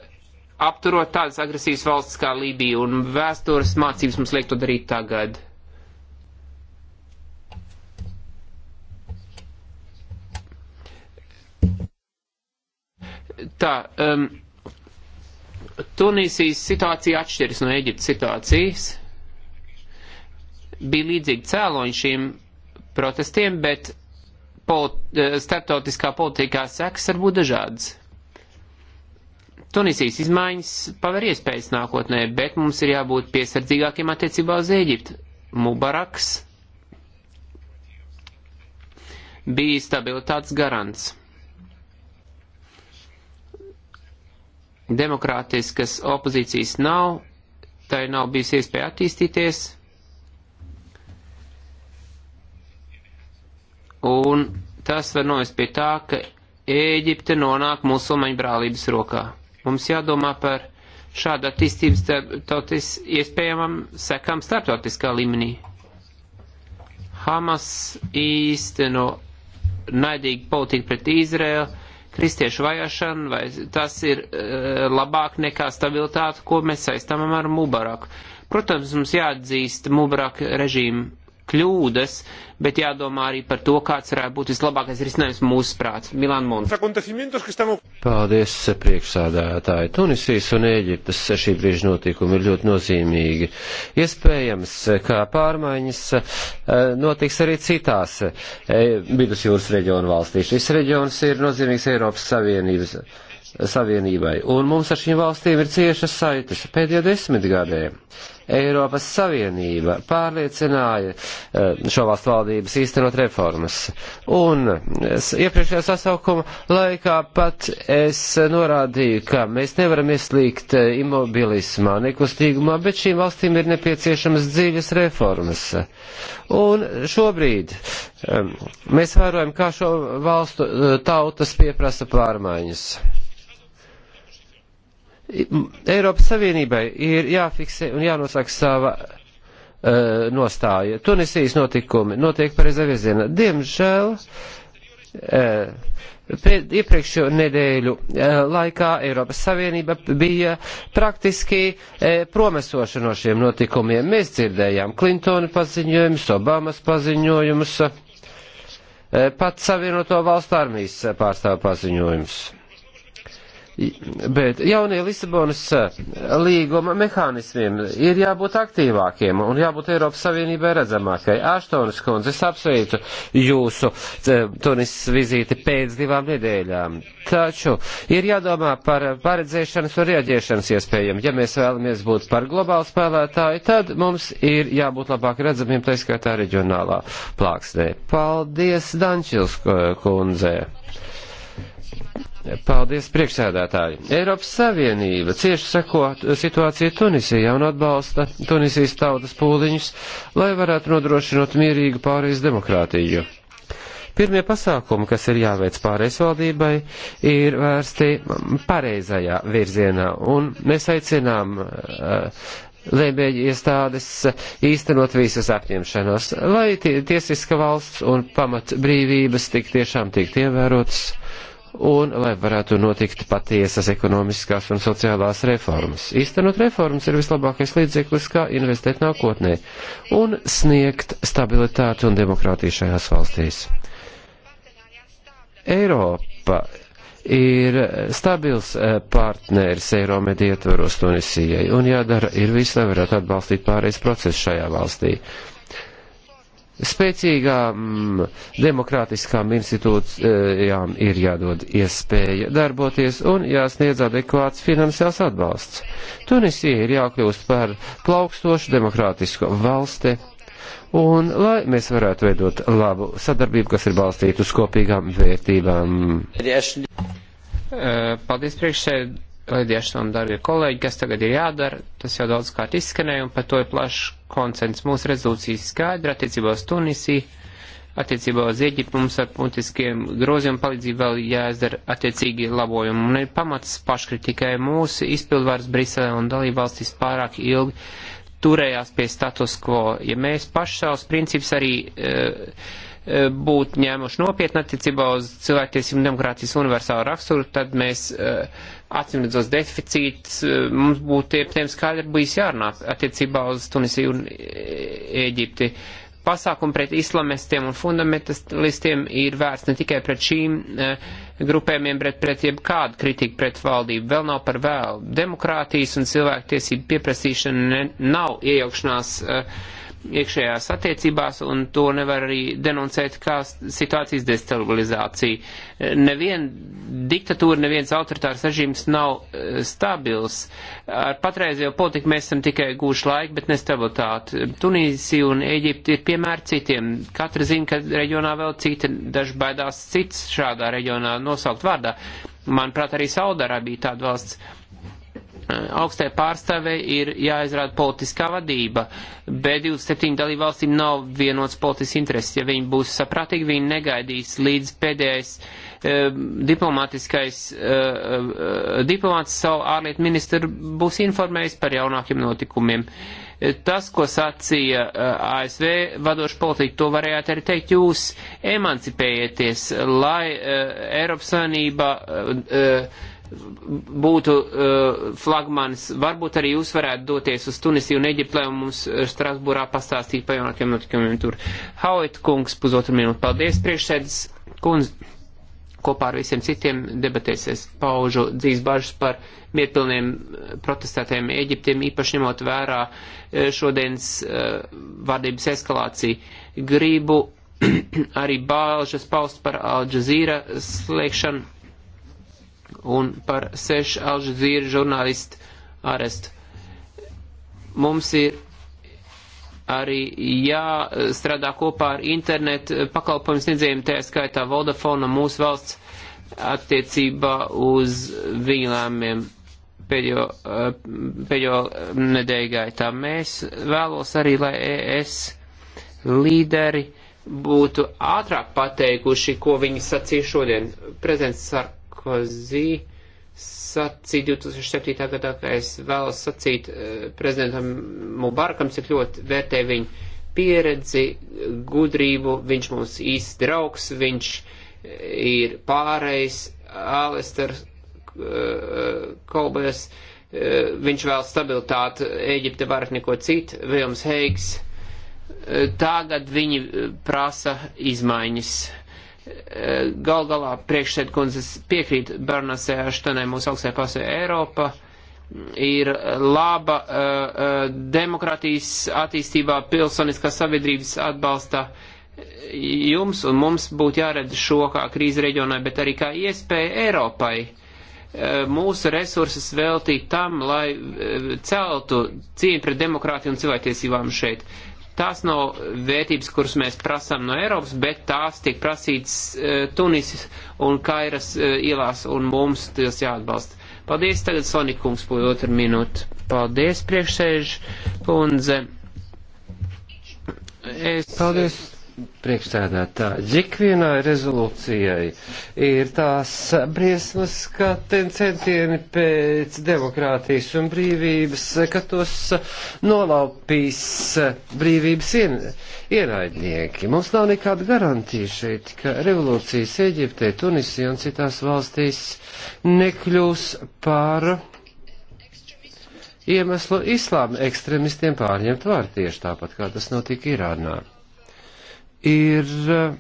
Speaker 5: apturot tādas agresīvas valsts kā Lībija, un vēstures mācības mums liek to darīt tagad. Tā, um, Tunīsijas situācija atšķiras no Eģiptes situācijas. Bija līdzīgi cēloņi šīm protestiem, bet polit, eh, starptautiskā politikā sekas var būt dažādas. Tunisijas izmaiņas paver iespējas nākotnē, bet mums ir jābūt piesardzīgākiem attiecībā uz Ēģiptu. Mubaraks bija stabilitātes garants. demokrātiskas opozīcijas nav, tai nav bijusi iespēja attīstīties. Un tas var novest pie tā, ka Ēģipte nonāk musulmaņu brālības rokā. Mums jādomā par šādu attīstības tautis iespējamam sekām starptautiskā līmenī. Hamas īsteno naidīgu politiku pret Izraelu, kristiešu vajāšanu, vai tas ir uh, labāk nekā stabilitāte, ko mēs saistām ar Mubaraku. Protams, mums jāatzīst Mubarak režīmu kļūdas, bet jādomā arī par to, kāds varētu būt vislabākais risinājums mūsu prāt. Milan Mons.
Speaker 4: Paldies, priekšsādātāji. Tunisijas un Ēģiptes šī brīža notikumi ir ļoti nozīmīgi. Iespējams, kā pārmaiņas eh, notiks arī citās eh, vidusjūras reģionu valstīs. Šis reģions ir nozīmīgs Eiropas Savienības Savienībai, un mums ar šīm valstīm ir ciešas saites. Pēdējā desmitgadē Eiropas Savienība pārliecināja eh, šo valstu valdības īstenot reformas. Un iepriekšējā sasaukuma laikā pat es norādīju, ka mēs nevaram ieslīgt eh, imobilismā, nekustīgumā, bet šīm valstīm ir nepieciešamas dziļas reformas. Un šobrīd eh, mēs vērojam, kā šo valstu tautas pieprasa pārmaiņas. Eiropas Savienībai ir jāfiksē un jānosaka sava uh, nostāja. Tunisijas notikumi notiek pareizā virzienā. Diemžēl uh, eh, Pēd, iepriekšējo nedēļu e, laikā Eiropas Savienība bija praktiski e, promesoša no šiem notikumiem. Mēs dzirdējām Klintona paziņojumus, Obamas paziņojumus, e, pat Savienoto valstu armijas pārstāvu paziņojumus. Bet jaunie Lisabonas eh, līguma mehānismiem ir jābūt aktīvākiem un jābūt Eiropas Savienībai redzamākai. Aštonas kundze, es apsveicu jūsu eh, Tunis vizīti pēc divām nedēļām. Taču ir jādomā par paredzēšanas un rieģēšanas iespējām. Ja mēs vēlamies būt par globālu spēlētāju, tad mums ir jābūt labāk redzamiem, tā skaitā reģionālā plāksnē. Paldies, Dančils eh, kundze! Paldies, priekšsēdētāji. Eiropas Savienība cieši seko situāciju Tunisijā un atbalsta Tunisijas tautas pūliņus, lai varētu nodrošinot mierīgu pārējais demokrātiju. Pirmie pasākumi, kas ir jāveic pārējais valdībai, ir vērsti pareizajā virzienā, un mēs aicinām uh, eh, lēmēji iestādes īstenot visas apņemšanās, lai tie, tiesiska valsts un pamat brīvības tik tiešām tikt ievērotas un lai varētu notikt patiesas ekonomiskās un sociālās reformas. Īstenot reformas ir vislabākais līdzeklis, kā investēt nākotnē un sniegt stabilitāti un demokrātiju šajās valstīs. Eiropa ir stabils eh, partneris Eiromedi ietvaros Tunisijai un jādara ir viss, lai varētu atbalstīt pārējais procesu šajā valstī. Spēcīgām mm, demokrātiskām institūcijām ir jādod iespēja darboties un jāsniedz adekvāts finansiāls atbalsts. Tunisija ir jākļūst par plaukstošu demokrātisku valsti un lai mēs varētu veidot labu sadarbību, kas ir balstīta uz kopīgām vērtībām.
Speaker 5: Eh, paldies priekšsēdētājai, darbie kolēģi, kas tagad ir jādara, tas jau daudz kārt izskanēja un par to ir plašs konsens. Mūsu rezolūcija skaidra attiecībā uz Tunisiju, attiecībā uz Eģiptu mums ar politiskiem grozījumu palīdzību vēl jāizdara attiecīgi labojumi. Un ir pamats paškritikai mūsu izpildvaras Briselē un dalībvalstīs pārāk ilgi turējās pie status quo. Ja mēs paši savus principus arī. Uh, E, būt ņēmuši nopietni attiecībā uz cilvēktiesību un demokrātijas universālu raksturu, tad mēs e, atsimredzos deficīts, e, mums būtu tie tiem skaļi bijis jārunā attiecībā uz Tunisiju un Ēģipti. Pasākumi pret islamistiem un fundamentalistiem ir vērsts ne tikai pret šīm grupējumiem, bet pret jebkādu kritiku pret valdību. Vēl nav par vēlu. Demokrātijas un cilvēktiesību pieprasīšana ne, nav iejaukšanās uh, iekšējās attiecībās, un to nevar arī denuncēt kā situācijas destabilizāciju. Neviena diktatūra, neviens autoritārs režīms nav eh, stabils. Ar patreizējo politiku mēs esam tikai gūši laiku, bet nestabilitāti. Tunīzija un Eģipte ir piemēri citiem. Katra zina, ka reģionā vēl cita, daži baidās cits šādā reģionā nosaukt vārdā. Manuprāt, arī Saudarābija tāda valsts Eh, augstai pārstāvei ir jāizrāda politiskā vadība. B27 dalību valstīm nav vienots politisks intereses. Ja viņi būs saprātīgi, viņi negaidīs līdz pēdējais eh, diplomātiskais eh, eh diplomāts savu ārlietu ministru būs informējis par jaunākiem notikumiem. Eh, tas, ko sacīja ASV vadoši politiķi, to varējāt arī teikt jūs, emancipējieties, lai eh, Eiropas Savienība būtu uh, eh, flagmanis. Varbūt arī jūs varētu doties uz Tunisiju un Eģiptu, lai mums eh, Strasbūrā pastāstītu par jaunākiem notikumiem tur. Hauit kungs, pusotru minūtu. Paldies, priekšsēdus kundz. Kopā ar visiem citiem debatēsies paužu dzīves bažas par mierpilniem eh, protestētiem Eģiptiem, īpaši ņemot vērā šodienas uh, vārdības eskalāciju. Gribu arī bāžas paust par Al Jazeera slēgšanu un par sešu Alžīru žurnālistu arestu. Mums ir arī jāstrādā kopā ar internetu pakalpojumu sniedzējiem, tajā skaitā Vodafona mūsu valsts attiecībā uz viņu lēmumiem pēdējo, eh, pēdējo mm, nedēļu gaitā. Mēs vēlos arī, lai ES līderi būtu ātrāk pateikuši, ko viņi sacīja šodien. Prezidents Sarkozy Sarkozy sacīja 2007. gadā, ka es vēlos sacīt eh, prezidentam Mubarakam, cik ļoti vērtē viņu pieredzi, gudrību, viņš mums īsts draugs, viņš eh, ir pārējais Alister eh, Kolbēs, viņš vēl stabilitāti, Eģipte vairāk neko citu, Viljams Heigs. Tagad viņi prasa izmaiņas Gal galā priekšsēdkundzes piekrīt Bernasē Aštanē mūsu augstajā pasē Eiropa ir laba uh, uh, demokratijas attīstībā, pilsoniskās sabiedrības atbalstā jums un mums būtu jāredz šo kā krīze reģionai, bet arī kā iespēja Eiropai uh, mūsu resursus veltīt tam, lai celtu cīņu pret demokrātiju un cilvēktiesībām šeit. Tās nav vērtības, kuras mēs prasām no Eiropas, bet tās tiek prasītas uh, Tunisis un Kairas uh, ielās, un mums tas jāatbalsta. Paldies, tagad Sonikungs, pusotru minūtu. Paldies, priekšsēž, kundze.
Speaker 4: Es... Paldies, priekšsēdētāji, ikvienai rezolūcijai ir tās briesmas, ka ten centieni pēc demokrātijas un brīvības, ka tos nolaupīs brīvības ien, ienaidnieki. Mums nav nekāda garantija šeit, ka revolūcijas Eģiptē, Tunisijā un citās valstīs nekļūs par iemeslu islāma ekstremistiem pārņemt vāru tieši tāpat, kā tas notika Irānā ir eh,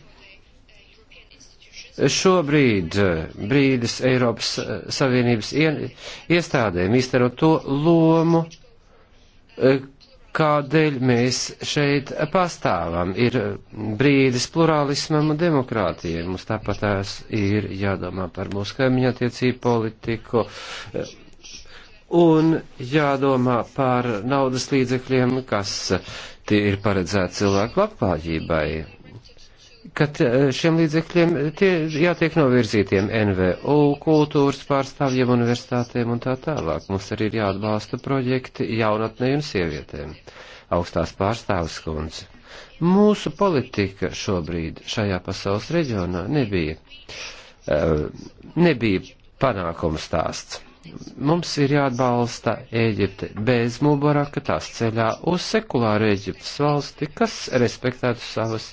Speaker 4: šobrīd eh, brīdis Eiropas eh, Savienības iestādēm īstenot to lomu, kādēļ mēs šeit pastāvam. Ir brīdis plurālismam un demokrātijai. Mums tāpatās ir jādomā par mūsu kaimiņu attiecību politiku. Un jādomā par naudas līdzekļiem, kas tie ir paredzēti cilvēku labklājībai ka eh, šiem līdzekļiem tie jātiek novirzītiem NVO, kultūras pārstāvjiem, universitātēm un tā tālāk. Mums arī ir jāatbalsta projekti jaunatnē un sievietēm. Augstās pārstāvis kundze. Mūsu politika šobrīd šajā pasaules reģionā nebija, eh, nebija panākums stāsts Mums ir jāatbalsta Ēģipte bez Mubaraka tās ceļā uz sekulāru Ēģiptes valsti, kas respektētu savas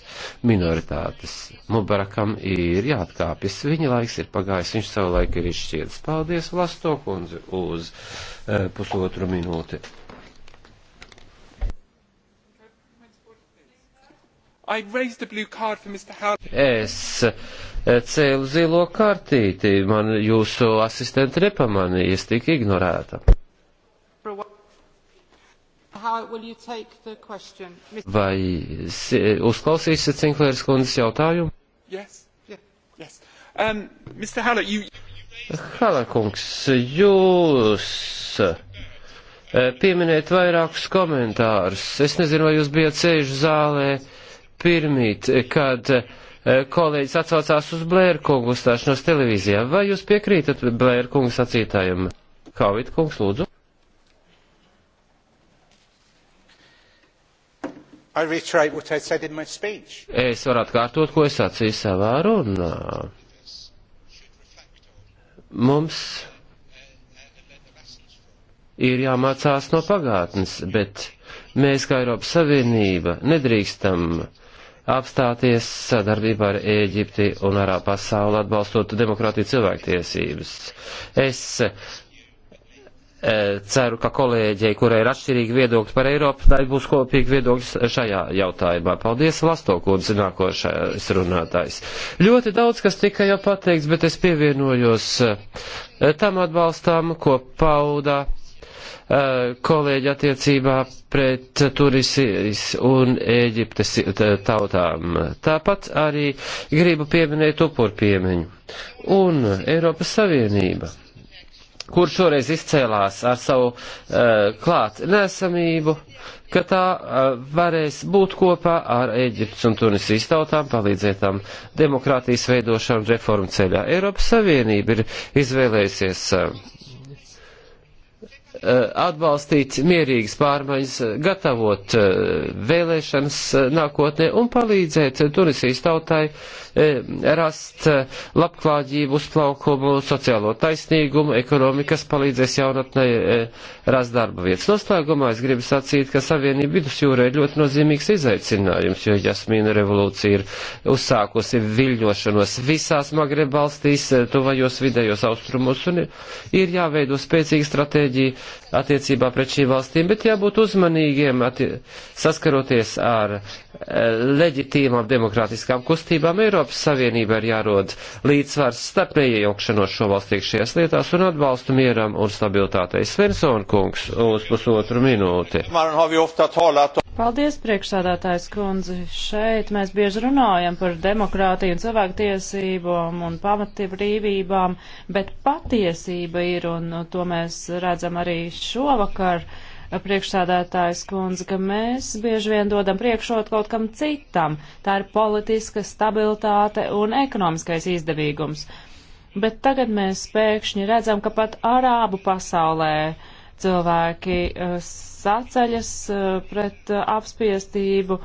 Speaker 4: minoritātes. Mubarakam ir jāatkāpjas, viņa laiks ir pagājis, viņš savu laiku ir izšķiedis. Paldies, Vlasto kundze, uz e, pusotru minūti.
Speaker 5: Es
Speaker 4: eh, cēlu zilo kartīti, man jūsu asistenti nepamanīja, es tiku ignorēta. Vai uzklausīsiet Cinklēras kundzes jautājumu?
Speaker 5: Yes, yeah, yes. Um, Mr. Haller, you...
Speaker 4: Halakungs, jūs eh, pieminēt vairākus komentārus. Es nezinu, vai jūs bijat sēžu zālē pirmīt, kad eh, kolēģis atsaucās uz Blēra kungu uzstāšanos televīzijā. Vai jūs piekrītat Blēra kungu sacītājiem? Kavit kungs, lūdzu. Es varu atkārtot, ko es sacīju savā runā. Mums ir jāmācās no pagātnes, bet mēs kā Eiropas Savienība nedrīkstam uh, apstāties sadarbībā ar Ēģipti un arā pasauli atbalstot demokrātiju cilvēktiesības. Es e, ceru, ka kolēģei, kurai ir atšķirīgi viedokļi par Eiropu, tai būs kopīgi viedokļi šajā jautājumā. Paldies, Lastokūdze, nākošais runātājs. Ļoti daudz, kas tika jau pateikts, bet es pievienojos e, tam atbalstām, ko pauda Uh, kolēģi attiecībā pret Turisijas un Ēģiptes tautām. Tāpat arī gribu pieminēt upuru piemiņu. Un Eiropas Savienība, kur šoreiz izcēlās ar savu uh, klāt nesamību, ka tā uh, varēs būt kopā ar Ēģiptes un Tunisijas tautām, palīdzēt tam demokrātijas veidošanu reformu ceļā. Eiropas Savienība ir izvēlējusies uh, Eh, atbalstīt mierīgas pārmaiņas, eh, gatavot eh, vēlēšanas nākotnē un palīdzēt Tunisijas tautai rast labklājību, uzplaukumu, sociālo taisnīgumu, ekonomikas palīdzēs jaunatnē rast darba vietas. Noslēgumā es gribu sacīt, ka Savienība vidusjūrē ir ļoti nozīmīgs izaicinājums, jo Jasmīna revolūcija ir uzsākusi viļņošanos visās Magreba valstīs, tuvajos vidējos austrumos un ir jāveido spēcīga stratēģija attiecībā pret šīm valstīm, bet jābūt uzmanīgiem saskaroties ar eh, leģitīmām demokrātiskām kustībām. Eiropas Savienība ir jārod līdzsvars starp neiejaukšanos šo valstu iekšējās lietās un atbalstu mieram un stabilitātei. Svensson kungs uz pusotru minūti.
Speaker 3: Paldies, priekšsādātājs kundze. Šeit mēs bieži runājam par demokrātiju un cilvēktiesībām un pamatbrīvībām, bet patiesība ir, un to mēs redzam arī arī šovakar priekšsādātājs kundze, ka mēs bieži vien dodam priekšot kaut kam citam. Tā ir politiska stabilitāte un ekonomiskais izdevīgums. Bet tagad mēs pēkšņi redzam, ka pat Arābu pasaulē cilvēki eh, saceļas eh, pret eh, apspiestību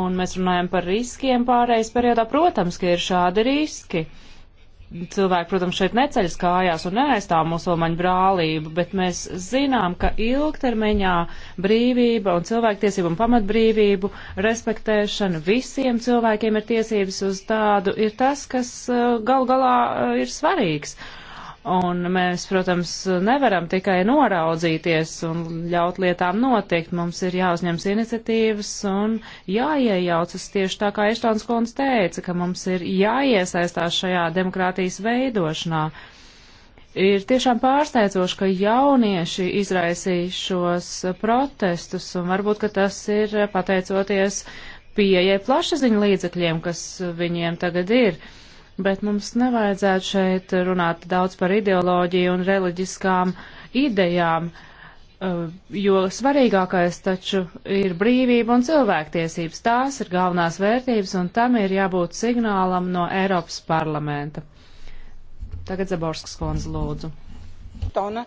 Speaker 3: un mēs runājam par riskiem pārējais periodā. Protams, ka ir šādi riski. Uh, cilvēki, protams, šeit neceļas kājās un neaizstāv musulmaņu brālību, bet mēs zinām, ka ilgtermiņā brīvība un cilvēktiesību un pamatbrīvību respektēšana visiem cilvēkiem ir tiesības uz tādu, ir tas, kas eh, gal galā eh, ir svarīgs. Uh, Un mēs, protams, nevaram tikai noraudzīties un ļaut lietām notikt. Mums ir jāuzņems iniciatīvas un jāiejaucas tieši tā, kā Ištāns Kolons teica, ka mums ir jāiesaistās šajā demokrātijas veidošanā. Ir tiešām pārsteidzoši, ka jaunieši izraisīja šos protestus, un varbūt, ka tas ir pateicoties pieejai plašsaziņu līdzekļiem, kas viņiem tagad ir. Uh, bet mums nevajadzētu šeit runāt daudz par ideoloģiju un reliģiskām idejām, eh, jo svarīgākais taču ir brīvība un cilvēktiesības. Tās ir galvenās vērtības, un tam ir jābūt signālam no Eiropas parlamenta. Tagad Zaborskas kundze lūdzu. Tona.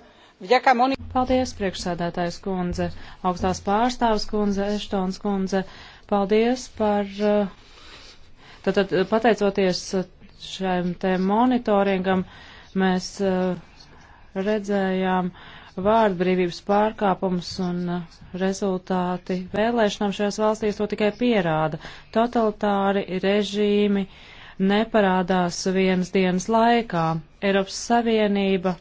Speaker 3: Paldies, priekšsēdētājs kundze, augstās pārstāvs kundze, Eštons kundze. Paldies par uh, Tātad, pateicoties šiem te monitoringam mēs eh, redzējām vārdbrīvības pārkāpums un eh, rezultāti vēlēšanām šajās valstīs to tikai pierāda. Totalitāri režīmi neparādās vienas dienas laikā. Eiropas Savienība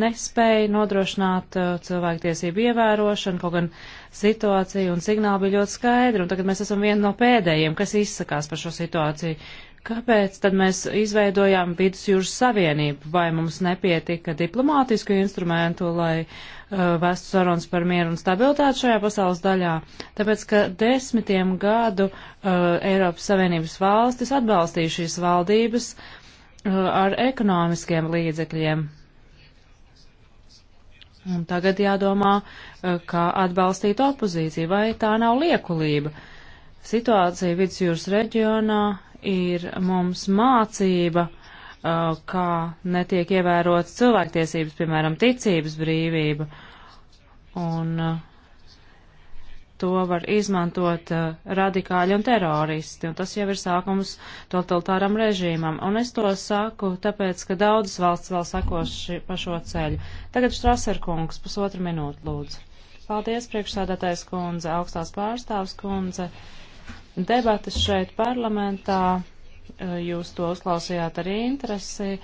Speaker 3: nespēja nodrošināt uh, cilvēktiesību ievērošanu, kaut gan situācija un signāli bija ļoti skaidri, un tagad mēs esam viena no pēdējiem, kas izsakās par šo situāciju. Kāpēc tad mēs izveidojām Vidusjūras Savienību? Vai mums nepietika diplomātisku instrumentu, lai uh, vestu sarunas par mieru un stabilitāti šajā pasaules daļā? Tāpēc, ka desmitiem gadu uh, Eiropas Savienības valstis atbalstīja šīs valdības uh, ar ekonomiskiem līdzekļiem. Un tagad jādomā, uh, kā atbalstīt opozīciju, vai tā nav liekulība. Situācija Vidusjūras reģionā ir mums mācība, uh, kā netiek ievērots cilvēktiesības, piemēram, ticības brīvība. Un uh, to var izmantot uh, radikāļi un teroristi, un tas jau ir sākums totalitāram režīmam. Un es to saku tāpēc, ka daudzas valsts vēl sakoši pa šo ceļu. Tagad Štraserkungs, pusotru minūtu lūdzu. Paldies, priekšsādātais kundze, augstās pārstāvs kundze. Uh, debatas šeit parlamentā, eh, jūs to uzklausījāt ar interesi,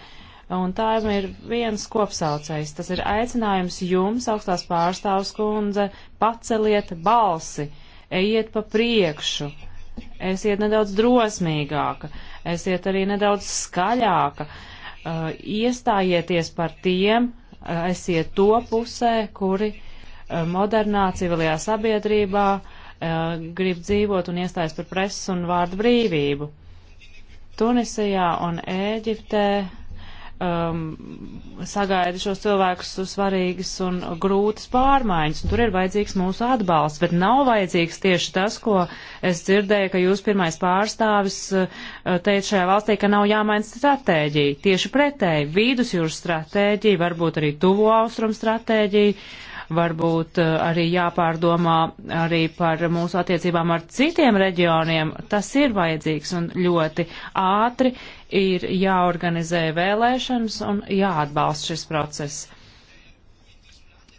Speaker 3: un tā ir viens kopsaucējs. Tas ir aicinājums jums, augstās pārstāvs kundze, paceliet balsi, ejiet pa priekšu, esiet nedaudz drosmīgāka, esiet arī nedaudz skaļāka, eh, iestājieties par tiem, eh, esiet to pusē, kuri modernā civilajā sabiedrībā uh, Eh, grib dzīvot un iestājas par presas un vārdu brīvību. Tunisijā un Ēģiptē um, sagaida šos cilvēkus svarīgas un grūtas pārmaiņas, un tur ir vajadzīgs mūsu atbalsts, bet nav vajadzīgs tieši tas, ko es dzirdēju, ka jūs pirmais pārstāvis eh, teica šajā valstī, ka nav jāmaina stratēģija. Tieši pretēji, vīdusjūras stratēģija, varbūt arī tuvo austrumu stratēģija varbūt eh, arī jāpārdomā arī par mūsu attiecībām ar citiem reģioniem. Tas ir vajadzīgs un ļoti ātri ir jāorganizē vēlēšanas un jāatbalsta šis process.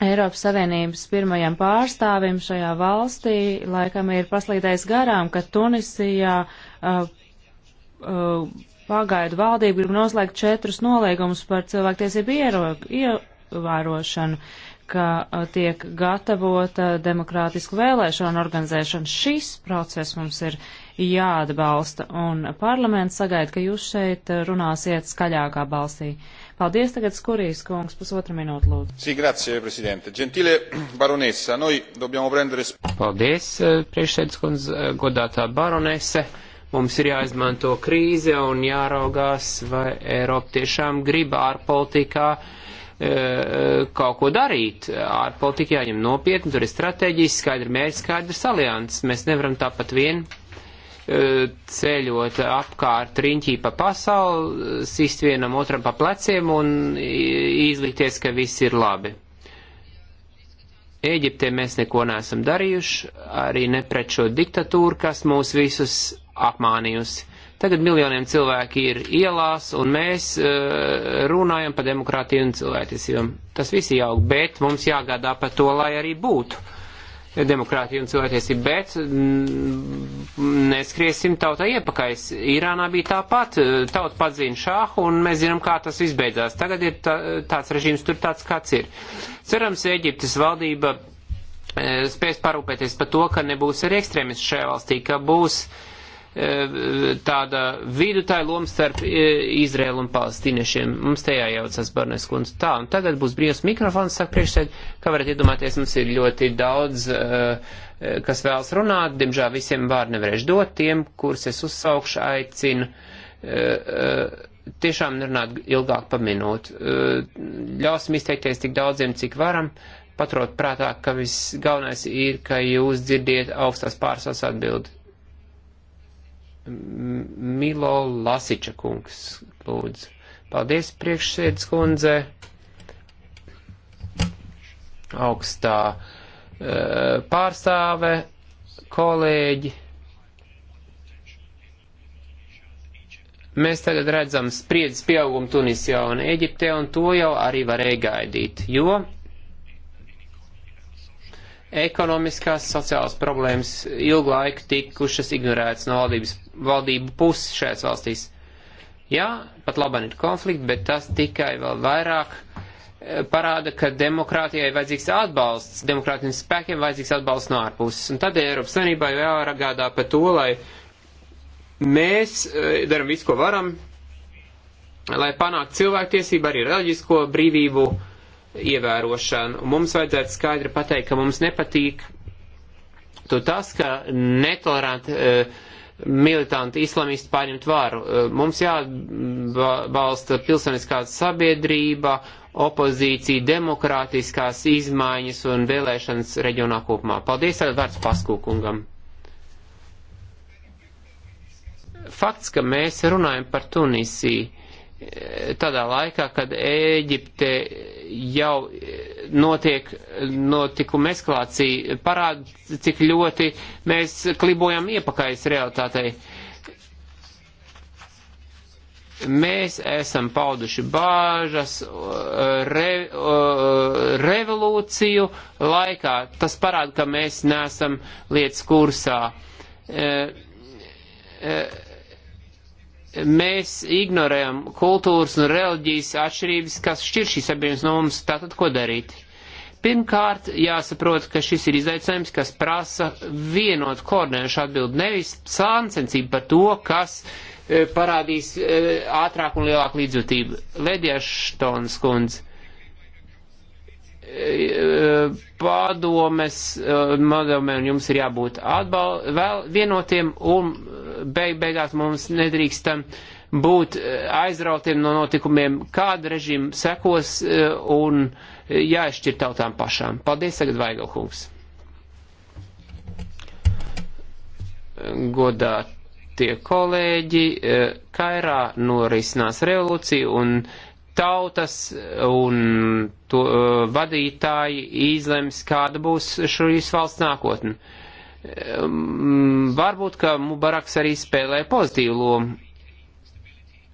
Speaker 3: Eiropas Savienības pirmajam pārstāvim šajā valstī laikam ir paslīdējis garām, ka Tunisijā uh, uh, pagaidu valdība grib noslēgt četrus noliegumus par cilvēktiesību ievērošanu ka tiek gatavota demokrātisku vēlēšanu organizēšana. Šis process mums ir jāatbalsta, un parlaments sagaida, ka jūs šeit runāsiet skaļākā balsī. Paldies tagad Skurijas kungs, pusotra minūte lūdzu.
Speaker 1: Sī, grazie, prezidente. Gentile baronesa, noi dobbiamo prendere...
Speaker 5: Paldies, priekšsēdus kundz, godātā baronese. Mums ir jāizmanto krīze un jāraugās, vai Eiropa tiešām grib ārpolitikā politikā E, e, kaut ko darīt. Ārpolitika jāņem nopietni, tur ir stratēģijas, skaidri mērķi, skaidrs alianses. Mēs nevaram tāpat vien e, ceļot apkārt riņķī pa pasauli, sist vienam otram pa pleciem un izlikties, ka viss ir labi. Ēģiptē mēs neko neesam darījuši, arī ne pret šo diktatūru, kas mūs visus apmānījusi. Tagad miljoniem cilvēki ir ielās, un mēs uh, runājam par demokrātiju un cilvēktiesībām. Tas viss ir jauk, bet mums jāgādā par to, lai arī būtu demokrātija un cilvēktiesība, bet mm, neskriesim tautā iepakais. Irānā bija tāpat, eh, tauta pazīna šāhu un mēs zinām, kā tas izbeidzās. Tagad ir tā, tāds režīms tur tāds, kāds ir. Cerams, Eģiptes valdība eh, spēs parūpēties par to, ka nebūs arī ekstrēmisti šajā valstī, ka būs uh, E, tāda vidutāja loma starp e, Izrēlu un palestīniešiem. Mums te jājaucas Barnes kundze. Tā, un tagad būs brīvs mikrofons, saka priekšsēd, kā varat iedomāties, mums ir ļoti daudz, e, kas vēlas runāt. Diemžēl visiem vārdu nevarēšu dot tiem, kurus es uzsaukšu, aicinu tiešām nerunāt ilgāk par minūti. Ļausim izteikties tik daudziem, cik varam. Paturot prātā, ka viss galvenais ir, ka jūs dzirdiet augstās pārsvars atbildi. Milo Lasiča kungs, lūdzu. Paldies, priekšsēdus kundze, augstā e, pārstāve, kolēģi. Mēs tagad redzam spriedzes pieaugumu Tunisijā un Eģiptē, un to jau arī varēja gaidīt, jo Ekonomiskās, sociālās problēmas ilgu laiku tikušas ignorētas no valdības, valdību puses šajās valstīs. Jā, pat labāk ir konflikti, bet tas tikai vēl vairāk eh, parāda, ka demokrātijai vajadzīgs atbalsts, demokrātiem spēkiem vajadzīgs atbalsts no ārpuses. Un tad Eiropas Savienībā jāragādā par to, lai mēs eh, darām visu, ko varam, lai panāktu cilvēktiesību, arī reliģisko brīvību, uh, ievērošanu. Mums vajadzētu skaidri pateikt, ka mums nepatīk to tas, ka netoleranti uh, e, militanti islamisti pārņemt varu. Uh, e, mums jābalsta pilsoniskā sabiedrība, opozīcija, demokrātiskās izmaiņas un vēlēšanas reģionā kopumā. Paldies, tagad vārds paskūkungam. Fakts, ka mēs runājam par Tunisiju tādā laikā, kad Ēģipte jau notiek notikuma eskalācija, parāda, cik ļoti mēs klibojam iepakaļs realitātei. Mēs esam pauduši bāžas, uh, re, uh, revolūciju laikā. Tas parāda, ka mēs nesam lietas kursā. E, e, mēs ignorējam kultūras un reliģijas atšķirības, kas šķir šīs sabiedrības no mums, tātad ko darīt? Pirmkārt, jāsaprot, ka šis ir izaicinājums, kas prasa vienot koordinējušu atbildi, nevis sāncensību par to, kas e, parādīs e, ātrāk un lielāku līdzjūtību. Ledieštons kundze pārdomes, padomē, eh, un jums ir jābūt atbal, vēl vienotiem, un eh, beig, beigās mums nedrīkstam būt eh, aizrautiem no notikumiem, kāda režīma sekos, un jāizšķir tautām pašām. Paldies, tagad Vaigalkungs. Godā tie kolēģi, Kairā norisinās revolūcija, un tautas un to, uh, vadītāji izlems, kāda būs šīs valsts nākotne. Um, varbūt, ka Mubaraks arī spēlē pozitīvu lomu.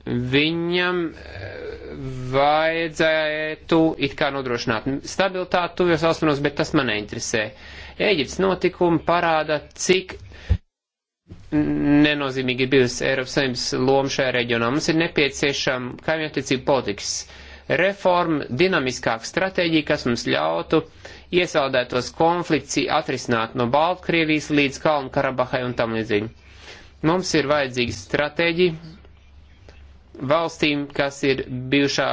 Speaker 5: Viņam eh, vajadzētu it kā nodrošināt stabilitāti tuvjos austrumos, bet tas man neinteresē. Ēģiptes notikumi parāda, cik nenozīmīgi ir bijusi Eiropas Savienības loma šajā reģionā. Mums ir nepieciešama kaimiņattiecība politikas reforma, dinamiskāka stratēģija, kas mums ļautu iesaldētos konflikts atrisināt no Baltkrievijas līdz Kalnu Karabahai un tam līdzīgi. Mums ir vajadzīga stratēģija valstīm, kas ir bijušā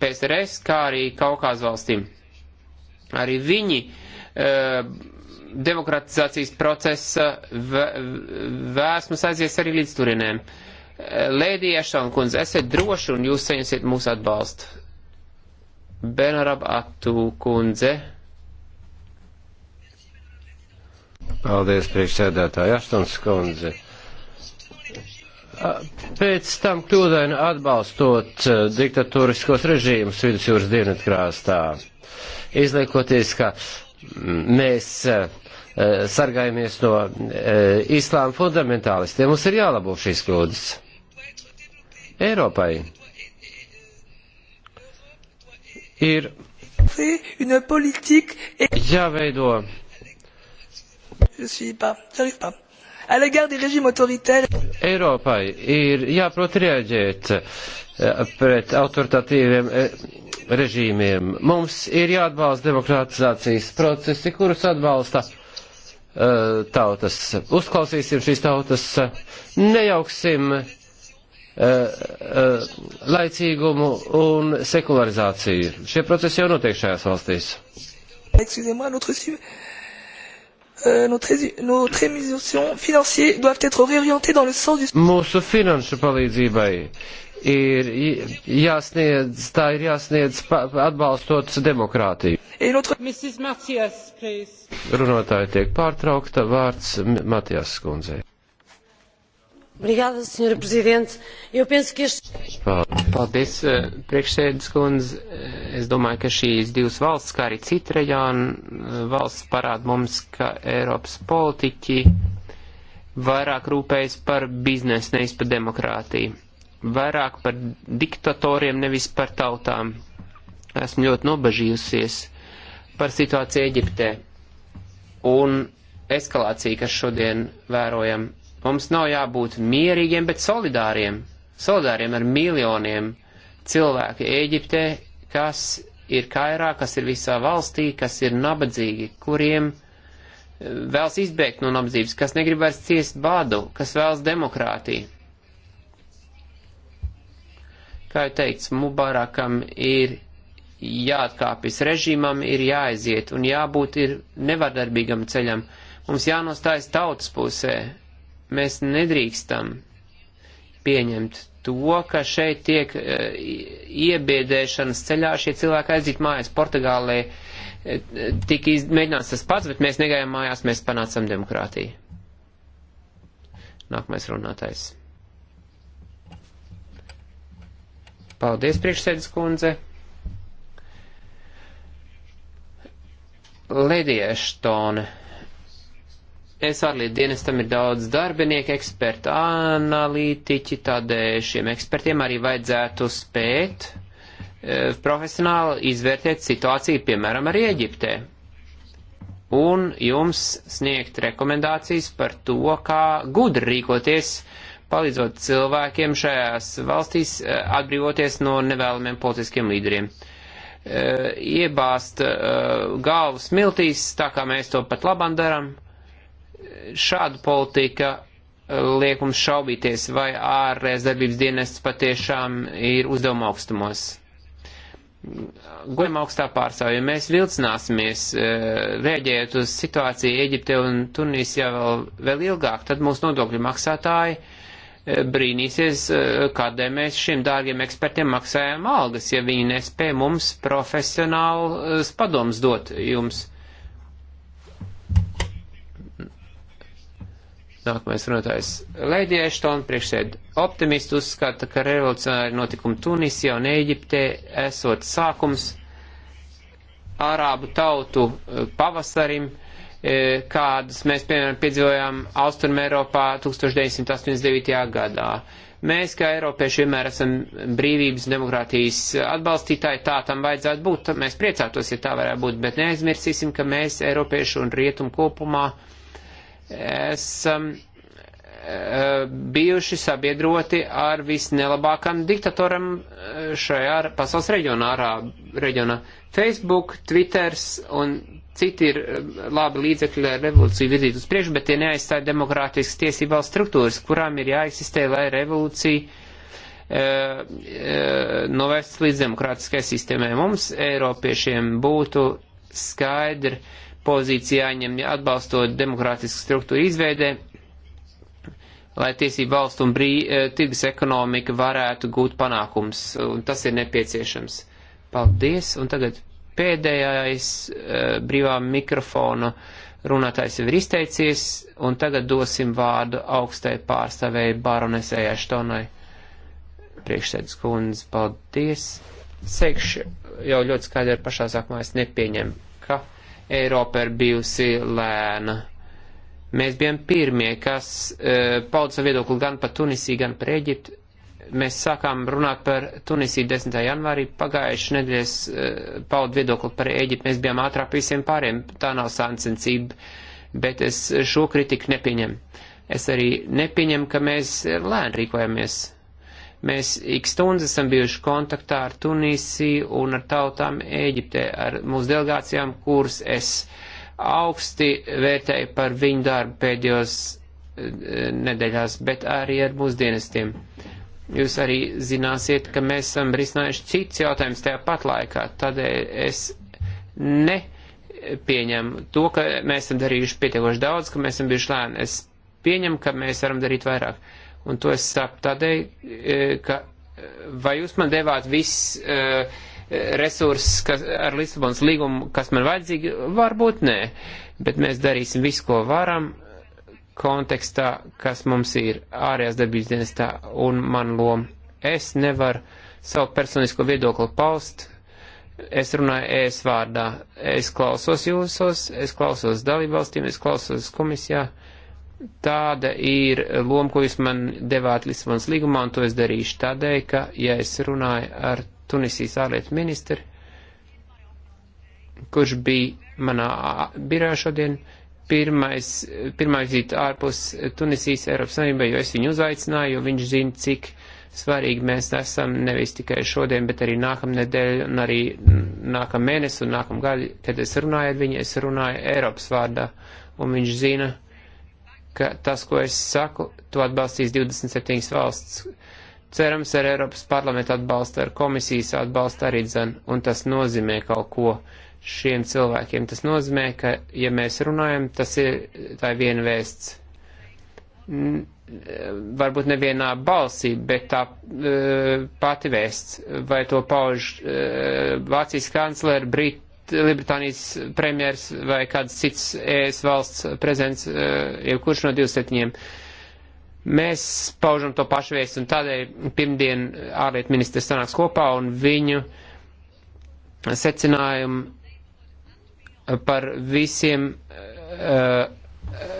Speaker 5: PSRS, kā arī Kaukās valstīm. Arī viņi uh, demokratizācijas procesa vēsmas aizies arī līdz turienēm. Lēdī Ešana kundze, esiet droši un jūs saņemsiet mūsu atbalstu. Benarab Atu kundze.
Speaker 4: Paldies, priekšsēdētāji Aštons kundze. Pēc tam kļūdaini atbalstot diktatūriskos režīmus vidusjūras dienvidkrāstā, izliekoties, ka mēs Eh, sargājamies no eh, islāma fundamentālistiem. Mums ir jālabo šīs kļūdas. Eiropai ir jāveido. Eiropai ir jāprot rēģēt eh, pret autoritatīviem režīmiem. Mums ir jāatbalsta demokratizācijas procesi, kurus atbalsta uh, Eh, tautas. Uzklausīsim šīs tautas, eh, nejauksim eh, laicīgumu un sekularizāciju. Šie procesi jau notiek šajās valstīs.
Speaker 2: Excusez-moi, notre,
Speaker 4: euh, notre, notre émission financière doivent être réorientées dans le sens du... Mūsu finanšu palīdzībai ir jāsniedz, tā ir jāsniedz atbalstot demokrātiju. Runātāji tiek pārtraukta vārds Matijas skundzei.
Speaker 3: Obrigada, Sr. Presidente. Eu penso que este.
Speaker 5: Paldies, eh, priekšsēdus kundze. Eh, es domāju, ka šīs divas valsts, kā arī cita reģiona eh, valsts, parāda mums, ka Eiropas politiķi vairāk rūpējas par biznesu, nevis par demokrātiju vairāk par diktatoriem, nevis par tautām. Esmu ļoti nobežījusies par situāciju Eģiptē un eskalāciju, kas šodien vērojam. Mums nav jābūt mierīgiem, bet solidāriem. Solidāriem ar miljoniem cilvēku Eģiptē, kas ir kairā, kas ir visā valstī, kas ir nabadzīgi, kuriem eh, vēlas izbēgt no nabadzības, kas negrib vairs ciest bādu, kas vēlas demokrātiju Kā jau teikts, Mubarakam ir jāatkāpjas režīmam, ir jāaiziet un jābūt ir nevardarbīgam ceļam. Mums jānostājas tautas pusē. Mēs nedrīkstam pieņemt to, ka šeit tiek eh, iebiedēšanas ceļā šie cilvēki aiziet mājas. Portugālē eh, tika mēģināts tas pats, bet mēs negājām mājās, mēs panācam demokrātiju. Nākamais runātājs. Paldies, priekšsēdus kundze. Lidija Eštone. SRLīd dienestam ir daudz darbinieku, ekspertu, analītiķi, tādēļ šiem ekspertiem arī vajadzētu spēt e, profesionāli izvērtēt situāciju, piemēram, arī Eģiptē. Un jums sniegt rekomendācijas par to, kā gudri rīkoties uh, palīdzot cilvēkiem šajās valstīs eh, atbrīvoties no nevēlamiem politiskiem līderiem. Eh, iebāzt eh, galvas miltīs, tā kā mēs to pat labam darām, šāda politika liek mums šaubīties, vai ārējās darbības dienests patiešām ir uzdevuma augstumos. Gojam augstā pārstāvja, ja mēs vilcināsimies, rēģējot uz situāciju Eģipte un Tunisijā vēl, vēl ilgāk, tad mūsu nodokļu maksātāji uh, brīnīsies, eh, kādēļ mēs šiem dārgiem ekspertiem maksājam algas, ja viņi nespēja mums profesionāls eh, padoms dot jums. Nākamais runātājs Leidija Eštona priekšsēd optimistu uzskata, ka revolucionāri notikumi Tunisijā un Eģiptē esot sākums ārābu tautu eh, pavasarim E, kādas mēs, piemēram, piedzīvojām Austrum Eiropā 1989. gadā. Mēs, kā Eiropieši, vienmēr esam brīvības un demokrātijas atbalstītāji, tā tam vajadzētu būt, mēs priecātos, ja tā varētu būt, bet neaizmirsīsim, ka mēs, Eiropieši un Rietum kopumā, esam e, bijuši sabiedroti ar visnelabākam diktatoram e, šajā pasaules reģionā, arā reģionā. Facebook, Twitters un Citi ir eh, labi līdzekļi, lai revolūciju virzītu uz priekšu, bet tie neaizstāja demokrātiskas tiesībās struktūras, kurām ir jāeksistē, lai revolūcija uh, eh, eh, novērsts līdz demokrātiskai sistēmai. Mums, Eiropiešiem, būtu skaidra pozīcija jāņem atbalstot demokrātisku struktūru izveidē, lai tiesība valsts un brī, tirgus ekonomika varētu gūt panākums, un tas ir nepieciešams. Paldies, un tagad pēdējais eh, brīvā mikrofona runātājs jau ir izteicies, un tagad dosim vārdu augstai pārstāvēji baronesei Aštonai. Priekšsēdus kundze, paldies. Sekšu jau ļoti skaidri pašā sākumā es nepieņemu, ka Eiropa ir bijusi lēna. Mēs bijām pirmie, kas e, pauda savu viedokli gan par Tunisiju, gan par Eģiptu, mēs sākām runāt par Tunisiju 10. janvārī, pagājuši nedēļas eh, paudu viedokli par Ēģipti, mēs bijām ātrāk visiem pāriem, tā nav sāncensība, bet es šo kritiku nepieņemu. Es arī nepieņemu, ka mēs lēni rīkojamies. Mēs ik stundas esam bijuši kontaktā ar Tunisiju un ar tautām Ēģiptē, ar mūsu delegācijām, kuras es augsti vērtēju par viņu darbu pēdējos eh, nedēļās, bet arī ar mūsu dienestiem. Uh, Jūs arī zināsiet, ka mēs esam risinājuši cits jautājums tajā pat laikā. Tādēļ es nepieņemu to, ka mēs esam darījuši pietiekoši daudz, ka mēs esam bijuši lēni. Es pieņemu, ka mēs varam darīt vairāk. Un to es saprotu tādēļ, e, ka e, vai jūs man devāt viss uh, resursus kas, ar Lisabonas līgumu, kas man vajadzīgi? Varbūt nē, bet mēs darīsim visu, ko varam, kontekstā, kas mums ir ārējās darbības dienestā un man loma. Es nevaru savu personisko viedokli paust, es runāju ēs e vārdā, es klausos jūsos, es klausos dalībvalstīm, es klausos komisijā. Tāda ir loma, ko jūs man devāt Lisabonas līgumā, un to es darīšu tādēļ, ka, ja es runāju ar Tunisijas ārlietu ministru, kurš bija manā birā šodien, uh, pirmais, pirmā vizīte ārpus Tunisijas Eiropas Savienībā, jo es viņu uzaicināju, jo viņš zina, cik svarīgi mēs esam nevis tikai šodien, bet arī nākamnedēļ un arī nākamēnes un nākamgaļ, kad es runāju ar viņu, es runāju Eiropas vārdā, un viņš zina, ka tas, ko es saku, to atbalstīs 27 valsts. Cerams, ar Eiropas parlamentu atbalstu, ar komisijas atbalstu arī dzen, un tas nozīmē kaut ko. Uh, šiem cilvēkiem. Tas nozīmē, ka, ja mēs runājam, tas ir tā ir viena vēsts. N varbūt nevienā balsī, bet tā uh, pati vēsts, vai to pauž uh, Vācijas kanclere, Brit, Lielbritānijas premjers vai kāds cits ES valsts prezidents, uh, jebkurš no 27. Mēs paužam to pašu vēstu, un tādēļ pirmdien ārlietu ministrs sanāks kopā, un viņu secinājumu par visiem uh,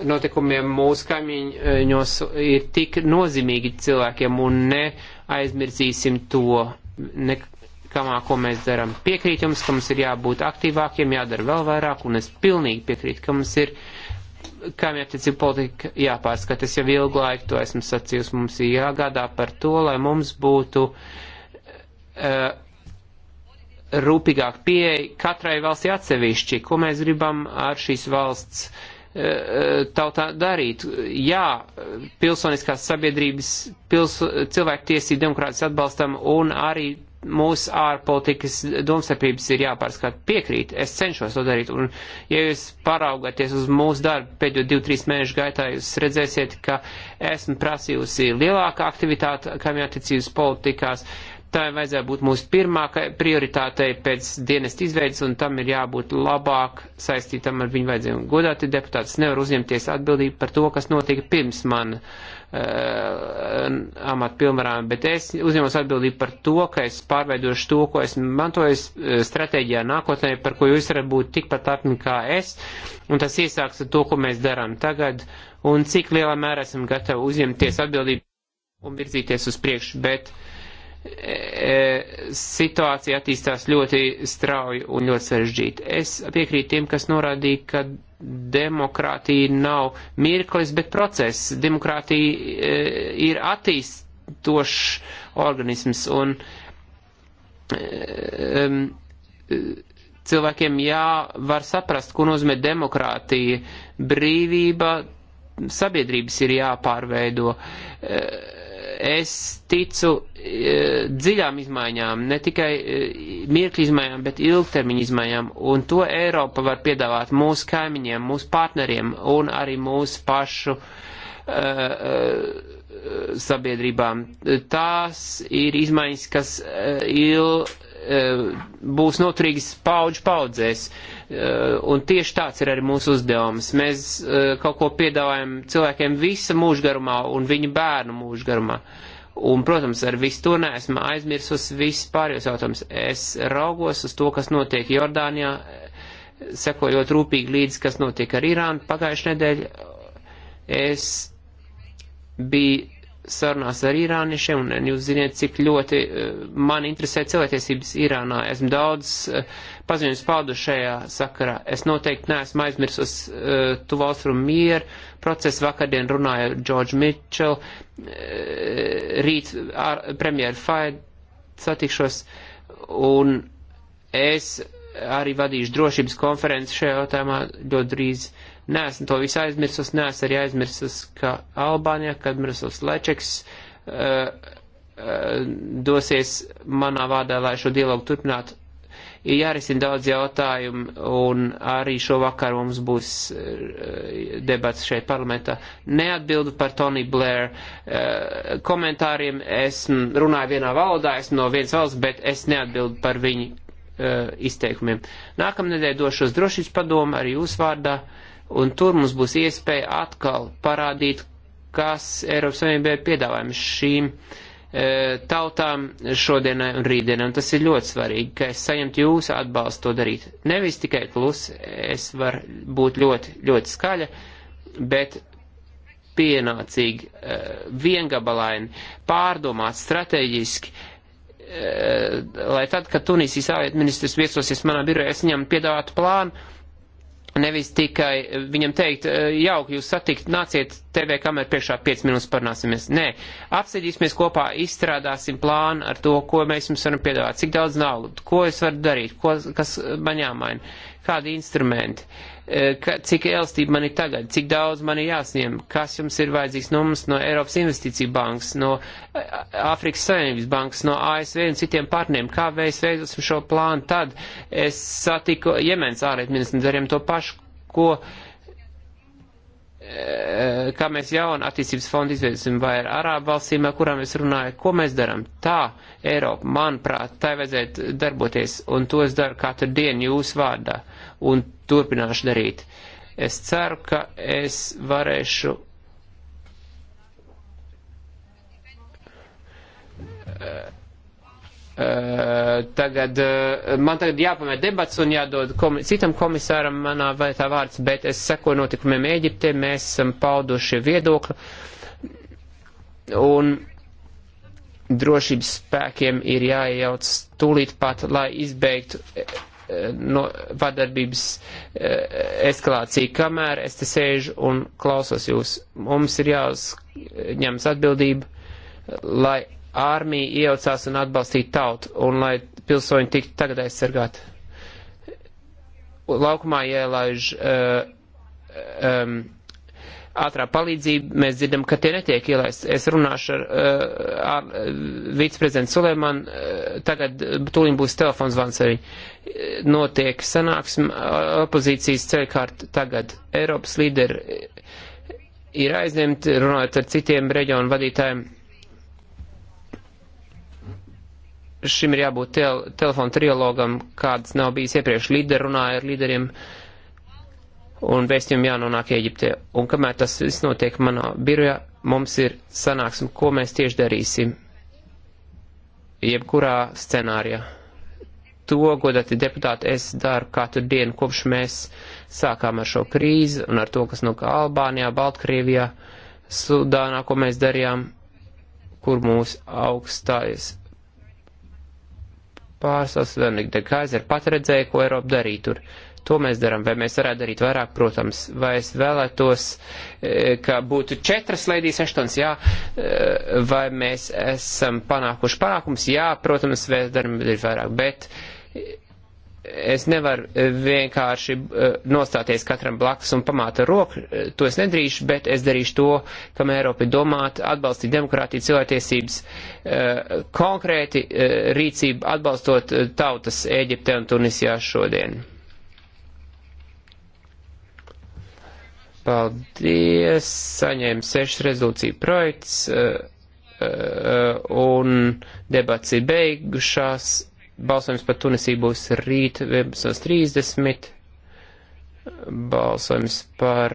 Speaker 5: notikumiem mūsu kaimiņos ir tik nozīmīgi cilvēkiem un neaizmirsīsim to nekamā, ko mēs darām. Piekrīt jums, ka mums ir jābūt aktīvākiem, jādara vēl vairāk, un es pilnīgi piekrītu, ka mums ir kaimiņattiecību politika jāpārskata. Es jau ilgu laiku to esmu sacījusi, mums ir jāgādā par to, lai mums būtu. Uh, rūpīgāk pieeja katrai valstī atsevišķi, ko mēs gribam ar šīs valsts e, e, tautā darīt. Jā, pilsoniskās sabiedrības, pilso, cilvēktiesību demokrātas atbalstam un arī mūsu ārpolitikas domstarpības ir jāpārskat. Piekrīt, es cenšos to darīt. Un, ja jūs paraugaties uz mūsu darbu pēdējo 2-3 mēnešu gaitā, jūs redzēsiet, ka esmu prasījusi lielāku aktivitāti kaimiņattiecības politikās. Uh, tā vajadzētu būt mūsu pirmā prioritātei pēc dienas izveidas, un tam ir jābūt labāk saistītam ar viņu vajadzībām. Godāti deputāts nevar uzņemties atbildību par to, kas notika pirms man uh, amata pilnvarām, bet es uzņemos atbildību par to, ka es pārveidošu to, ko esmu mantojis eh, stratēģijā nākotnē, par ko jūs varat būt tikpat apni kā es, un tas iesāks ar to, ko mēs darām tagad, un cik lielā mērā esam gatavi uzņemties atbildību un virzīties uz priekšu, bet uh, E, e, situācija attīstās ļoti strauji un ļoti sarežģīti. Es piekrītu tiem, kas norādīja, ka demokrātija nav mirklis, bet process. Demokrātija e, ir attīstošs organisms un cilvēkiem jāvar saprast, ko nozīmē demokrātija. Brīvība sabiedrības ir jāpārveido. Uh, es ticu e, dziļām izmaiņām, ne tikai e, mirkļu izmaiņām, bet ilgtermiņu izmaiņām, un to Eiropa var piedāvāt mūsu kaimiņiem, mūsu partneriem un arī mūsu pašu uh, sabiedrībām. Tās ir izmaiņas, kas il, uh, būs noturīgas paudžu paudzēs. Uh, Eh, un tieši tāds ir arī mūsu uzdevums. Mēs eh, kaut ko piedāvājam cilvēkiem visa mūžgarumā un viņu bērnu mūžgarumā. Un, protams, ar visu to neesmu aizmirsus viss pārējos jautājums. Es raugos uz to, kas notiek Jordānijā, eh, sekojot rūpīgi līdzi, kas notiek ar Irānu pagājušajā nedēļā. Es biju sarunās ar īrāniešiem, un jūs ziniet, cik ļoti eh, man interesē cilvēktiesības Irānā. Esmu daudz eh, paziņojums paudu šajā sakarā. Es noteikti neesmu aizmirsus eh, tuvu austrumu mieru procesu. Vakardien runāju ar George Mitchell, rīt ar premjeru Faidu satikšos, un es arī vadīšu drošības konferenci šajā jautājumā ļoti drīz. Neesmu to visu aizmirsus, neesmu arī aizmirsus, ka Albānijā, kad Mirsos Lečeks uh, uh, dosies manā vārdā, lai šo dialogu turpinātu, ir jārisina daudz jautājumu, un arī šovakar mums būs eh, debats šeit parlamentā. Neatbildu par Tony Blair komentāriem, es runāju vienā valodā, esmu no vienas valsts, bet es neatbildu par viņu Eh, izteikumiem. Nākamnedēļ došos drošības padomu arī jūs vārdā, un tur mums būs iespēja atkal parādīt, kas Eiropas Savienībā ir piedāvājums šīm eh, tautām šodienai un rītdienai, un tas ir ļoti svarīgi, ka es saņemtu jūsu atbalstu to darīt. Nevis tikai klus, es varu būt ļoti, ļoti skaļa, bet pienācīgi, eh, viengabalaini, pārdomāt strateģiski, uh, lai tad, kad Tunisijas ārlietu ministrs viesosies manā birojā, es viņam piedāvātu plānu, nevis tikai viņam teikt, e, jauki jūs satikt, nāciet TV kamerā priekšā 5 minūtes parunāsimies. Nē, apsēdīsimies kopā, izstrādāsim plānu ar to, ko mēs jums varam piedāvāt, cik daudz naudu, ko es varu darīt, ko, kas man jāmaina, kādi instrumenti. Uh, E, ka, cik elastība man ir tagad, cik daudz man ir jāsņem, kas jums ir vajadzīgs no mums, no Eiropas investīcija bankas, no e, Āfrikas Savienības bankas, no ASV un citiem partneriem, kā mēs veidosim šo plānu. Tad es satiku Jemens ārēt ministru dariem to pašu, ko e, kā mēs jaunu attīstības fondu izveidosim vai ar Arābu valstīm, ar kurām es runāju, ko mēs darām. Tā Eiropa, manuprāt, tā vajadzētu darboties, un to es daru katru dienu jūsu vārdā un turpināšu darīt. Es ceru, ka es varēšu eh, eh, tagad, eh, man tagad jāpamet debats un jādod komi citam komisāram manā vai tā vārds, bet es sekoju notikumiem Ēģiptē, mēs esam pauduši viedokli un drošības spēkiem ir jāiejauc tūlīt pat, lai izbeigtu Eh, no vardarbības eh, eskalāciju, kamēr es te sēžu un klausos jūs. Mums ir jāuzņemas atbildība, lai ārmija iejaucās un atbalstītu tautu un lai pilsoņi tiktu tagad aizsargāti. Laukumā ielaiž uh, eh, um, ātrā palīdzība, mēs dzirdam, ka tie netiek ielaisti. Es runāšu ar, ar, ar viceprezidentu Sulēmanu, tagad tūlīt būs telefons zvans arī. Uh, notiek sanāksme opozīcijas ceļkārt tagad. Eiropas līderi ir aizņemti, runājot ar citiem reģionu vadītājiem. Šim ir jābūt tel telefonu trialogam, kāds nav bijis iepriekš. Līderi runāja ar līderiem un vēstījumi jānonāk Eģiptē. Un kamēr tas viss notiek manā birojā, mums ir sanāksme, ko mēs tieši darīsim. Jebkurā scenārijā to, godāti deputāti, es daru katru dienu, kopš mēs sākām ar šo krīzi un ar to, kas notika nu Albānijā, Baltkrievijā, Sudānā, ko mēs darījām, kur mūs augstājas pārstāvs Venika de Kaiser pat redzēja, ko Eiropa darīja tur. To mēs darām, vai mēs varētu darīt vairāk, protams, vai es vēlētos, e, ka būtu četras leidijas eštons, jā, e, vai mēs esam panākuši panākums, jā, protams, mēs darām ir vairāk, bet uh, Es nevaru eh, vienkārši eh, nostāties katram blakus un pamāt ar roku, eh, to es nedrīkšu, bet es darīšu to, kam Eiropa ir domāta, atbalstīt demokrātiju, cilvēktiesības, konkrēti rīcību atbalstot tautas Ēģipte un Tunisijā šodien. Paldies, saņēma sešas rezolūciju projekts un debats ir beigušās. Balsojums par Tunisiju būs rīt 11.30. Eh, Balsojums
Speaker 4: par